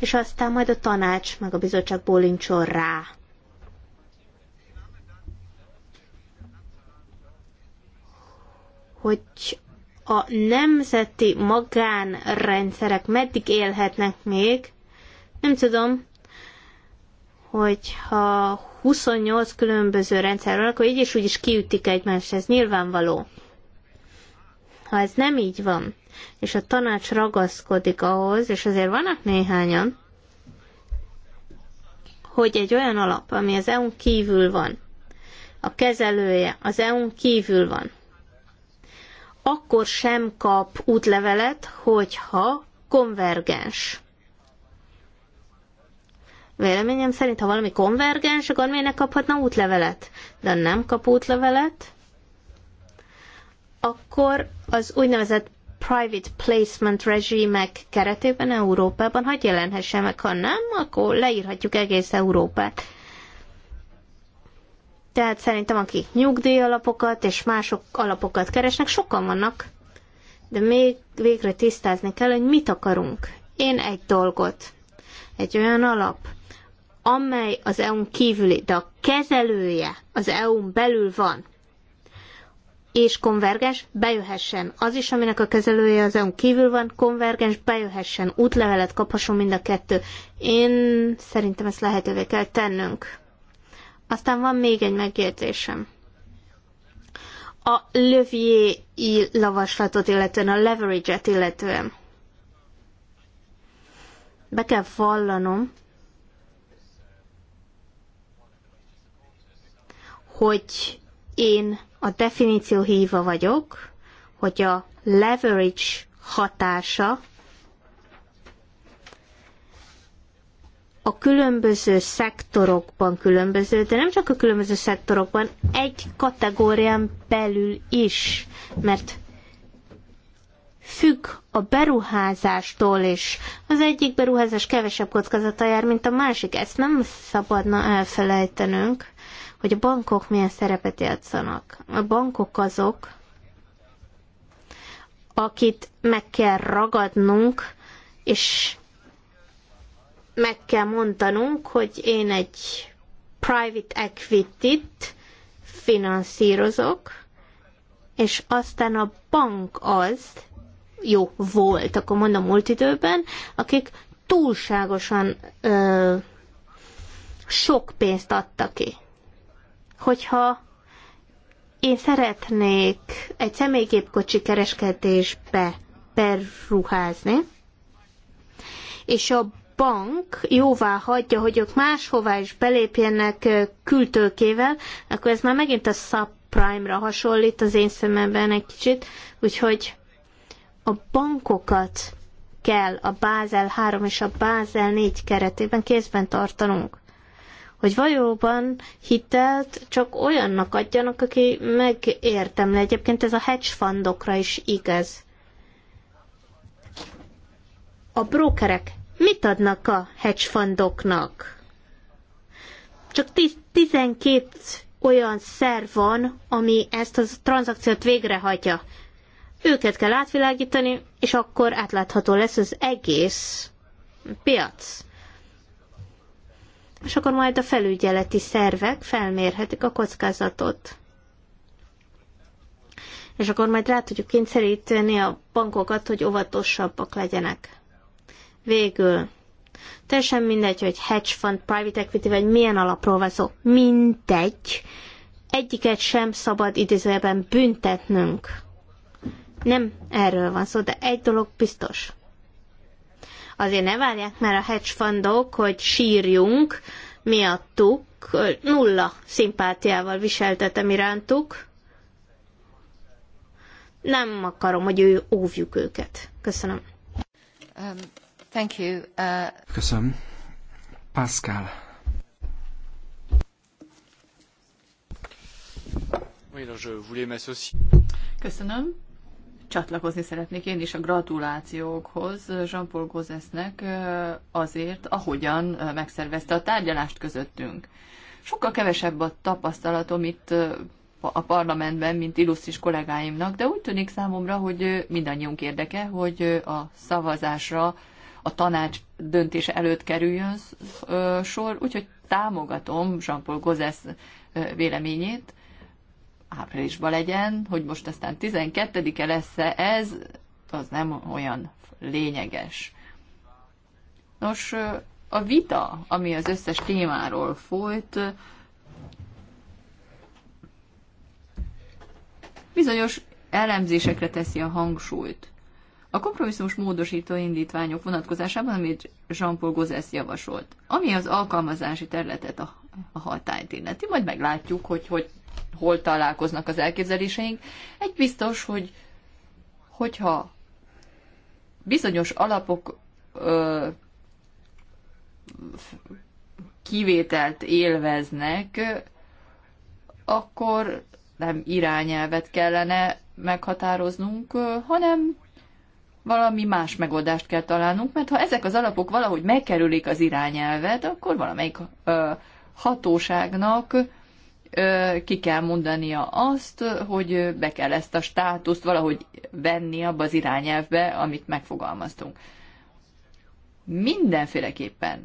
És aztán majd a tanács meg a bizottság bólincson rá. Hogy a nemzeti magánrendszerek meddig élhetnek még, nem tudom, hogyha 28 különböző rendszerről, akkor így is úgy is kiütik egymást, ez nyilvánvaló. Ha ez nem így van, és a tanács ragaszkodik ahhoz, és azért vannak néhányan, hogy egy olyan alap, ami az EU-n kívül van, a kezelője az EU-n kívül van, akkor sem kap útlevelet, hogyha konvergens. Véleményem szerint, ha valami konvergens, akkor miért ne kaphatna útlevelet? De nem kap útlevelet, akkor az úgynevezett private placement regimek keretében Európában hagy jelenhesse meg, ha nem, akkor leírhatjuk egész Európát. Tehát szerintem, akik nyugdíjalapokat és mások alapokat keresnek, sokan vannak, de még végre tisztázni kell, hogy mit akarunk. Én egy dolgot. Egy olyan alap, amely az EU-n kívüli, de a kezelője az EU-n belül van, és konvergens bejöhessen. Az is, aminek a kezelője az EU-n kívül van, konvergens bejöhessen, útlevelet kaphasson mind a kettő. Én szerintem ezt lehetővé kell tennünk. Aztán van még egy megjegyzésem. A lövié lavaslatot illetően, a leverage-et illetően. Be kell vallanom, hogy én a definíció híva vagyok, hogy a leverage hatása a különböző szektorokban különböző, de nem csak a különböző szektorokban, egy kategórián belül is, mert függ a beruházástól is. Az egyik beruházás kevesebb kockázata jár, mint a másik. Ezt nem szabadna elfelejtenünk, hogy a bankok milyen szerepet játszanak. A bankok azok, akit meg kell ragadnunk, és meg kell mondanunk, hogy én egy private equity-t finanszírozok, és aztán a bank az, jó, volt, akkor mondom múlt időben, akik túlságosan ö, sok pénzt adtak ki hogyha én szeretnék egy személygépkocsi kereskedésbe beruházni, és a bank jóvá hagyja, hogy ők máshová is belépjenek kültőkével, akkor ez már megint a subprime-ra hasonlít az én szememben egy kicsit, úgyhogy a bankokat kell a Bázel 3 és a Bázel 4 keretében kézben tartanunk hogy valóban hitelt csak olyannak adjanak, aki megértem le. Egyébként ez a hedge fundokra is igaz. A brokerek mit adnak a hedge fundoknak? Csak 12 olyan szerv van, ami ezt a tranzakciót végrehajtja. Őket kell átvilágítani, és akkor átlátható lesz az egész piac és akkor majd a felügyeleti szervek felmérhetik a kockázatot. És akkor majd rá tudjuk kényszeríteni a bankokat, hogy óvatosabbak legyenek. Végül, teljesen mindegy, hogy hedge fund, private equity, vagy milyen alapról van szó, mindegy. Egyiket sem szabad idézőjelben büntetnünk. Nem erről van szó, de egy dolog biztos. Azért ne várják már a hedge fundok, hogy sírjunk miattuk, nulla szimpátiával viseltetem irántuk. Nem akarom, hogy ő óvjuk őket. Köszönöm. Um, thank you. Uh... Köszönöm. Pascal. Köszönöm csatlakozni szeretnék én is a gratulációkhoz Jean-Paul Gozesnek azért, ahogyan megszervezte a tárgyalást közöttünk. Sokkal kevesebb a tapasztalatom itt a parlamentben, mint illusztris kollégáimnak, de úgy tűnik számomra, hogy mindannyiunk érdeke, hogy a szavazásra a tanács döntése előtt kerüljön sor, úgyhogy támogatom Jean-Paul Gozes véleményét, áprilisban legyen, hogy most aztán 12-e lesz-e ez, az nem olyan lényeges. Nos, a vita, ami az összes témáról folyt, bizonyos elemzésekre teszi a hangsúlyt. A kompromisszumos módosító indítványok vonatkozásában, amit Jean-Paul Gozes javasolt, ami az alkalmazási területet a, a hatályt illeti, majd meglátjuk, hogy hogy hol találkoznak az elképzeléseink. Egy biztos, hogy hogyha bizonyos alapok ö, kivételt élveznek, akkor nem irányelvet kellene meghatároznunk, hanem valami más megoldást kell találnunk, mert ha ezek az alapok valahogy megkerülik az irányelvet, akkor valamelyik ö, hatóságnak ki kell mondania azt, hogy be kell ezt a státuszt valahogy venni abba az irányelvbe, amit megfogalmaztunk. Mindenféleképpen,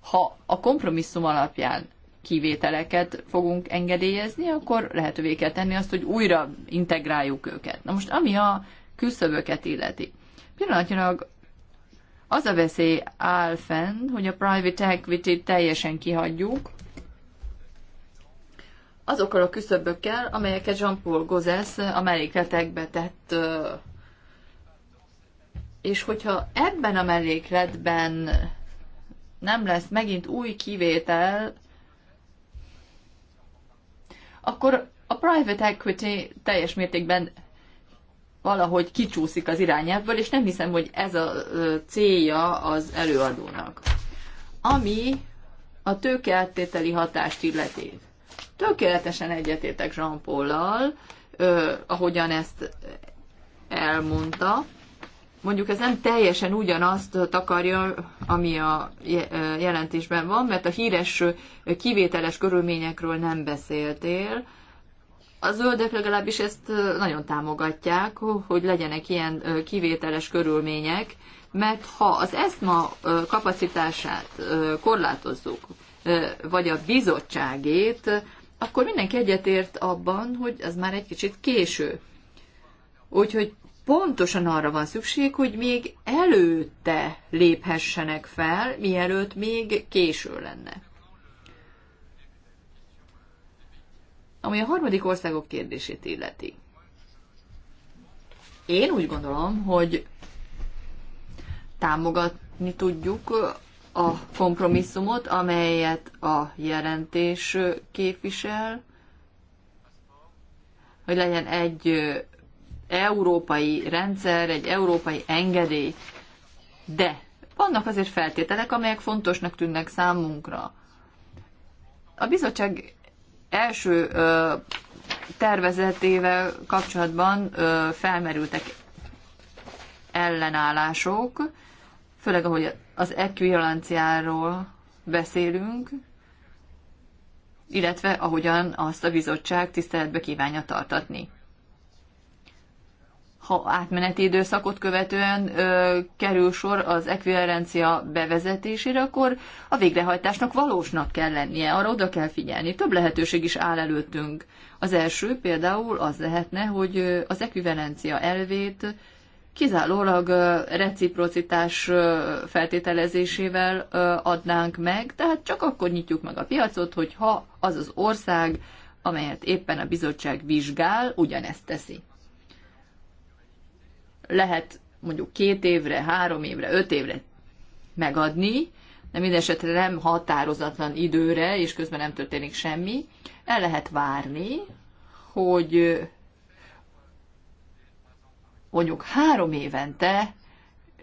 ha a kompromisszum alapján kivételeket fogunk engedélyezni, akkor lehetővé kell tenni azt, hogy újra integráljuk őket. Na most, ami a küszöböket illeti. Pillanatnyilag az a veszély áll fenn, hogy a private equity teljesen kihagyjuk, azokkal a küszöbökkel, amelyeket Jean-Paul Gozes a mellékletekbe tett. És hogyha ebben a mellékletben nem lesz megint új kivétel, akkor a private equity teljes mértékben valahogy kicsúszik az irányából és nem hiszem, hogy ez a célja az előadónak. Ami a tőkeáttételi hatást illeti. Tökéletesen egyetértek Jean Paul-lal, ahogyan ezt elmondta. Mondjuk ez nem teljesen ugyanazt takarja, ami a jelentésben van, mert a híres kivételes körülményekről nem beszéltél. A zöldek legalábbis ezt nagyon támogatják, hogy legyenek ilyen kivételes körülmények, mert ha az ESZMA kapacitását korlátozzuk, vagy a bizottságét, akkor mindenki egyetért abban, hogy ez már egy kicsit késő. Úgyhogy pontosan arra van szükség, hogy még előtte léphessenek fel, mielőtt még késő lenne. Ami a harmadik országok kérdését illeti. Én úgy gondolom, hogy támogatni tudjuk a kompromisszumot, amelyet a jelentés képvisel, hogy legyen egy európai rendszer, egy európai engedély. De vannak azért feltételek, amelyek fontosnak tűnnek számunkra. A bizottság első ö, tervezetével kapcsolatban ö, felmerültek ellenállások, főleg ahogy az ekvivalenciáról beszélünk, illetve ahogyan azt a bizottság tiszteletbe kívánja tartatni. Ha átmeneti időszakot követően ö, kerül sor az ekvivalencia bevezetésére, akkor a végrehajtásnak valósnak kell lennie, arra oda kell figyelni. Több lehetőség is áll előttünk. Az első például az lehetne, hogy az ekvivalencia elvét kizárólag reciprocitás feltételezésével adnánk meg, tehát csak akkor nyitjuk meg a piacot, hogyha az az ország, amelyet éppen a bizottság vizsgál, ugyanezt teszi. Lehet mondjuk két évre, három évre, öt évre megadni, de mindesetre nem határozatlan időre, és közben nem történik semmi. El lehet várni, hogy mondjuk három évente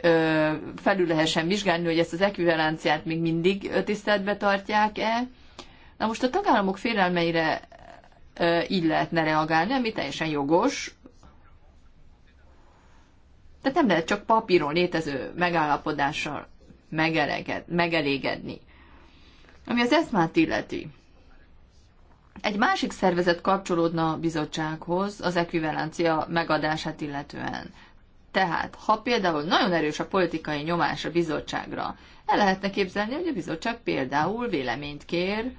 ö, felül lehessen vizsgálni, hogy ezt az ekvivalenciát még mindig tiszteletbe tartják-e. Na most a tagállamok félelmeire ö, így lehetne reagálni, ami teljesen jogos. Tehát nem lehet csak papíron létező megállapodással megelégedni. Ami az eszmát illeti egy másik szervezet kapcsolódna a bizottsághoz az ekvivalencia megadását illetően. Tehát, ha például nagyon erős a politikai nyomás a bizottságra, el lehetne képzelni, hogy a bizottság például véleményt kér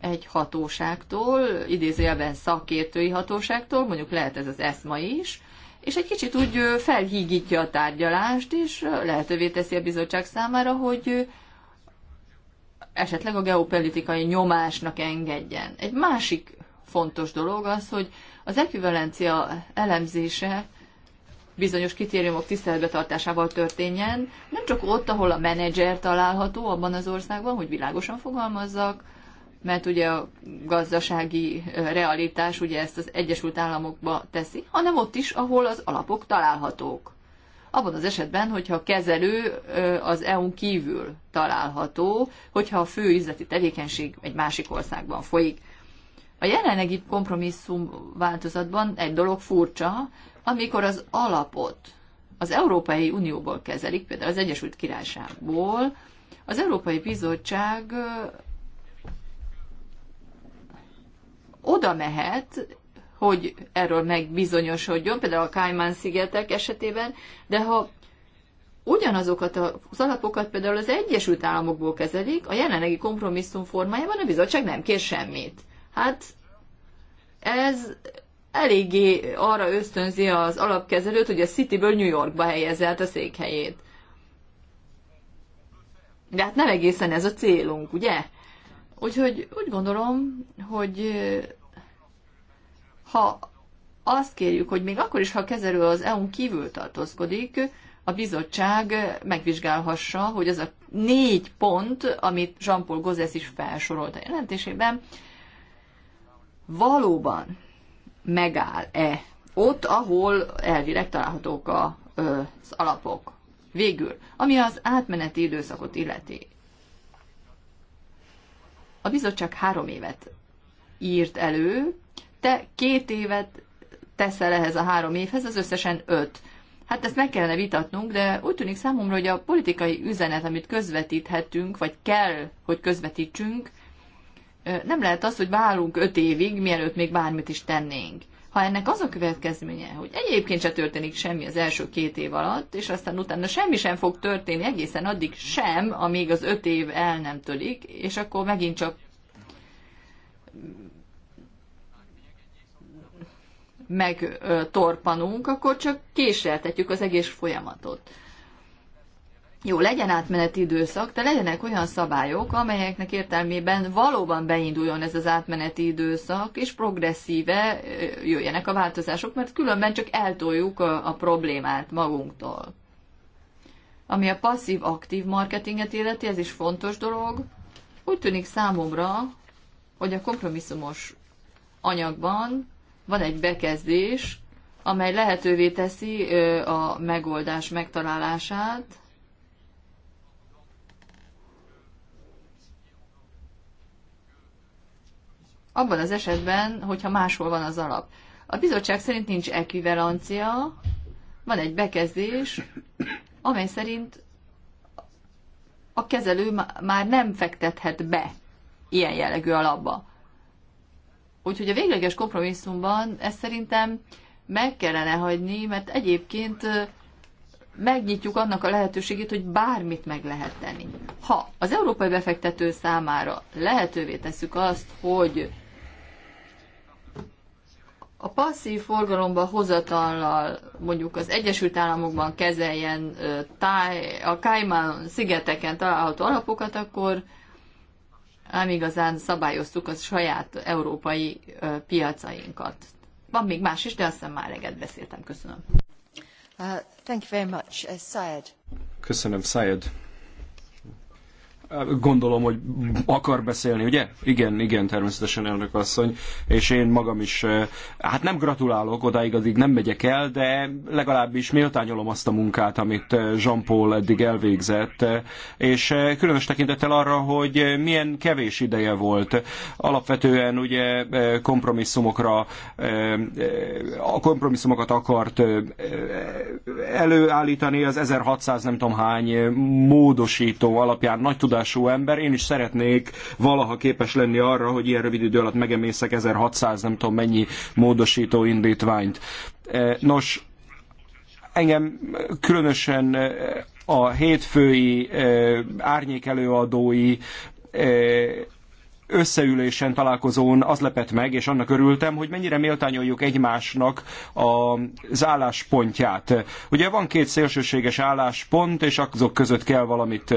egy hatóságtól, idézőjelben szakértői hatóságtól, mondjuk lehet ez az ESMA is, és egy kicsit úgy felhígítja a tárgyalást, és lehetővé teszi a bizottság számára, hogy esetleg a geopolitikai nyomásnak engedjen. Egy másik fontos dolog az, hogy az ekvivalencia elemzése bizonyos kritériumok tiszteletbetartásával történjen, nem csak ott, ahol a menedzser található abban az országban, hogy világosan fogalmazzak, mert ugye a gazdasági realitás ugye ezt az Egyesült Államokba teszi, hanem ott is, ahol az alapok találhatók abban az esetben, hogyha a kezelő az EU-n kívül található, hogyha a fő üzleti tevékenység egy másik országban folyik. A jelenlegi kompromisszum változatban egy dolog furcsa, amikor az alapot az Európai Unióból kezelik, például az Egyesült Királyságból, az Európai Bizottság oda mehet, hogy erről megbizonyosodjon, például a Kájmán-szigetek esetében, de ha ugyanazokat az alapokat például az Egyesült Államokból kezelik, a jelenlegi kompromisszum formájában a bizottság nem kér semmit. Hát ez eléggé arra ösztönzi az alapkezelőt, hogy a Cityből New Yorkba helyezze a székhelyét. De hát nem egészen ez a célunk, ugye? Úgyhogy úgy gondolom, hogy ha azt kérjük, hogy még akkor is, ha a kezelő az EU-n kívül tartózkodik, a bizottság megvizsgálhassa, hogy ez a négy pont, amit Jean-Paul Gozes is felsorolt a jelentésében, valóban megáll-e ott, ahol elvileg találhatók az alapok. Végül, ami az átmeneti időszakot illeti. A bizottság három évet írt elő, te két évet teszel ehhez a három évhez, az összesen öt. Hát ezt meg kellene vitatnunk, de úgy tűnik számomra, hogy a politikai üzenet, amit közvetíthetünk, vagy kell, hogy közvetítsünk, nem lehet az, hogy várunk öt évig, mielőtt még bármit is tennénk. Ha ennek az a következménye, hogy egyébként se történik semmi az első két év alatt, és aztán utána semmi sem fog történni egészen addig sem, amíg az öt év el nem tölik, és akkor megint csak megtorpanunk, akkor csak késleltetjük az egész folyamatot. Jó, legyen átmeneti időszak, de legyenek olyan szabályok, amelyeknek értelmében valóban beinduljon ez az átmeneti időszak, és progresszíve jöjjenek a változások, mert különben csak eltoljuk a, a problémát magunktól. Ami a passzív-aktív marketinget illeti, ez is fontos dolog. Úgy tűnik számomra, hogy a kompromisszumos anyagban van egy bekezdés, amely lehetővé teszi a megoldás megtalálását, abban az esetben, hogyha máshol van az alap. A bizottság szerint nincs ekvivalencia, van egy bekezdés, amely szerint a kezelő már nem fektethet be ilyen jellegű alapba. Úgyhogy a végleges kompromisszumban ezt szerintem meg kellene hagyni, mert egyébként megnyitjuk annak a lehetőségét, hogy bármit meg lehet tenni. Ha az európai befektető számára lehetővé tesszük azt, hogy a passzív forgalomba hozatallal mondjuk az Egyesült Államokban kezeljen táj, a Cayman szigeteken található alapokat, akkor nem igazán szabályoztuk a saját európai piacainkat. Van még más is, de azt hiszem már eleget beszéltem. Köszönöm. Uh, thank you very much. Uh, Köszönöm, Syed. Gondolom, hogy akar beszélni, ugye? Igen, igen, természetesen elnök asszony. És én magam is, eh, hát nem gratulálok, odáig addig nem megyek el, de legalábbis méltányolom azt a munkát, amit eh, Jean-Paul eddig elvégzett. Eh, és különös tekintettel arra, hogy milyen kevés ideje volt. Alapvetően ugye kompromisszumokra, a kompromisszumokat akart előállítani az 1600 nem tudom hány módosító alapján nagy tudás tudású ember. Én is szeretnék valaha képes lenni arra, hogy ilyen rövid idő alatt megemészek 1600 nem tudom mennyi módosító indítványt. E, nos, engem különösen e, a hétfői e, árnyékelőadói összeülésen, találkozón az lepett meg, és annak örültem, hogy mennyire méltányoljuk egymásnak az álláspontját. Ugye van két szélsőséges álláspont, és azok között kell valamit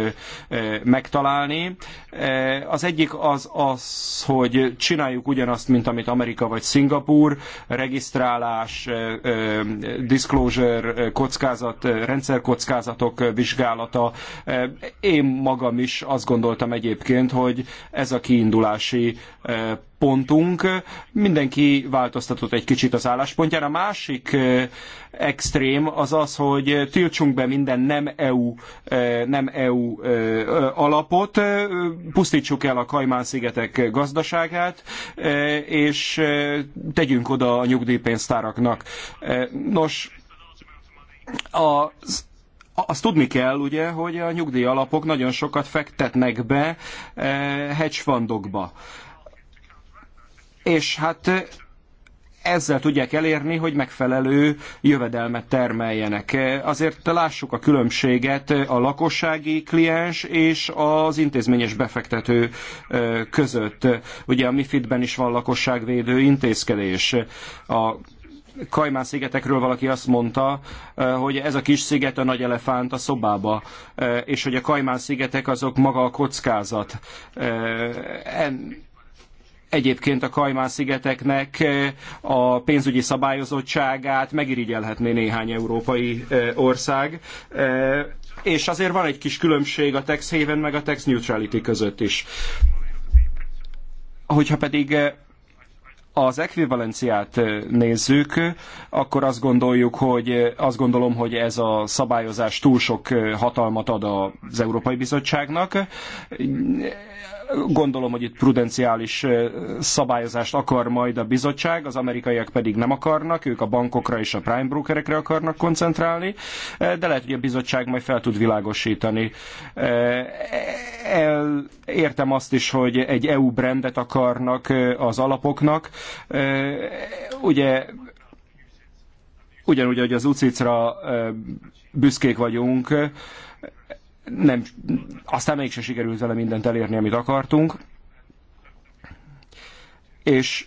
megtalálni. Az egyik az az, hogy csináljuk ugyanazt, mint amit Amerika vagy Szingapúr, regisztrálás, disclosure, kockázat, rendszerkockázatok vizsgálata. Én magam is azt gondoltam egyébként, hogy ez a kiindulás kiindulási eh, pontunk. Mindenki változtatott egy kicsit az álláspontján. A másik eh, extrém az az, hogy tiltsunk be minden nem EU, eh, nem EU alapot, pusztítsuk el a Kajmán-szigetek gazdaságát, és tegyünk oda a nyugdíjpénztáraknak. Nos, az azt tudni kell ugye, hogy a nyugdíjalapok nagyon sokat fektetnek be eh, hedge fundokba. És hát eh, ezzel tudják elérni, hogy megfelelő jövedelmet termeljenek. Eh, azért lássuk a különbséget a lakossági kliens és az intézményes befektető között. Ugye a MIFID-ben is van lakosságvédő intézkedés. A Kajmán szigetekről valaki azt mondta, eh, hogy ez a kis sziget a nagy elefánt a szobába, eh, és hogy a Kajmán szigetek azok maga a kockázat. Eh, egyébként a Kajmán-szigeteknek a pénzügyi szabályozottságát megirigyelhetné néhány európai ország. És azért van egy kis különbség a tax haven meg a tax neutrality között is. Hogyha pedig az ekvivalenciát nézzük, akkor azt gondoljuk, hogy azt gondolom, hogy ez a szabályozás túl sok hatalmat ad az Európai Bizottságnak. Gondolom, hogy itt prudenciális szabályozást akar majd a bizottság, az amerikaiak pedig nem akarnak, ők a bankokra és a prime brokerekre akarnak koncentrálni, de lehet, hogy a bizottság majd fel tud világosítani. E, el, értem azt is, hogy egy EU brandet akarnak az alapoknak. Ugye ugyanúgy, hogy az UCIC-ra büszkék vagyunk, nem, aztán mégse sikerült vele mindent elérni, amit akartunk. És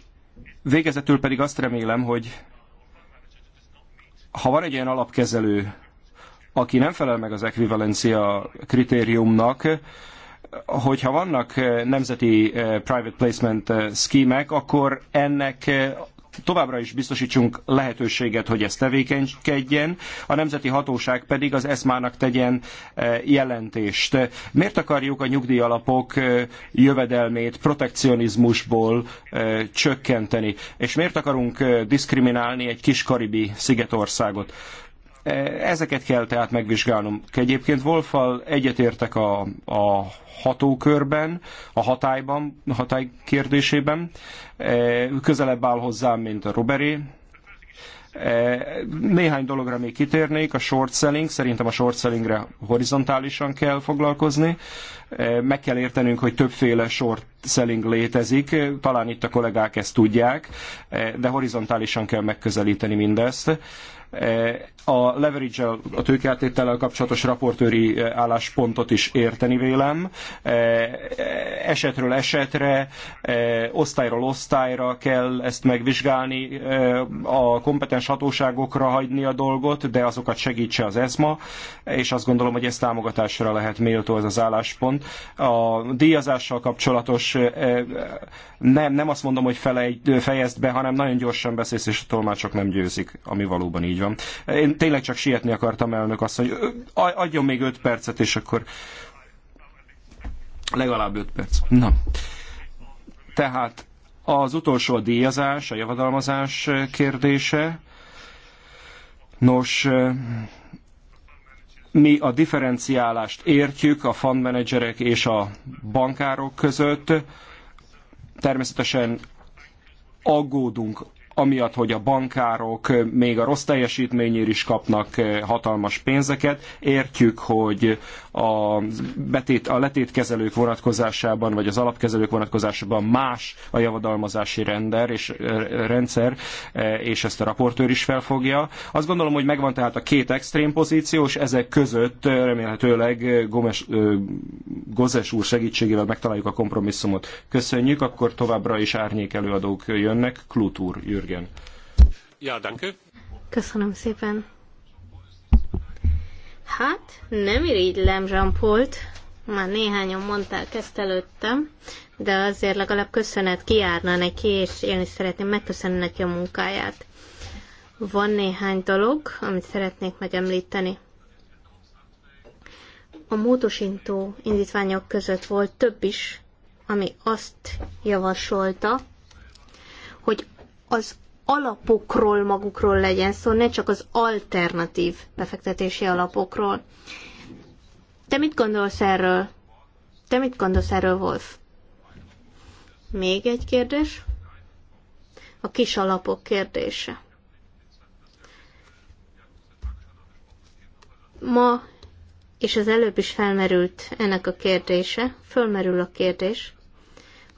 végezetül pedig azt remélem, hogy ha van egy olyan alapkezelő, aki nem felel meg az ekvivalencia kritériumnak, hogyha vannak nemzeti eh, private placement eh, szkímek, akkor ennek továbbra is biztosítsunk lehetőséget, hogy ez tevékenykedjen, a nemzeti hatóság pedig az ESMA-nak tegyen e, jelentést. Miért akarjuk a nyugdíjalapok e, jövedelmét protekcionizmusból e, csökkenteni? És miért akarunk diszkriminálni egy kis karibi szigetországot? Ezeket kell tehát megvizsgálnom. Egyébként Wolfal egyetértek a, a hatókörben, a hatályban, a hatály kérdésében. E, közelebb áll hozzám, mint a Roberi. E, néhány dologra még kitérnék, a short selling, szerintem a short sellingre horizontálisan kell foglalkozni. E, meg kell értenünk, hogy többféle short selling létezik, talán itt a kollégák ezt tudják, de horizontálisan kell megközelíteni mindezt a leverage -a, a tőkeáttétellel kapcsolatos raportőri eh, álláspontot is érteni vélem. Eh, eh, esetről esetre, osztályról osztályra kell ezt megvizsgálni, a kompetens hatóságokra hagyni a dolgot, de azokat segítse az ESMA, és azt gondolom, hogy ez támogatásra lehet méltó ez az álláspont. A díjazással kapcsolatos nem, nem azt mondom, hogy felejt, fejezd be, hanem nagyon gyorsan beszélsz, és a tolmácsok nem győzik, ami valóban így így van. Én tényleg csak sietni akartam, elnök azt, hogy adjon még 5 percet, és akkor legalább 5 perc. Na. Tehát az utolsó a díjazás, a javadalmazás kérdése. Nos, mi a differenciálást értjük a fundmenedzserek és a bankárok között. Természetesen aggódunk amiatt, hogy a bankárok még a rossz teljesítményért is kapnak hatalmas pénzeket. Értjük, hogy a, betét, a letétkezelők vonatkozásában, vagy az alapkezelők vonatkozásában más a javadalmazási render és, rendszer, és ezt a raportőr is felfogja. Azt gondolom, hogy megvan tehát a két extrém pozíció, és ezek között remélhetőleg Gomes, Gozes úr segítségével megtaláljuk a kompromisszumot. Köszönjük, akkor továbbra is árnyék előadók jönnek, Klutúr jön. Jürgen. Ja, danke. Köszönöm szépen. Hát, nem irigylem jean -Paul-t. Már néhányan mondták ezt előttem, de azért legalább köszönet kijárna neki, és én is szeretném megköszönni neki a munkáját. Van néhány dolog, amit szeretnék megemlíteni. A módosító indítványok között volt több is, ami azt javasolta, az alapokról magukról legyen szó, ne csak az alternatív befektetési alapokról. Te mit gondolsz erről? Te mit gondolsz erről, Wolf? Még egy kérdés? A kis alapok kérdése. Ma, és az előbb is felmerült ennek a kérdése, fölmerül a kérdés,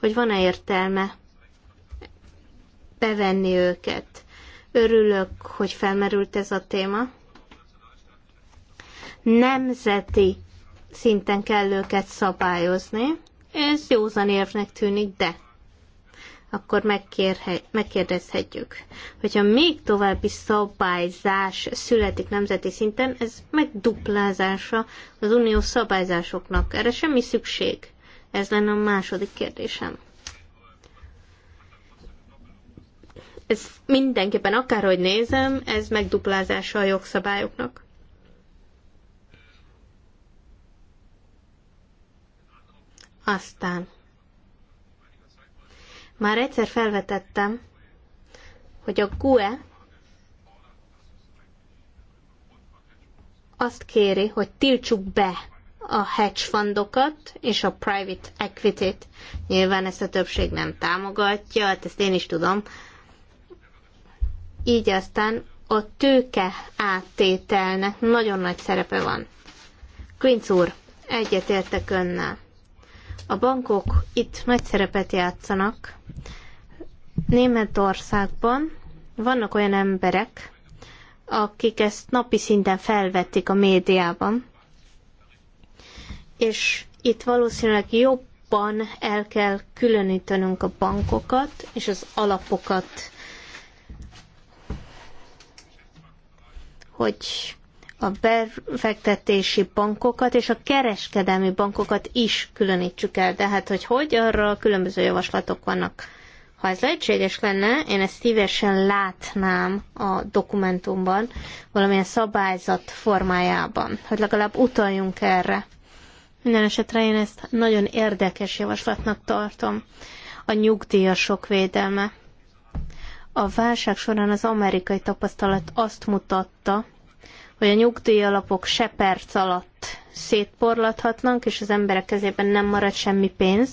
hogy van-e értelme bevenni őket. Örülök, hogy felmerült ez a téma. Nemzeti szinten kell őket szabályozni. Ez józan érvnek tűnik, de akkor megkérdezhetjük, hogyha még további szabályzás születik nemzeti szinten, ez megduplázása az uniós szabályzásoknak. Erre semmi szükség. Ez lenne a második kérdésem. Ez mindenképpen, akárhogy nézem, ez megduplázása a jogszabályoknak. Aztán. Már egyszer felvetettem, hogy a GUE azt kéri, hogy tiltsuk be a hedge fundokat és a private equity-t. Nyilván ezt a többség nem támogatja, hát ezt én is tudom, így aztán a tőke áttételnek nagyon nagy szerepe van. Klinc úr, egyetértek önnel. A bankok itt nagy szerepet játszanak. Németországban vannak olyan emberek, akik ezt napi szinten felvették a médiában, és itt valószínűleg jobban el kell különítenünk a bankokat és az alapokat hogy a befektetési bankokat és a kereskedelmi bankokat is különítsük el. De hát, hogy hogy, arra különböző javaslatok vannak. Ha ez lehetséges lenne, én ezt szívesen látnám a dokumentumban, valamilyen szabályzat formájában, hogy legalább utaljunk erre. Minden esetre én ezt nagyon érdekes javaslatnak tartom. A nyugdíjasok védelme. A válság során az amerikai tapasztalat azt mutatta, hogy a nyugdíjalapok se perc alatt szétporlathatnak, és az emberek kezében nem marad semmi pénz,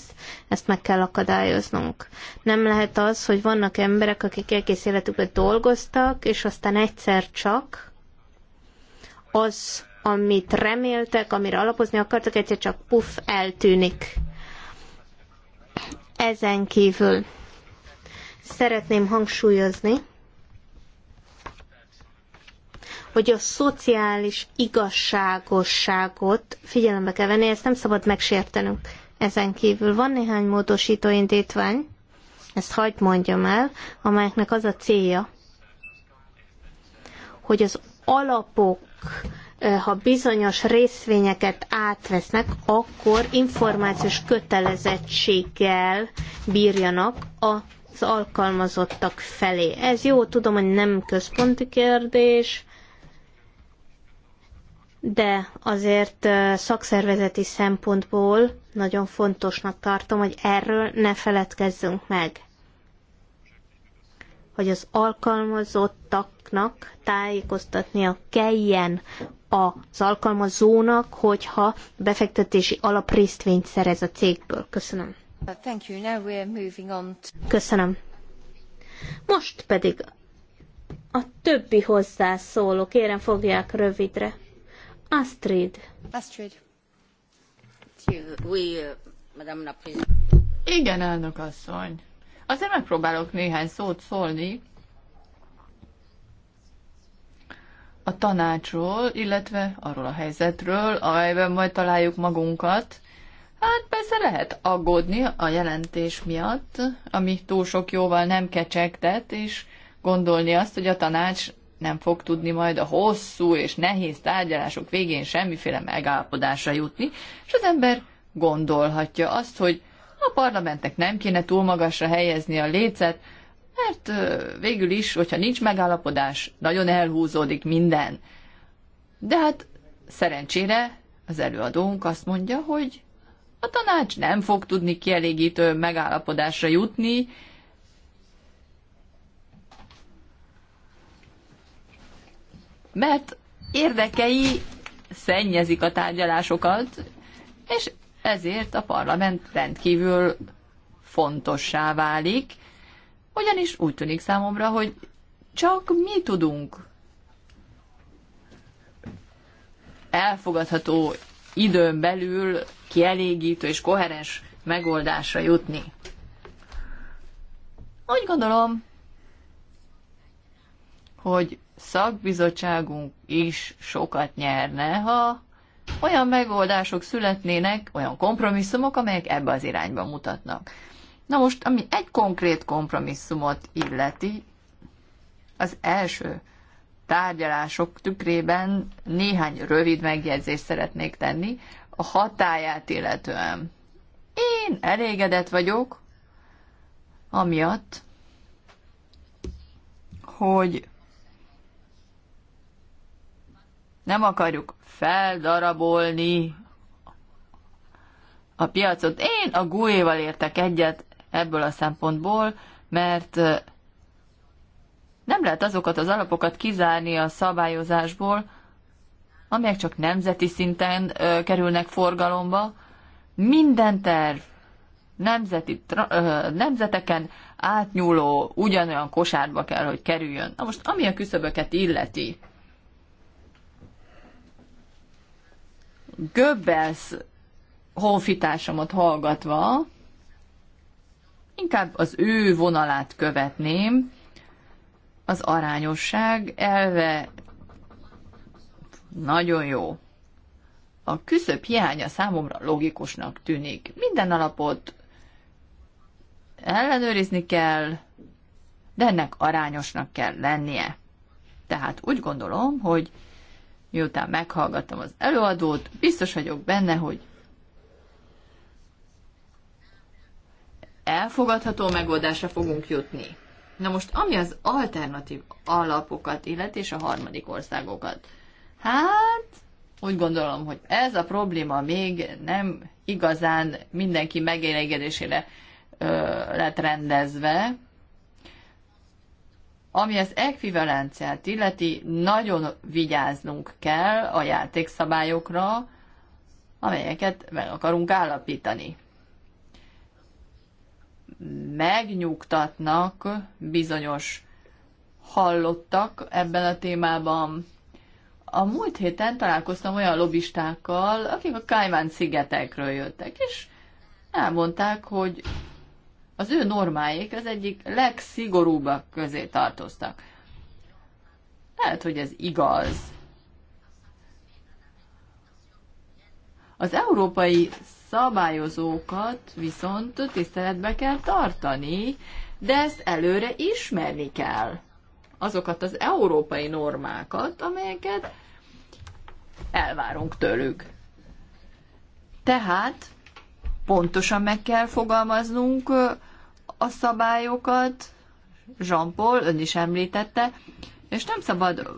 ezt meg kell akadályoznunk. Nem lehet az, hogy vannak emberek, akik egész életükben dolgoztak, és aztán egyszer csak az, amit reméltek, amire alapozni akartak, egyszer csak puff, eltűnik. Ezen kívül szeretném hangsúlyozni, hogy a szociális igazságosságot figyelembe kell venni, ezt nem szabad megsértenünk. Ezen kívül van néhány módosító indítvány, ezt hagyd mondjam el, amelyeknek az a célja, hogy az alapok, eh, ha bizonyos részvényeket átvesznek, akkor információs kötelezettséggel bírjanak a az alkalmazottak felé. Ez jó, tudom, hogy nem központi kérdés, de azért szakszervezeti szempontból nagyon fontosnak tartom, hogy erről ne feledkezzünk meg. Hogy az alkalmazottaknak tájékoztatnia kelljen az alkalmazónak, hogyha befektetési alaprésztvényt szerez a cégből. Köszönöm. Köszönöm. Most pedig a többi hozzászóló, kérem fogják rövidre. Astrid. Astrid. Igen, elnök asszony. Azért megpróbálok néhány szót szólni a tanácsról, illetve arról a helyzetről, amelyben majd találjuk magunkat, Hát persze lehet aggódni a jelentés miatt, ami túl sok jóval nem kecsegtet, és gondolni azt, hogy a tanács nem fog tudni majd a hosszú és nehéz tárgyalások végén semmiféle megállapodásra jutni, és az ember gondolhatja azt, hogy a parlamentnek nem kéne túl magasra helyezni a lécet, mert végül is, hogyha nincs megállapodás, nagyon elhúzódik minden. De hát szerencsére az előadónk azt mondja, hogy a tanács nem fog tudni kielégítő megállapodásra jutni, mert érdekei szennyezik a tárgyalásokat, és ezért a parlament rendkívül fontossá válik, ugyanis úgy tűnik számomra, hogy csak mi tudunk elfogadható időn belül kielégítő és koherens megoldásra jutni. Úgy gondolom, hogy szakbizottságunk is sokat nyerne, ha olyan megoldások születnének, olyan kompromisszumok, amelyek ebbe az irányba mutatnak. Na most, ami egy konkrét kompromisszumot illeti, az első tárgyalások tükrében néhány rövid megjegyzést szeretnék tenni, a hatáját illetően. Én elégedett vagyok, amiatt, hogy nem akarjuk feldarabolni a piacot. Én a GUE-val értek egyet ebből a szempontból, mert nem lehet azokat az alapokat kizárni a szabályozásból, amelyek csak nemzeti szinten ö, kerülnek forgalomba. Minden terv nemzeti, ö, nemzeteken átnyúló, ugyanolyan kosárba kell, hogy kerüljön. Na most, ami a küszöböket illeti, Göbbels honfitársamot hallgatva, inkább az ő vonalát követném, az arányosság elve nagyon jó. A küszöb hiánya számomra logikusnak tűnik. Minden alapot ellenőrizni kell, de ennek arányosnak kell lennie. Tehát úgy gondolom, hogy miután meghallgattam az előadót, biztos vagyok benne, hogy elfogadható megoldásra fogunk jutni. Na most, ami az alternatív alapokat illeti és a harmadik országokat. Hát, úgy gondolom, hogy ez a probléma még nem igazán mindenki megélegedésére lett rendezve. Ami az ekvivalenciát illeti, nagyon vigyáznunk kell a játékszabályokra, amelyeket meg akarunk állapítani. Megnyugtatnak bizonyos hallottak ebben a témában, a múlt héten találkoztam olyan lobistákkal, akik a Kájván szigetekről jöttek, és elmondták, hogy az ő normáik az egyik legszigorúbbak közé tartoztak. Lehet, hogy ez igaz. Az európai szabályozókat viszont tiszteletbe kell tartani, de ezt előre ismerni kell azokat az európai normákat, amelyeket elvárunk tőlük. Tehát pontosan meg kell fogalmaznunk a szabályokat, Jean-Paul ön is említette, és nem szabad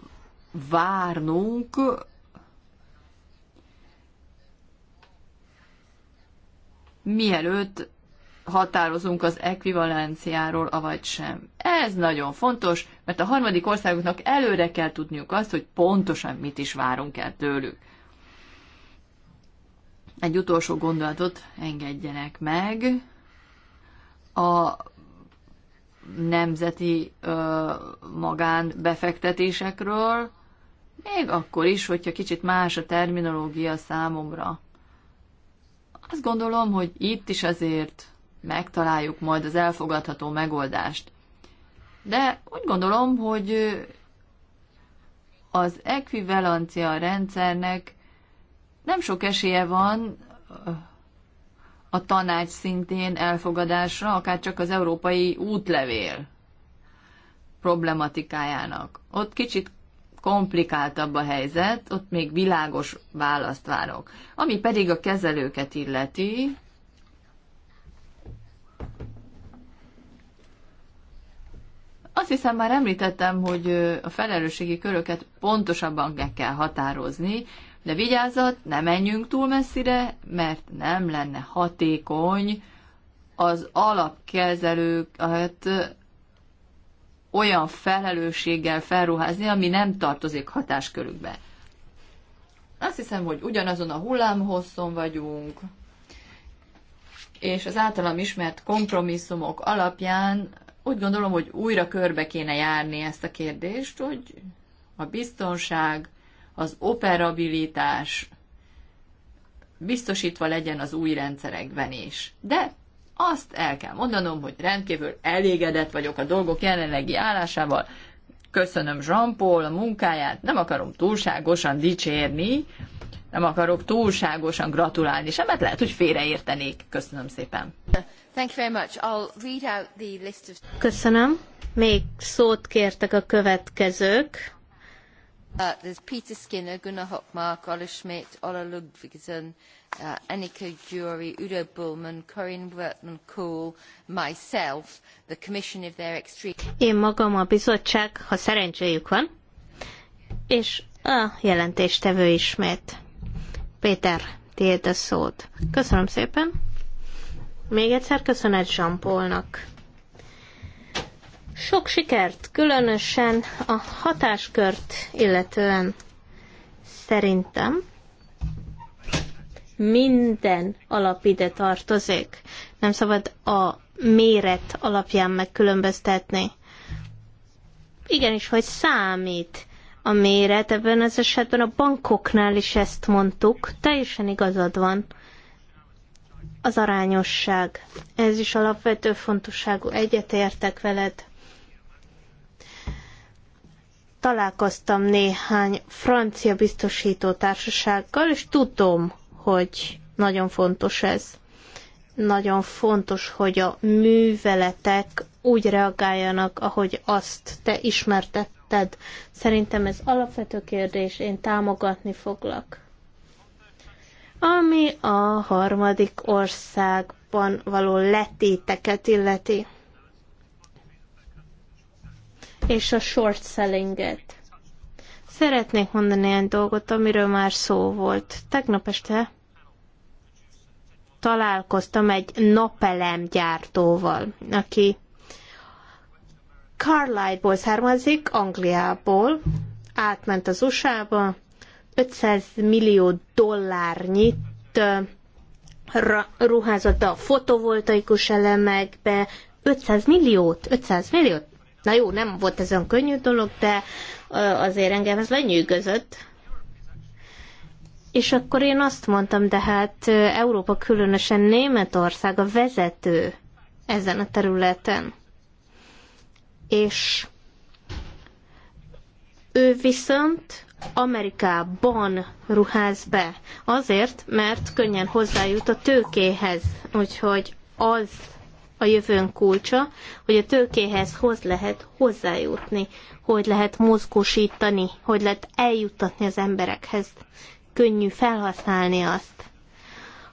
várnunk mielőtt határozunk az ekvivalenciáról, avagy sem. Ez nagyon fontos, mert a harmadik országoknak előre kell tudniuk azt, hogy pontosan mit is várunk el tőlük. Egy utolsó gondolatot engedjenek meg. A nemzeti ö, magánbefektetésekről, még akkor is, hogyha kicsit más a terminológia számomra. Azt gondolom, hogy itt is azért megtaláljuk majd az elfogadható megoldást. De úgy gondolom, hogy az ekvivalencia rendszernek nem sok esélye van a tanács szintén elfogadásra, akár csak az európai útlevél problematikájának. Ott kicsit komplikáltabb a helyzet, ott még világos választ várok. Ami pedig a kezelőket illeti, Azt hiszem már említettem, hogy a felelősségi köröket pontosabban meg kell határozni, de vigyázat, ne menjünk túl messzire, mert nem lenne hatékony az alapkezelők, hát, olyan felelősséggel felruházni, ami nem tartozik hatáskörükbe. Azt hiszem, hogy ugyanazon a hullámhosszon vagyunk, és az általam ismert kompromisszumok alapján úgy gondolom, hogy újra körbe kéne járni ezt a kérdést, hogy a biztonság, az operabilitás biztosítva legyen az új rendszerekben is. De azt el kell mondanom, hogy rendkívül elégedett vagyok a dolgok jelenlegi állásával. Köszönöm Jean-Paul a munkáját, nem akarom túlságosan dicsérni, nem akarok túlságosan gratulálni sem, mert lehet, hogy félreértenék. Köszönöm szépen. Köszönöm. Még szót kértek a következők. Uh, there's Peter Skinner, Gunnar Hockmark, Ola Schmidt, Ola Ludvigsen, uh, Annika Jury, Udo Bullman, Corinne Wortman Cool, myself, the Commission if they're extreme. Én magam a bizottság, ha szerencséjük van, és a jelentéstevő ismét. Péter, tiéd a szót. Köszönöm szépen. Még egyszer köszönet jean -Paulnak. Sok sikert, különösen a hatáskört illetően szerintem minden alap ide tartozik. Nem szabad a méret alapján megkülönböztetni. Igenis, hogy számít a méret, ebben az esetben a bankoknál is ezt mondtuk, teljesen igazad van. Az arányosság. Ez is alapvető fontosságú. Egyetértek veled. Találkoztam néhány francia biztosító társasággal, és tudom, hogy nagyon fontos ez. Nagyon fontos, hogy a műveletek úgy reagáljanak, ahogy azt te ismertetted tehát szerintem ez alapvető kérdés, én támogatni foglak. Ami a harmadik országban való letéteket illeti. És a short sellinget. Szeretnék mondani ilyen dolgot, amiről már szó volt. Tegnap este találkoztam egy napelemgyártóval, aki Carlisle-ból származik, Angliából, átment az USA-ba, 500 millió dollárnyit ruházott a fotovoltaikus elemekbe, 500 milliót, 500 milliót. Na jó, nem volt ez olyan könnyű dolog, de azért engem ez lenyűgözött. És akkor én azt mondtam, de hát Európa, különösen Németország a vezető ezen a területen és ő viszont Amerikában ruház be. Azért, mert könnyen hozzájut a tőkéhez. Úgyhogy az a jövőn kulcsa, hogy a tőkéhez hoz lehet hozzájutni, hogy lehet mozgósítani, hogy lehet eljuttatni az emberekhez. Könnyű felhasználni azt.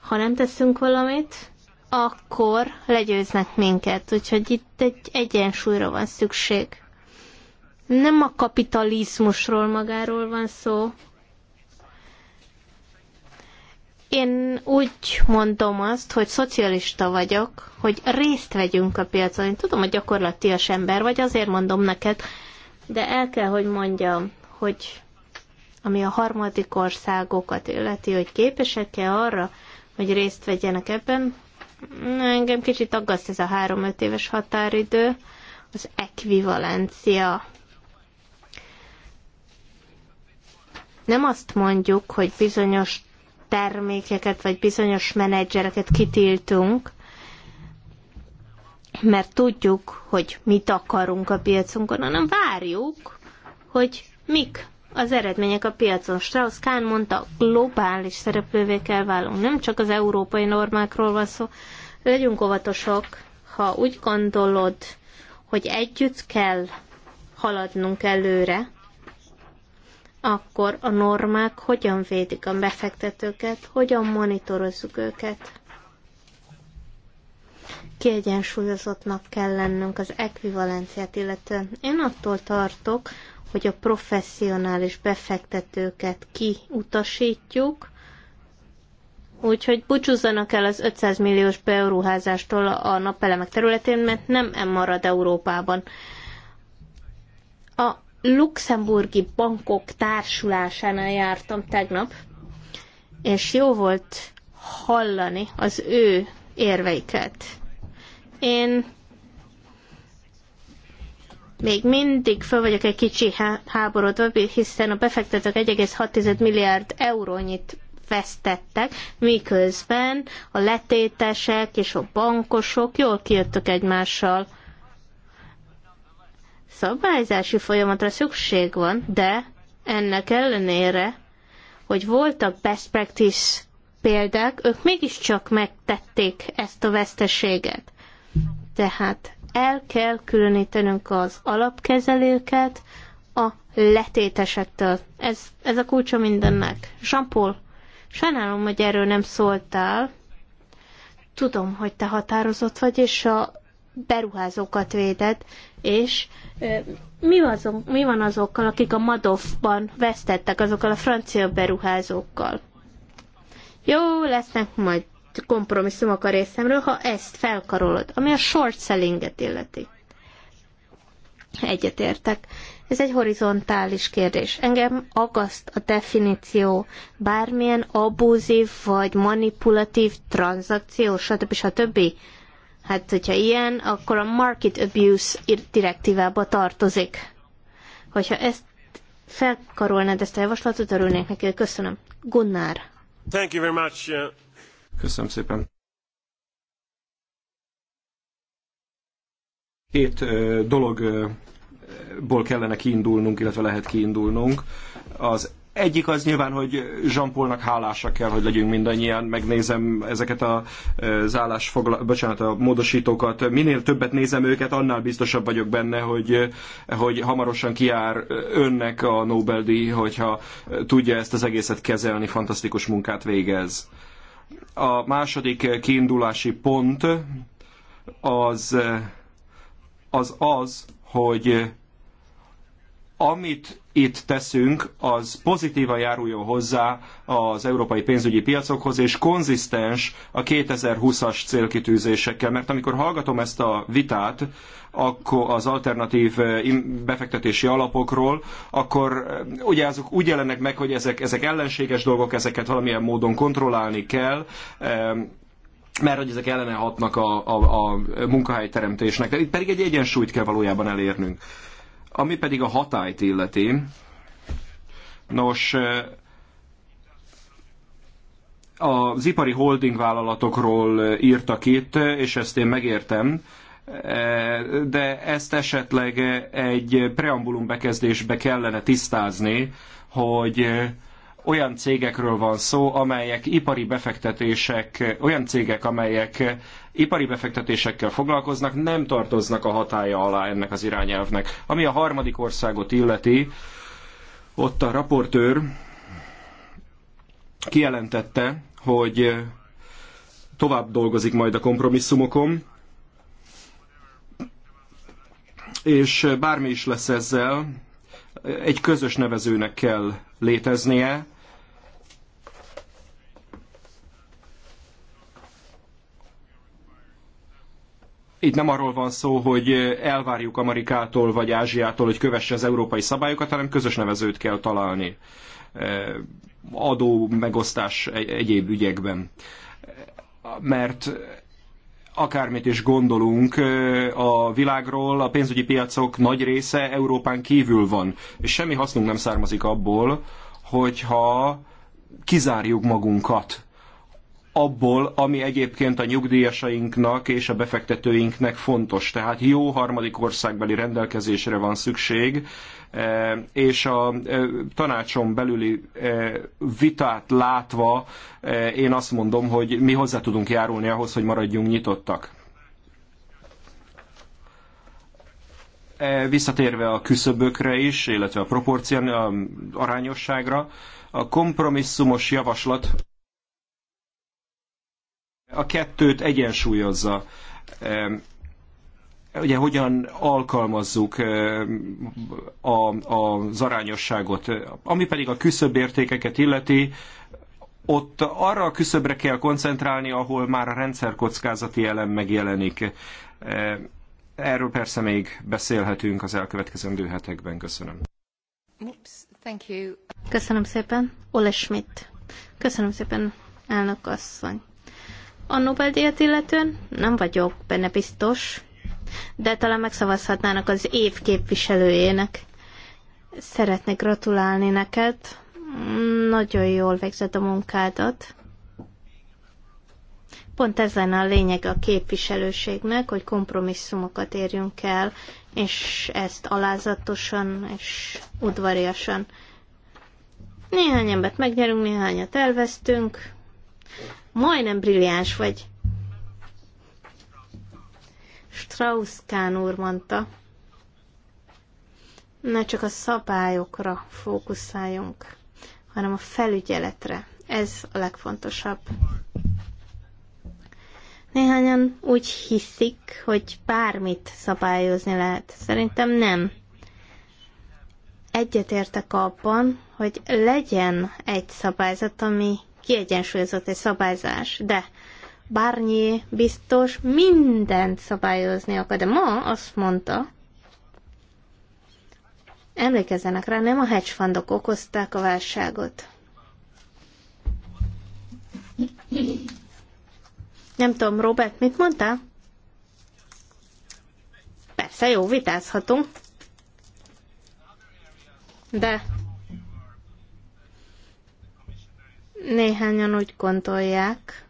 Ha nem teszünk valamit, akkor legyőznek minket. Úgyhogy itt egy egyensúlyra van szükség. Nem a kapitalizmusról magáról van szó. Én úgy mondom azt, hogy szocialista vagyok, hogy részt vegyünk a piacon. Én tudom, hogy gyakorlatias ember vagy, azért mondom neked, de el kell, hogy mondjam, hogy ami a harmadik országokat illeti, hogy képesek-e arra, hogy részt vegyenek ebben, Engem kicsit aggaszt ez a három-öt éves határidő, az ekvivalencia. Nem azt mondjuk, hogy bizonyos termékeket vagy bizonyos menedzsereket kitiltunk, mert tudjuk, hogy mit akarunk a piacunkon, hanem várjuk, hogy mik az eredmények a piacon. Strauss Kahn mondta, globális szereplővé kell válnunk. Nem csak az európai normákról van szó. Legyünk óvatosak, ha úgy gondolod, hogy együtt kell haladnunk előre, akkor a normák hogyan védik a befektetőket, hogyan monitorozzuk őket. Kiegyensúlyozottnak kell lennünk az ekvivalenciát illetve Én attól tartok, hogy a professzionális befektetőket kiutasítjuk, Úgyhogy búcsúzzanak el az 500 milliós beruházástól a napelemek területén, mert nem marad Európában. A luxemburgi bankok társulásánál jártam tegnap, és jó volt hallani az ő érveiket. Én még mindig föl vagyok egy kicsi háborodva, hiszen a befektetők 1,6 milliárd eurónyit vesztettek, miközben a letétesek és a bankosok jól kijöttek egymással. Szabályzási folyamatra szükség van, de ennek ellenére, hogy voltak best practice példák, ők mégiscsak megtették ezt a veszteséget. Tehát el kell különítenünk az alapkezelőket a letétesektől. Ez, ez a kulcsa mindennek. Jean-Paul, sajnálom, hogy erről nem szóltál. Tudom, hogy te határozott vagy, és a beruházókat véded, és mi, azon, mi van azokkal, akik a Madoffban vesztettek, azokkal a francia beruházókkal? Jó, lesznek majd kompromisszumok a részemről, ha ezt felkarolod, ami a short sellinget illeti. Egyetértek. Ez egy horizontális kérdés. Engem agaszt a definíció bármilyen abúzív vagy manipulatív tranzakció, stb. stb. Hát, hogyha ilyen, akkor a market abuse direktívába tartozik. Hogyha ezt felkarolnád ezt a javaslatot, örülnék neki. Köszönöm. Gunnar. Thank you very much. Uh, Köszönöm szépen. Két dologból kellene kiindulnunk, illetve lehet kiindulnunk. Az egyik az nyilván, hogy Jean-Paulnak hálása kell, hogy legyünk mindannyian. Megnézem ezeket a, az bocsánat, a módosítókat. Minél többet nézem őket, annál biztosabb vagyok benne, hogy, hogy hamarosan kiár önnek a Nobel-díj, hogyha tudja ezt az egészet kezelni, fantasztikus munkát végez. A második kiindulási pont az az, az hogy amit itt teszünk, az pozitívan járuljon hozzá az európai pénzügyi piacokhoz, és konzisztens a 2020-as célkitűzésekkel. Mert amikor hallgatom ezt a vitát, akkor az alternatív eh, befektetési alapokról, akkor eh, ugye azok úgy jelennek meg, hogy ezek, ezek ellenséges dolgok, ezeket valamilyen módon kontrollálni kell, mert hogy ezek ellene hatnak a, a, a munkahelyteremtésnek. De itt pedig egy egyensúlyt kell valójában elérnünk. Ami pedig a hatályt illeti, nos, eh, az ipari holding vállalatokról írtak itt, és ezt én megértem, de ezt esetleg egy preambulum bekezdésbe kellene tisztázni, hogy olyan cégekről van szó, amelyek ipari befektetések, olyan cégek, amelyek ipari befektetésekkel foglalkoznak, nem tartoznak a hatája alá ennek az irányelvnek. Ami a harmadik országot illeti, ott a raportőr kijelentette, hogy tovább dolgozik majd a kompromisszumokon, és bármi is lesz ezzel, egy közös nevezőnek kell léteznie, itt nem arról van szó, hogy elvárjuk Amerikától vagy Ázsiától, hogy kövesse az európai szabályokat, hanem közös nevezőt kell találni e, adó megosztás egyéb ügyekben. Mert akármit is gondolunk a világról, a pénzügyi piacok nagy része Európán kívül van, és semmi hasznunk nem származik abból, hogyha kizárjuk magunkat abból, ami egyébként a nyugdíjasainknak és a befektetőinknek fontos. Tehát jó harmadik országbeli rendelkezésre van szükség, e, és a e, tanácson belüli e, vitát látva én azt mondom, hogy mi hozzá tudunk járulni ahhoz, hogy maradjunk nyitottak. Visszatérve a küszöbökre is, illetve a proporcián, a arányosságra, a kompromisszumos javaslat a kettőt egyensúlyozza. Ugye hogyan alkalmazzuk a, az arányosságot. Ami pedig a értékeket illeti, ott arra a küszöbre kell koncentrálni, ahol már a rendszerkockázati elem megjelenik. Erről persze még beszélhetünk az elkövetkezendő hetekben. Köszönöm. Oops, thank you. Köszönöm szépen. Ole Schmidt. Köszönöm szépen, elnök asszony. A Nobel-díjat illetően nem vagyok benne biztos, de talán megszavazhatnának az év képviselőjének. Szeretnék gratulálni neked. Nagyon jól végzed a munkádat. Pont ez lenne a lényeg a képviselőségnek, hogy kompromisszumokat érjünk el, és ezt alázatosan és udvariasan. Néhány embert megnyerünk, néhányat elvesztünk. Majdnem brilliáns vagy. strauss Kán úr mondta, ne csak a szabályokra fókuszáljunk, hanem a felügyeletre. Ez a legfontosabb. Néhányan úgy hiszik, hogy bármit szabályozni lehet. Szerintem nem. Egyetértek abban, hogy legyen egy szabályzat, ami kiegyensúlyozott egy szabályzás, de bárnyi biztos mindent szabályozni akar, de ma azt mondta, emlékezzenek rá, nem a hedge fundok okozták a válságot. Nem tudom, Robert, mit mondtál? Persze, jó, vitázhatunk. De Néhányan úgy gondolják,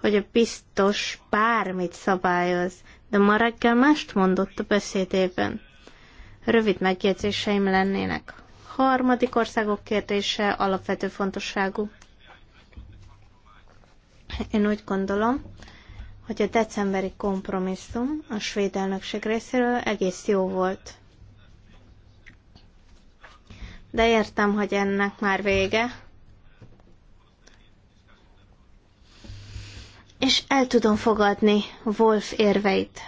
hogy a biztos bármit szabályoz, de ma reggel mást mondott a beszédében. Rövid megjegyzéseim lennének. Harmadik országok kérdése alapvető fontosságú. Én úgy gondolom, hogy a decemberi kompromisszum a svéd elnökség részéről egész jó volt. De értem, hogy ennek már vége, és el tudom fogadni Wolf érveit.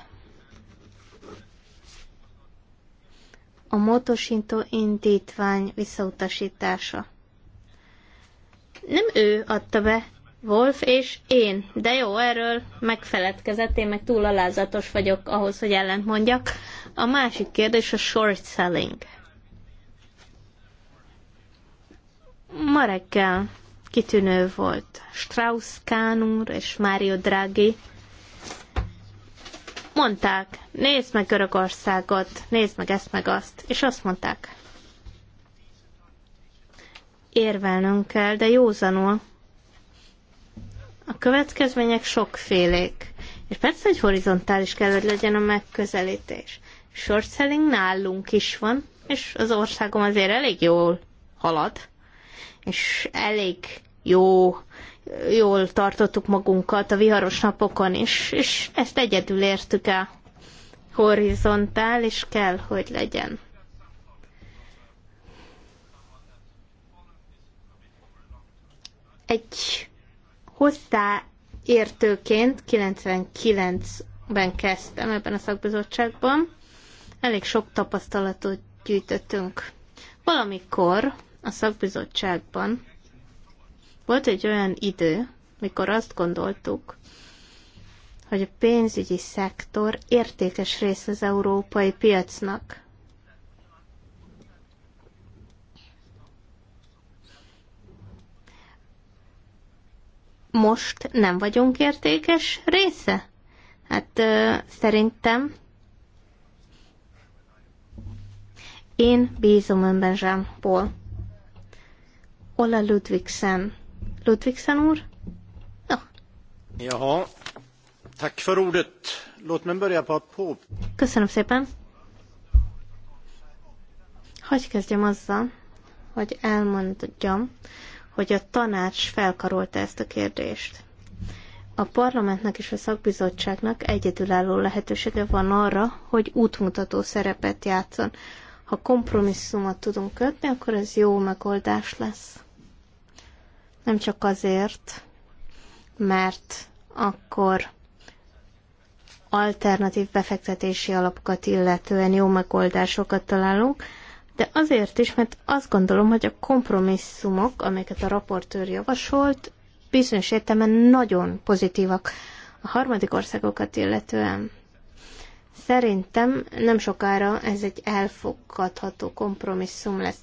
A motosintó indítvány visszautasítása. Nem ő adta be, Wolf és én. De jó, erről megfeledkezett, én meg túl alázatos vagyok ahhoz, hogy ellent mondjak. A másik kérdés a short selling. Ma reggel kitűnő volt. Strauss Kahn úr és Mário Draghi mondták, nézd meg Görögországot, nézd meg ezt meg azt, és azt mondták, érvelnünk kell, de józanul. A következmények sokfélék. És persze, hogy horizontális kell, hogy legyen a megközelítés. Short selling nálunk is van, és az országom azért elég jól halad és elég jó, jól tartottuk magunkat a viharos napokon is, és ezt egyedül értük el. Horizontál, és kell, hogy legyen. Egy hozzáértőként 99-ben kezdtem ebben a szakbizottságban. Elég sok tapasztalatot gyűjtöttünk. Valamikor a szakbizottságban volt egy olyan idő, mikor azt gondoltuk, hogy a pénzügyi szektor értékes rész az európai piacnak. Most nem vagyunk értékes része? Hát ö, szerintem én bízom önben, Jean Paul. Ola Ludvigsen. Ludvigsen úr? Ja. Jaha. Tack för ordet. Låt mig börja på att på... Köszönöm szépen. Hogy kezdjem azzal, hogy elmondjam, hogy a tanács felkarolta ezt a kérdést. A parlamentnek és a szakbizottságnak egyedülálló lehetősége van arra, hogy útmutató szerepet játszon. Ha kompromisszumot tudunk kötni, akkor ez jó megoldás lesz. Nem csak azért, mert akkor alternatív befektetési alapokat illetően jó megoldásokat találunk, de azért is, mert azt gondolom, hogy a kompromisszumok, amiket a raportőr javasolt, bizonyos értelemben nagyon pozitívak a harmadik országokat illetően. Szerintem nem sokára ez egy elfogadható kompromisszum lesz.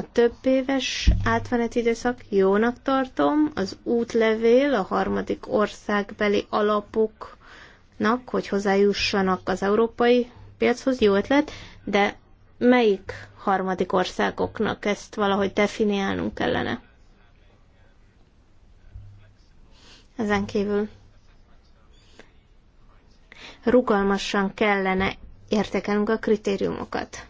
A több éves átmeneti időszak jónak tartom, az útlevél a harmadik országbeli alapoknak, hogy hozzájussanak az európai piachoz, jó ötlet, de melyik harmadik országoknak ezt valahogy definiálnunk kellene? Ezen kívül rugalmasan kellene értékelnünk a kritériumokat.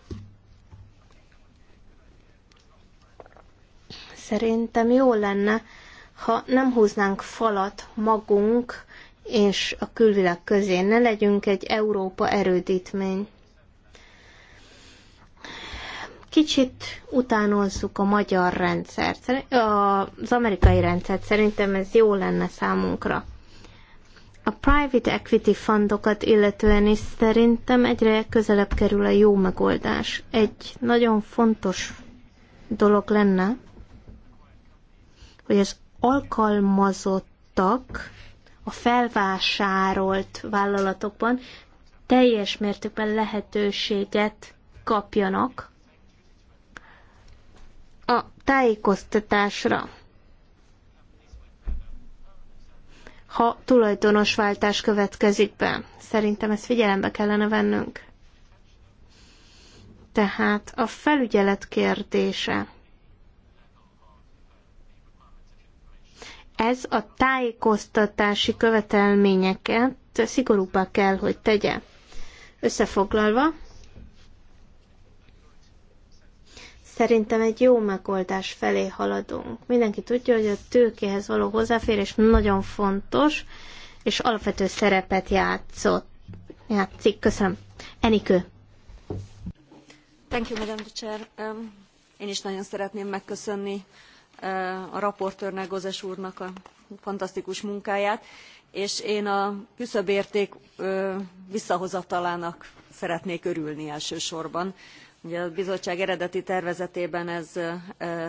Szerintem jó lenne, ha nem húznánk falat magunk és a külvilág közé, ne legyünk egy Európa erődítmény. Kicsit utánozzuk a magyar rendszert, az amerikai rendszert, szerintem ez jó lenne számunkra. A private equity fundokat illetően is szerintem egyre közelebb kerül a jó megoldás. Egy nagyon fontos dolog lenne, hogy az alkalmazottak a felvásárolt vállalatokban teljes mértékben lehetőséget kapjanak a tájékoztatásra. ha tulajdonos váltás következik be. Szerintem ezt figyelembe kellene vennünk. Tehát a felügyelet kérdése. Ez a tájékoztatási követelményeket szigorúbbá kell, hogy tegye. Összefoglalva, szerintem egy jó megoldás felé haladunk. Mindenki tudja, hogy a tőkéhez való hozzáférés nagyon fontos, és alapvető szerepet játszott. Játszik. Köszönöm. Enikő. Thank you, Madam Chair. Um, én is nagyon szeretném megköszönni Eh, a raportőrnek, Gozes úrnak a fantasztikus munkáját, és én a küszöbérték visszahozatalának szeretnék örülni elsősorban. Ugye a bizottság eredeti tervezetében ez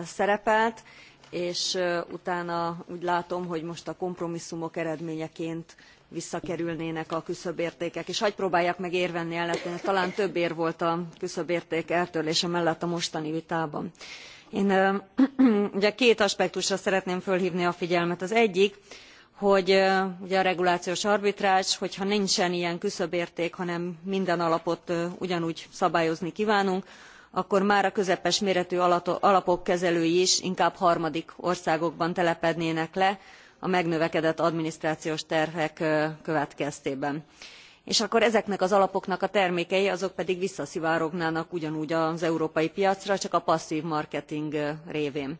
szerepelt, és utána úgy látom, hogy most a kompromisszumok eredményeként visszakerülnének a küszöbértékek. És hagy próbálják meg érvenni mert talán több ér volt a küszöbérték eltörlése mellett a mostani vitában én ugye két aspektusra szeretném fölhvni a figyelmet az egyik hogy ugye a regulációs arbitrázs hogyha nincsen ilyen küszöbérték hanem minden alapot ugyanúgy szabályozni kvánunk akkor már a közepes méretű alapok kezelői is inkább harmadik országokban telepednének le a megnövekedett adminisztrációs terhek következtében és akkor ezeknek az alapoknak a termékei azok pedig visszaszivárognának ugyanúgy az európai piacra csak a passzv marketing révén.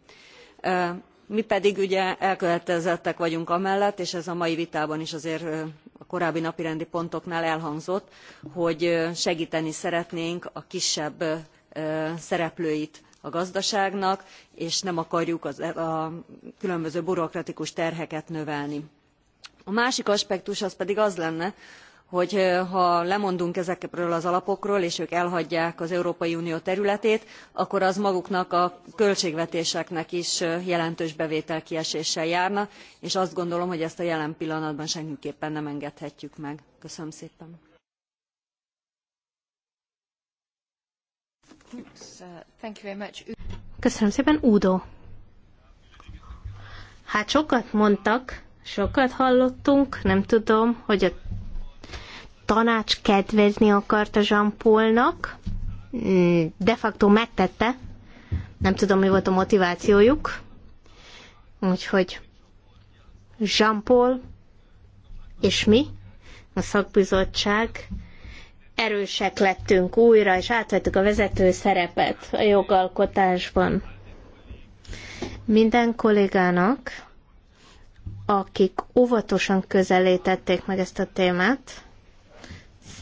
mi pedig ugye elkötelezettek vagyunk amellett és ez a mai vitában is azért a korábbi napirendi pontoknál elhangzott hogy segteni szeretnénk a kisebb szereplőit a gazdaságnak és nem akarjuk az, a különböző bürokratikus terheket növelni. a másik aspektus az pedig az lenne hogy ha lemondunk ezekről az alapokról és ők elhagyják az európai unió területét akkor az maguknak a költségvetéseknek is jelentős bevételkieséssel járna és azt gondolom hogy ezt a jelen pillanatban semmiképpen nem engedhetjük meg. köszönöm szépen. Köszönöm szépen, Udo. Hát sokat mondtak, sokat hallottunk, nem tudom, hogy a tanács kedvezni akart a Jean Paulnak, mm, de facto megtette, nem tudom, mi volt a motivációjuk, úgyhogy Jean Paul és mi, a szakbizottság, erősek lettünk újra, és átvettük a vezető szerepet a jogalkotásban. Minden kollégának, akik óvatosan közelítették meg ezt a témát,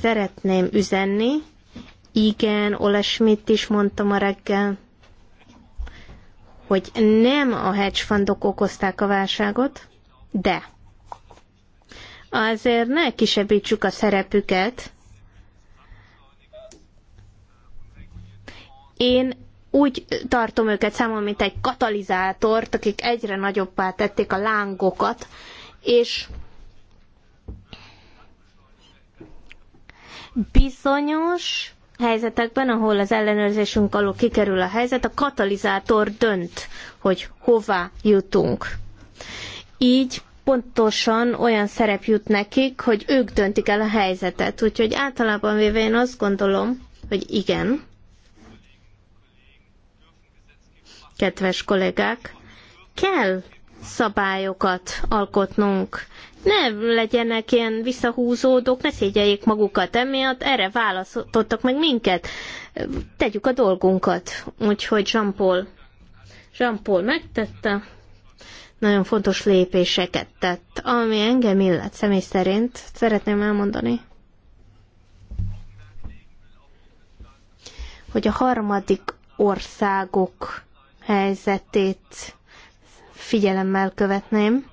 szeretném üzenni. Igen, Ole Schmidt is mondta ma reggel, hogy nem a hedge fundok okozták a válságot, de azért ne kisebbítsük a szerepüket. Én úgy tartom őket számon, mint egy katalizátort, akik egyre nagyobbá tették a lángokat, és Bizonyos helyzetekben, ahol az ellenőrzésünk alól kikerül a helyzet, a katalizátor dönt, hogy hová jutunk. Így pontosan olyan szerep jut nekik, hogy ők döntik el a helyzetet. Úgyhogy általában véve én azt gondolom, hogy igen, kedves kollégák, kell szabályokat alkotnunk, ne legyenek ilyen visszahúzódók, ne szégyeljék magukat emiatt, erre választottak meg minket. Tegyük a dolgunkat. Úgyhogy Jean-Paul, Jean-Paul megtette, nagyon fontos lépéseket tett, ami engem illet személy szerint, szeretném elmondani. hogy a harmadik országok helyzetét figyelemmel követném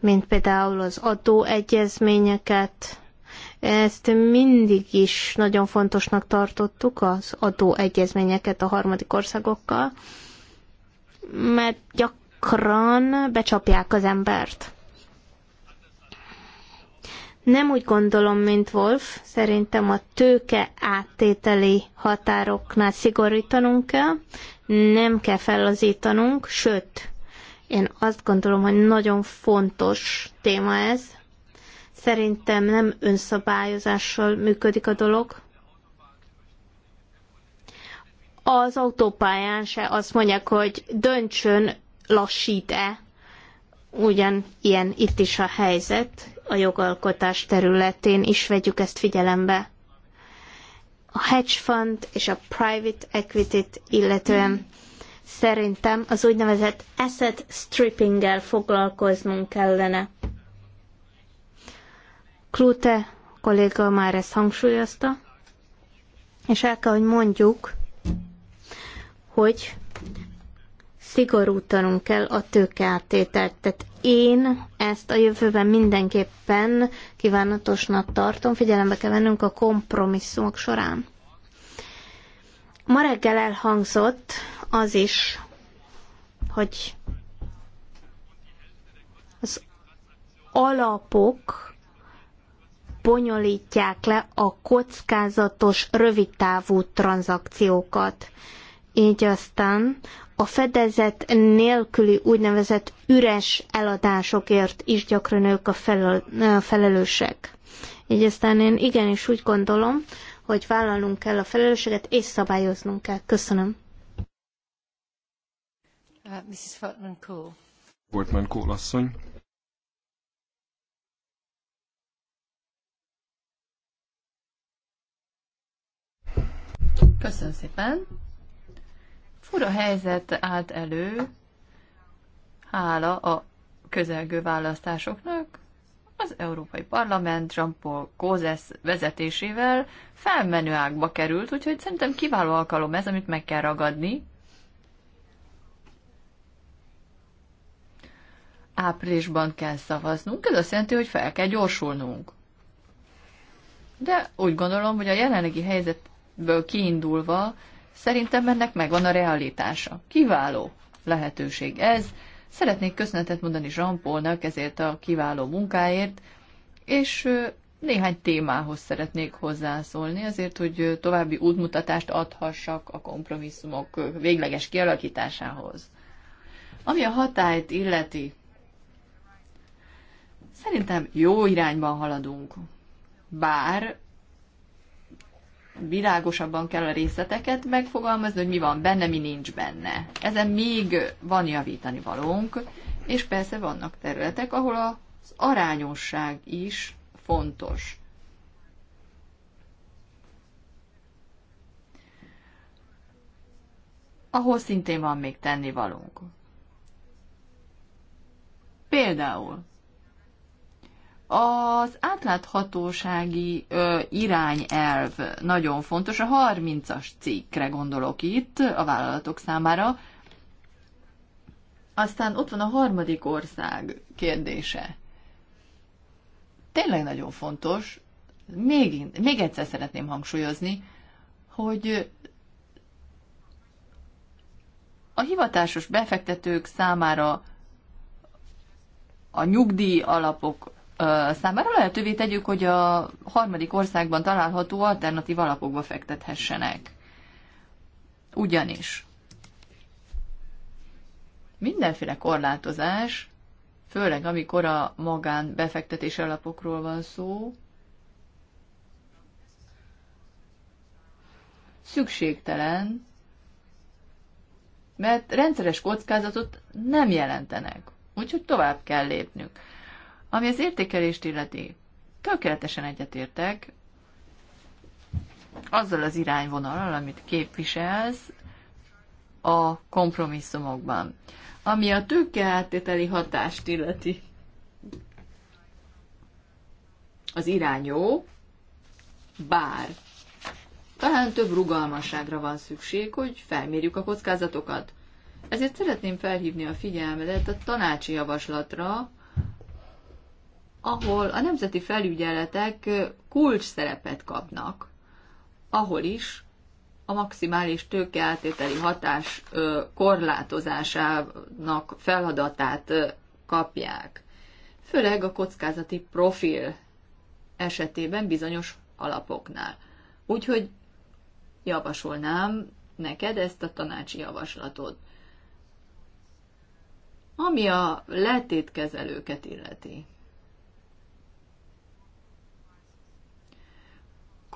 mint például az adóegyezményeket. Ezt mindig is nagyon fontosnak tartottuk, az adóegyezményeket a harmadik országokkal, mert gyakran becsapják az embert. Nem úgy gondolom, mint Wolf, szerintem a tőke áttételi határoknál szigorítanunk kell, nem kell fellazítanunk, sőt, én azt gondolom, hogy nagyon fontos téma ez. Szerintem nem önszabályozással működik a dolog. Az autópályán se azt mondják, hogy döntsön, lassít-e. Ugyan ilyen itt is a helyzet, a jogalkotás területén is vegyük ezt figyelembe a hedge fund és a private equity illetően Szerintem az úgynevezett asset strippinggel foglalkoznunk kellene. Klute kolléga már ezt hangsúlyozta, és el kell, hogy mondjuk, hogy szigorú tanunk kell a tőkeáttételt. Tehát én ezt a jövőben mindenképpen kívánatosnak tartom, figyelembe kell vennünk a kompromisszumok során. Ma reggel elhangzott, az is, hogy az alapok bonyolítják le a kockázatos, rövidtávú tranzakciókat. Így aztán a fedezet nélküli úgynevezett üres eladásokért is gyakran ők a felelősek. Így aztán én igenis úgy gondolom, hogy vállalnunk kell a felelősséget, és szabályoznunk kell. Köszönöm. Uh, Fortman Cole asszony. Köszönöm szépen. Fura helyzet állt elő, hála a közelgő választásoknak, az Európai Parlament Jean-Paul Gózes vezetésével felmenő ágba került, úgyhogy szerintem kiváló alkalom ez, amit meg kell ragadni, áprilisban kell szavaznunk, ez azt jelenti, hogy fel kell gyorsulnunk. De úgy gondolom, hogy a jelenlegi helyzetből kiindulva szerintem ennek megvan a realitása. Kiváló lehetőség ez. Szeretnék köszönetet mondani Jean-Paulnak ezért a kiváló munkáért, és néhány témához szeretnék hozzászólni, azért, hogy további útmutatást adhassak a kompromisszumok végleges kialakításához. Ami a hatályt illeti, Szerintem jó irányban haladunk. Bár világosabban kell a részleteket megfogalmazni, hogy mi van benne, mi nincs benne. Ezen még van javítani valónk, és persze vannak területek, ahol az arányosság is fontos. Ahol szintén van még tennivalónk. Például az átláthatósági ö, irányelv nagyon fontos, a 30-as cikkre gondolok itt a vállalatok számára. Aztán ott van a harmadik ország kérdése. Tényleg nagyon fontos, még, még egyszer szeretném hangsúlyozni, hogy a hivatásos befektetők számára a nyugdíj alapok számára lehetővé tegyük, hogy a harmadik országban található alternatív alapokba fektethessenek. Ugyanis mindenféle korlátozás, főleg amikor a magán befektetési alapokról van szó, szükségtelen, mert rendszeres kockázatot nem jelentenek. Úgyhogy tovább kell lépnünk. Ami az értékelést illeti, tökéletesen egyetértek azzal az irányvonalal, amit képviselsz a kompromisszumokban. Ami a tőkeáttételi hatást illeti, az irány jó, bár talán több rugalmasságra van szükség, hogy felmérjük a kockázatokat. Ezért szeretném felhívni a figyelmedet a tanácsi javaslatra, ahol a nemzeti felügyeletek kulcs szerepet kapnak, ahol is a maximális tőkeáltételi hatás korlátozásának feladatát kapják. Főleg a kockázati profil esetében bizonyos alapoknál. Úgyhogy javasolnám neked ezt a tanácsi javaslatot. Ami a letétkezelőket illeti.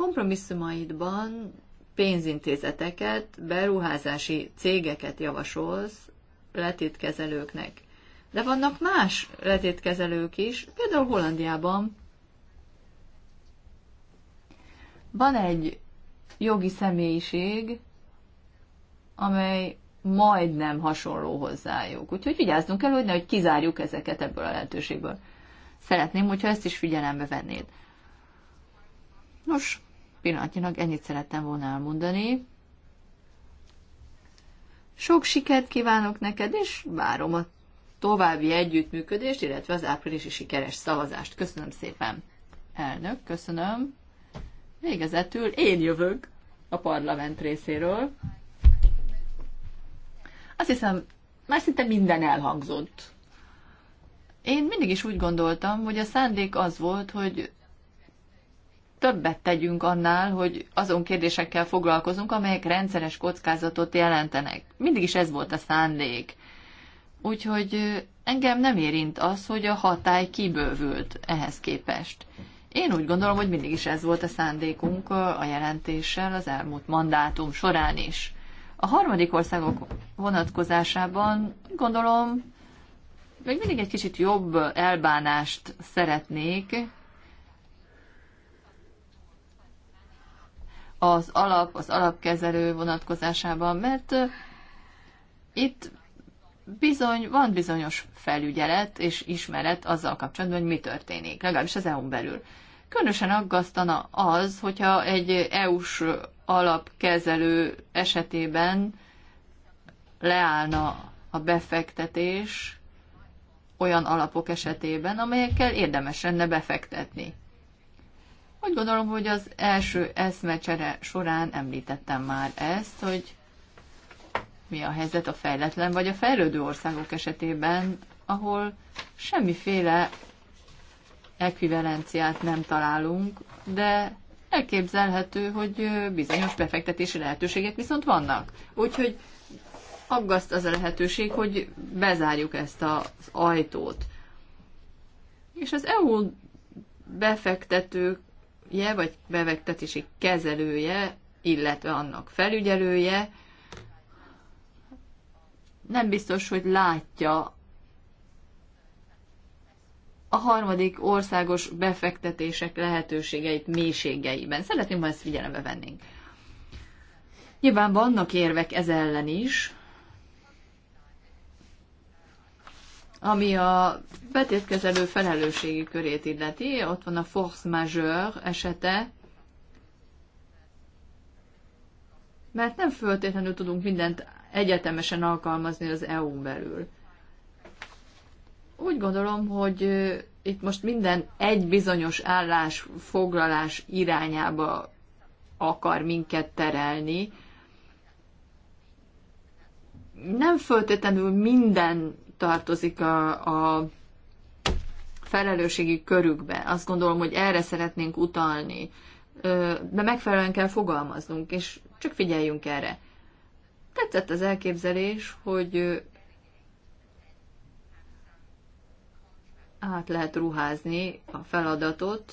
kompromisszumaidban pénzintézeteket, beruházási cégeket javasolsz letétkezelőknek. De vannak más letétkezelők is, például Hollandiában van egy jogi személyiség, amely majdnem hasonló hozzájuk. Úgyhogy vigyázzunk el, hogy hogy kizárjuk ezeket ebből a lehetőségből. Szeretném, hogyha ezt is figyelembe vennéd. Nos, Pillanatnyilag ennyit szerettem volna elmondani. Sok sikert kívánok neked, és várom a további együttműködést, illetve az áprilisi sikeres szavazást. Köszönöm szépen, elnök, köszönöm. Végezetül én jövök a parlament részéről. Azt hiszem, már szinte minden elhangzott. Én mindig is úgy gondoltam, hogy a szándék az volt, hogy többet tegyünk annál, hogy azon kérdésekkel foglalkozunk, amelyek rendszeres kockázatot jelentenek. Mindig is ez volt a szándék. Úgyhogy engem nem érint az, hogy a hatály kibővült ehhez képest. Én úgy gondolom, hogy mindig is ez volt a szándékunk a jelentéssel az elmúlt mandátum során is. A harmadik országok vonatkozásában gondolom, még mindig egy kicsit jobb elbánást szeretnék, az alap, az alapkezelő vonatkozásában, mert itt bizony, van bizonyos felügyelet és ismeret azzal kapcsolatban, hogy mi történik, legalábbis az EU-n belül. Különösen aggasztana az, hogyha egy EU-s alapkezelő esetében leállna a befektetés olyan alapok esetében, amelyekkel érdemes lenne befektetni. Úgy gondolom, hogy az első eszmecsere során említettem már ezt, hogy mi a helyzet a fejletlen vagy a fejlődő országok esetében, ahol semmiféle ekvivalenciát nem találunk, de elképzelhető, hogy bizonyos befektetési lehetőségek viszont vannak. Úgyhogy aggaszt az a lehetőség, hogy bezárjuk ezt az ajtót. És az EU befektetők vezetője, vagy befektetési kezelője, illetve annak felügyelője nem biztos, hogy látja a harmadik országos befektetések lehetőségeit mélységeiben. Szeretném, ha ezt figyelembe vennénk. Nyilván vannak érvek ez ellen is, Ami a betétkezelő felelősségi körét illeti, ott van a force majeure esete, mert nem föltétlenül tudunk mindent egyetemesen alkalmazni az EU-n belül. Úgy gondolom, hogy itt most minden egy bizonyos állás, foglalás irányába akar minket terelni. Nem föltétlenül minden tartozik a, a felelősségi körükbe. Azt gondolom, hogy erre szeretnénk utalni. De megfelelően kell fogalmaznunk, és csak figyeljünk erre. Tetszett az elképzelés, hogy át lehet ruházni a feladatot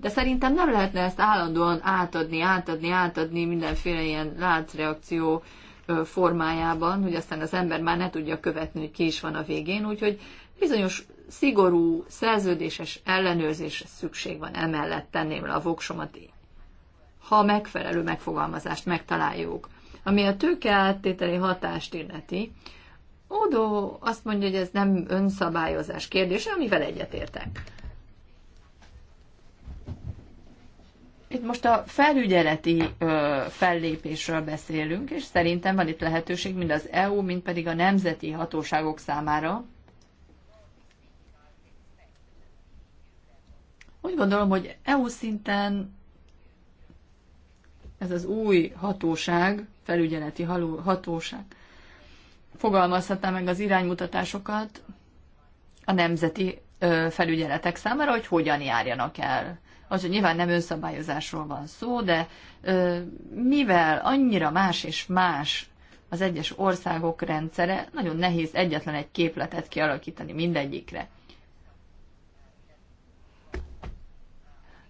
de szerintem nem lehetne ezt állandóan átadni, átadni, átadni mindenféle ilyen láncreakció formájában, hogy aztán az ember már ne tudja követni, hogy ki is van a végén, úgyhogy bizonyos szigorú szerződéses ellenőrzés szükség van, emellett tenném le a voksomat, ha a megfelelő megfogalmazást megtaláljuk. Ami a tőke áttételi hatást illeti, Ódó azt mondja, hogy ez nem önszabályozás kérdése, amivel egyetértek. Itt most a felügyeleti ö, fellépésről beszélünk, és szerintem van itt lehetőség mind az EU, mind pedig a nemzeti hatóságok számára. Úgy gondolom, hogy EU szinten ez az új hatóság, felügyeleti hatóság fogalmazhatná meg az iránymutatásokat a nemzeti felügyeletek számára, hogy hogyan járjanak el az, hogy nyilván nem önszabályozásról van szó, de mivel annyira más és más az egyes országok rendszere, nagyon nehéz egyetlen egy képletet kialakítani mindegyikre.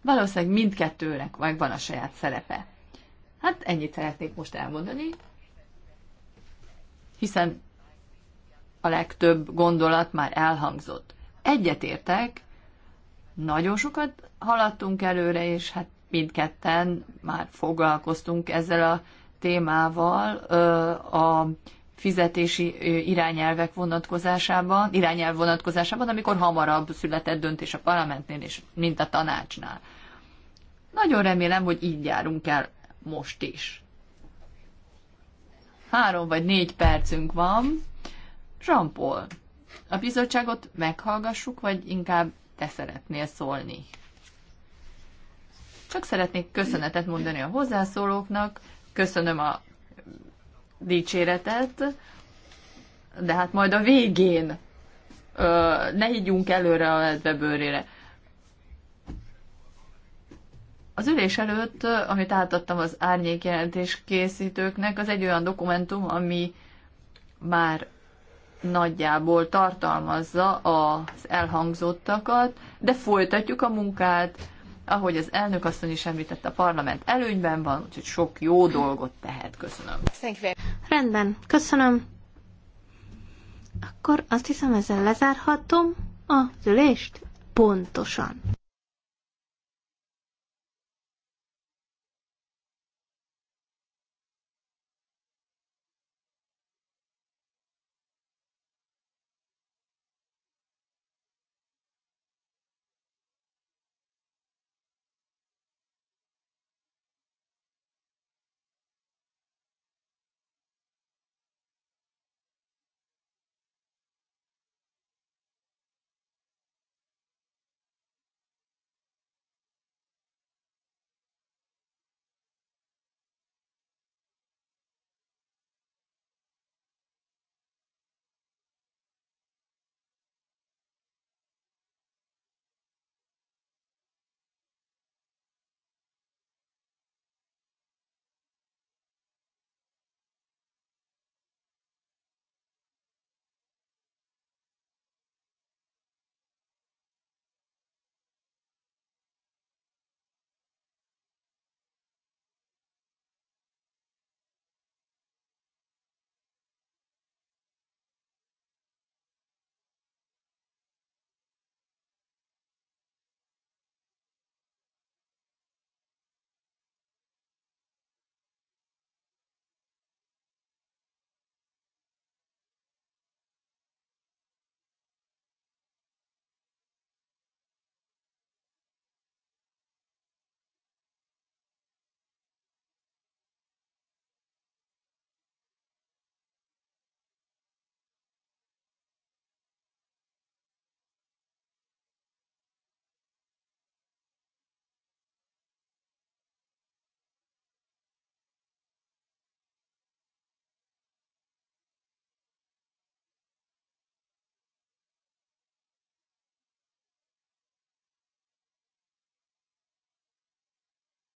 Valószínűleg mindkettőnek megvan a saját szerepe. Hát ennyit szeretnék most elmondani, hiszen a legtöbb gondolat már elhangzott. Egyetértek nagyon sokat haladtunk előre, és hát mindketten már foglalkoztunk ezzel a témával a fizetési irányelvek vonatkozásában, irányelv vonatkozásában, amikor hamarabb született döntés a parlamentnél, és mint a tanácsnál. Nagyon remélem, hogy így járunk el most is. Három vagy négy percünk van. Jean-Paul, a bizottságot meghallgassuk, vagy inkább te szeretnél szólni. Csak szeretnék köszönetet mondani a hozzászólóknak, köszönöm a dicséretet, de hát majd a végén ö, ne higgyünk előre a ledve bőrére. Az ülés előtt, amit átadtam az árnyékjelentés készítőknek, az egy olyan dokumentum, ami már nagyjából tartalmazza az elhangzottakat, de folytatjuk a munkát, ahogy az elnök asszony is említette, a parlament előnyben van, úgyhogy sok jó dolgot tehet. Köszönöm. Rendben, köszönöm. Akkor azt hiszem ezzel lezárhatom az ülést. Pontosan.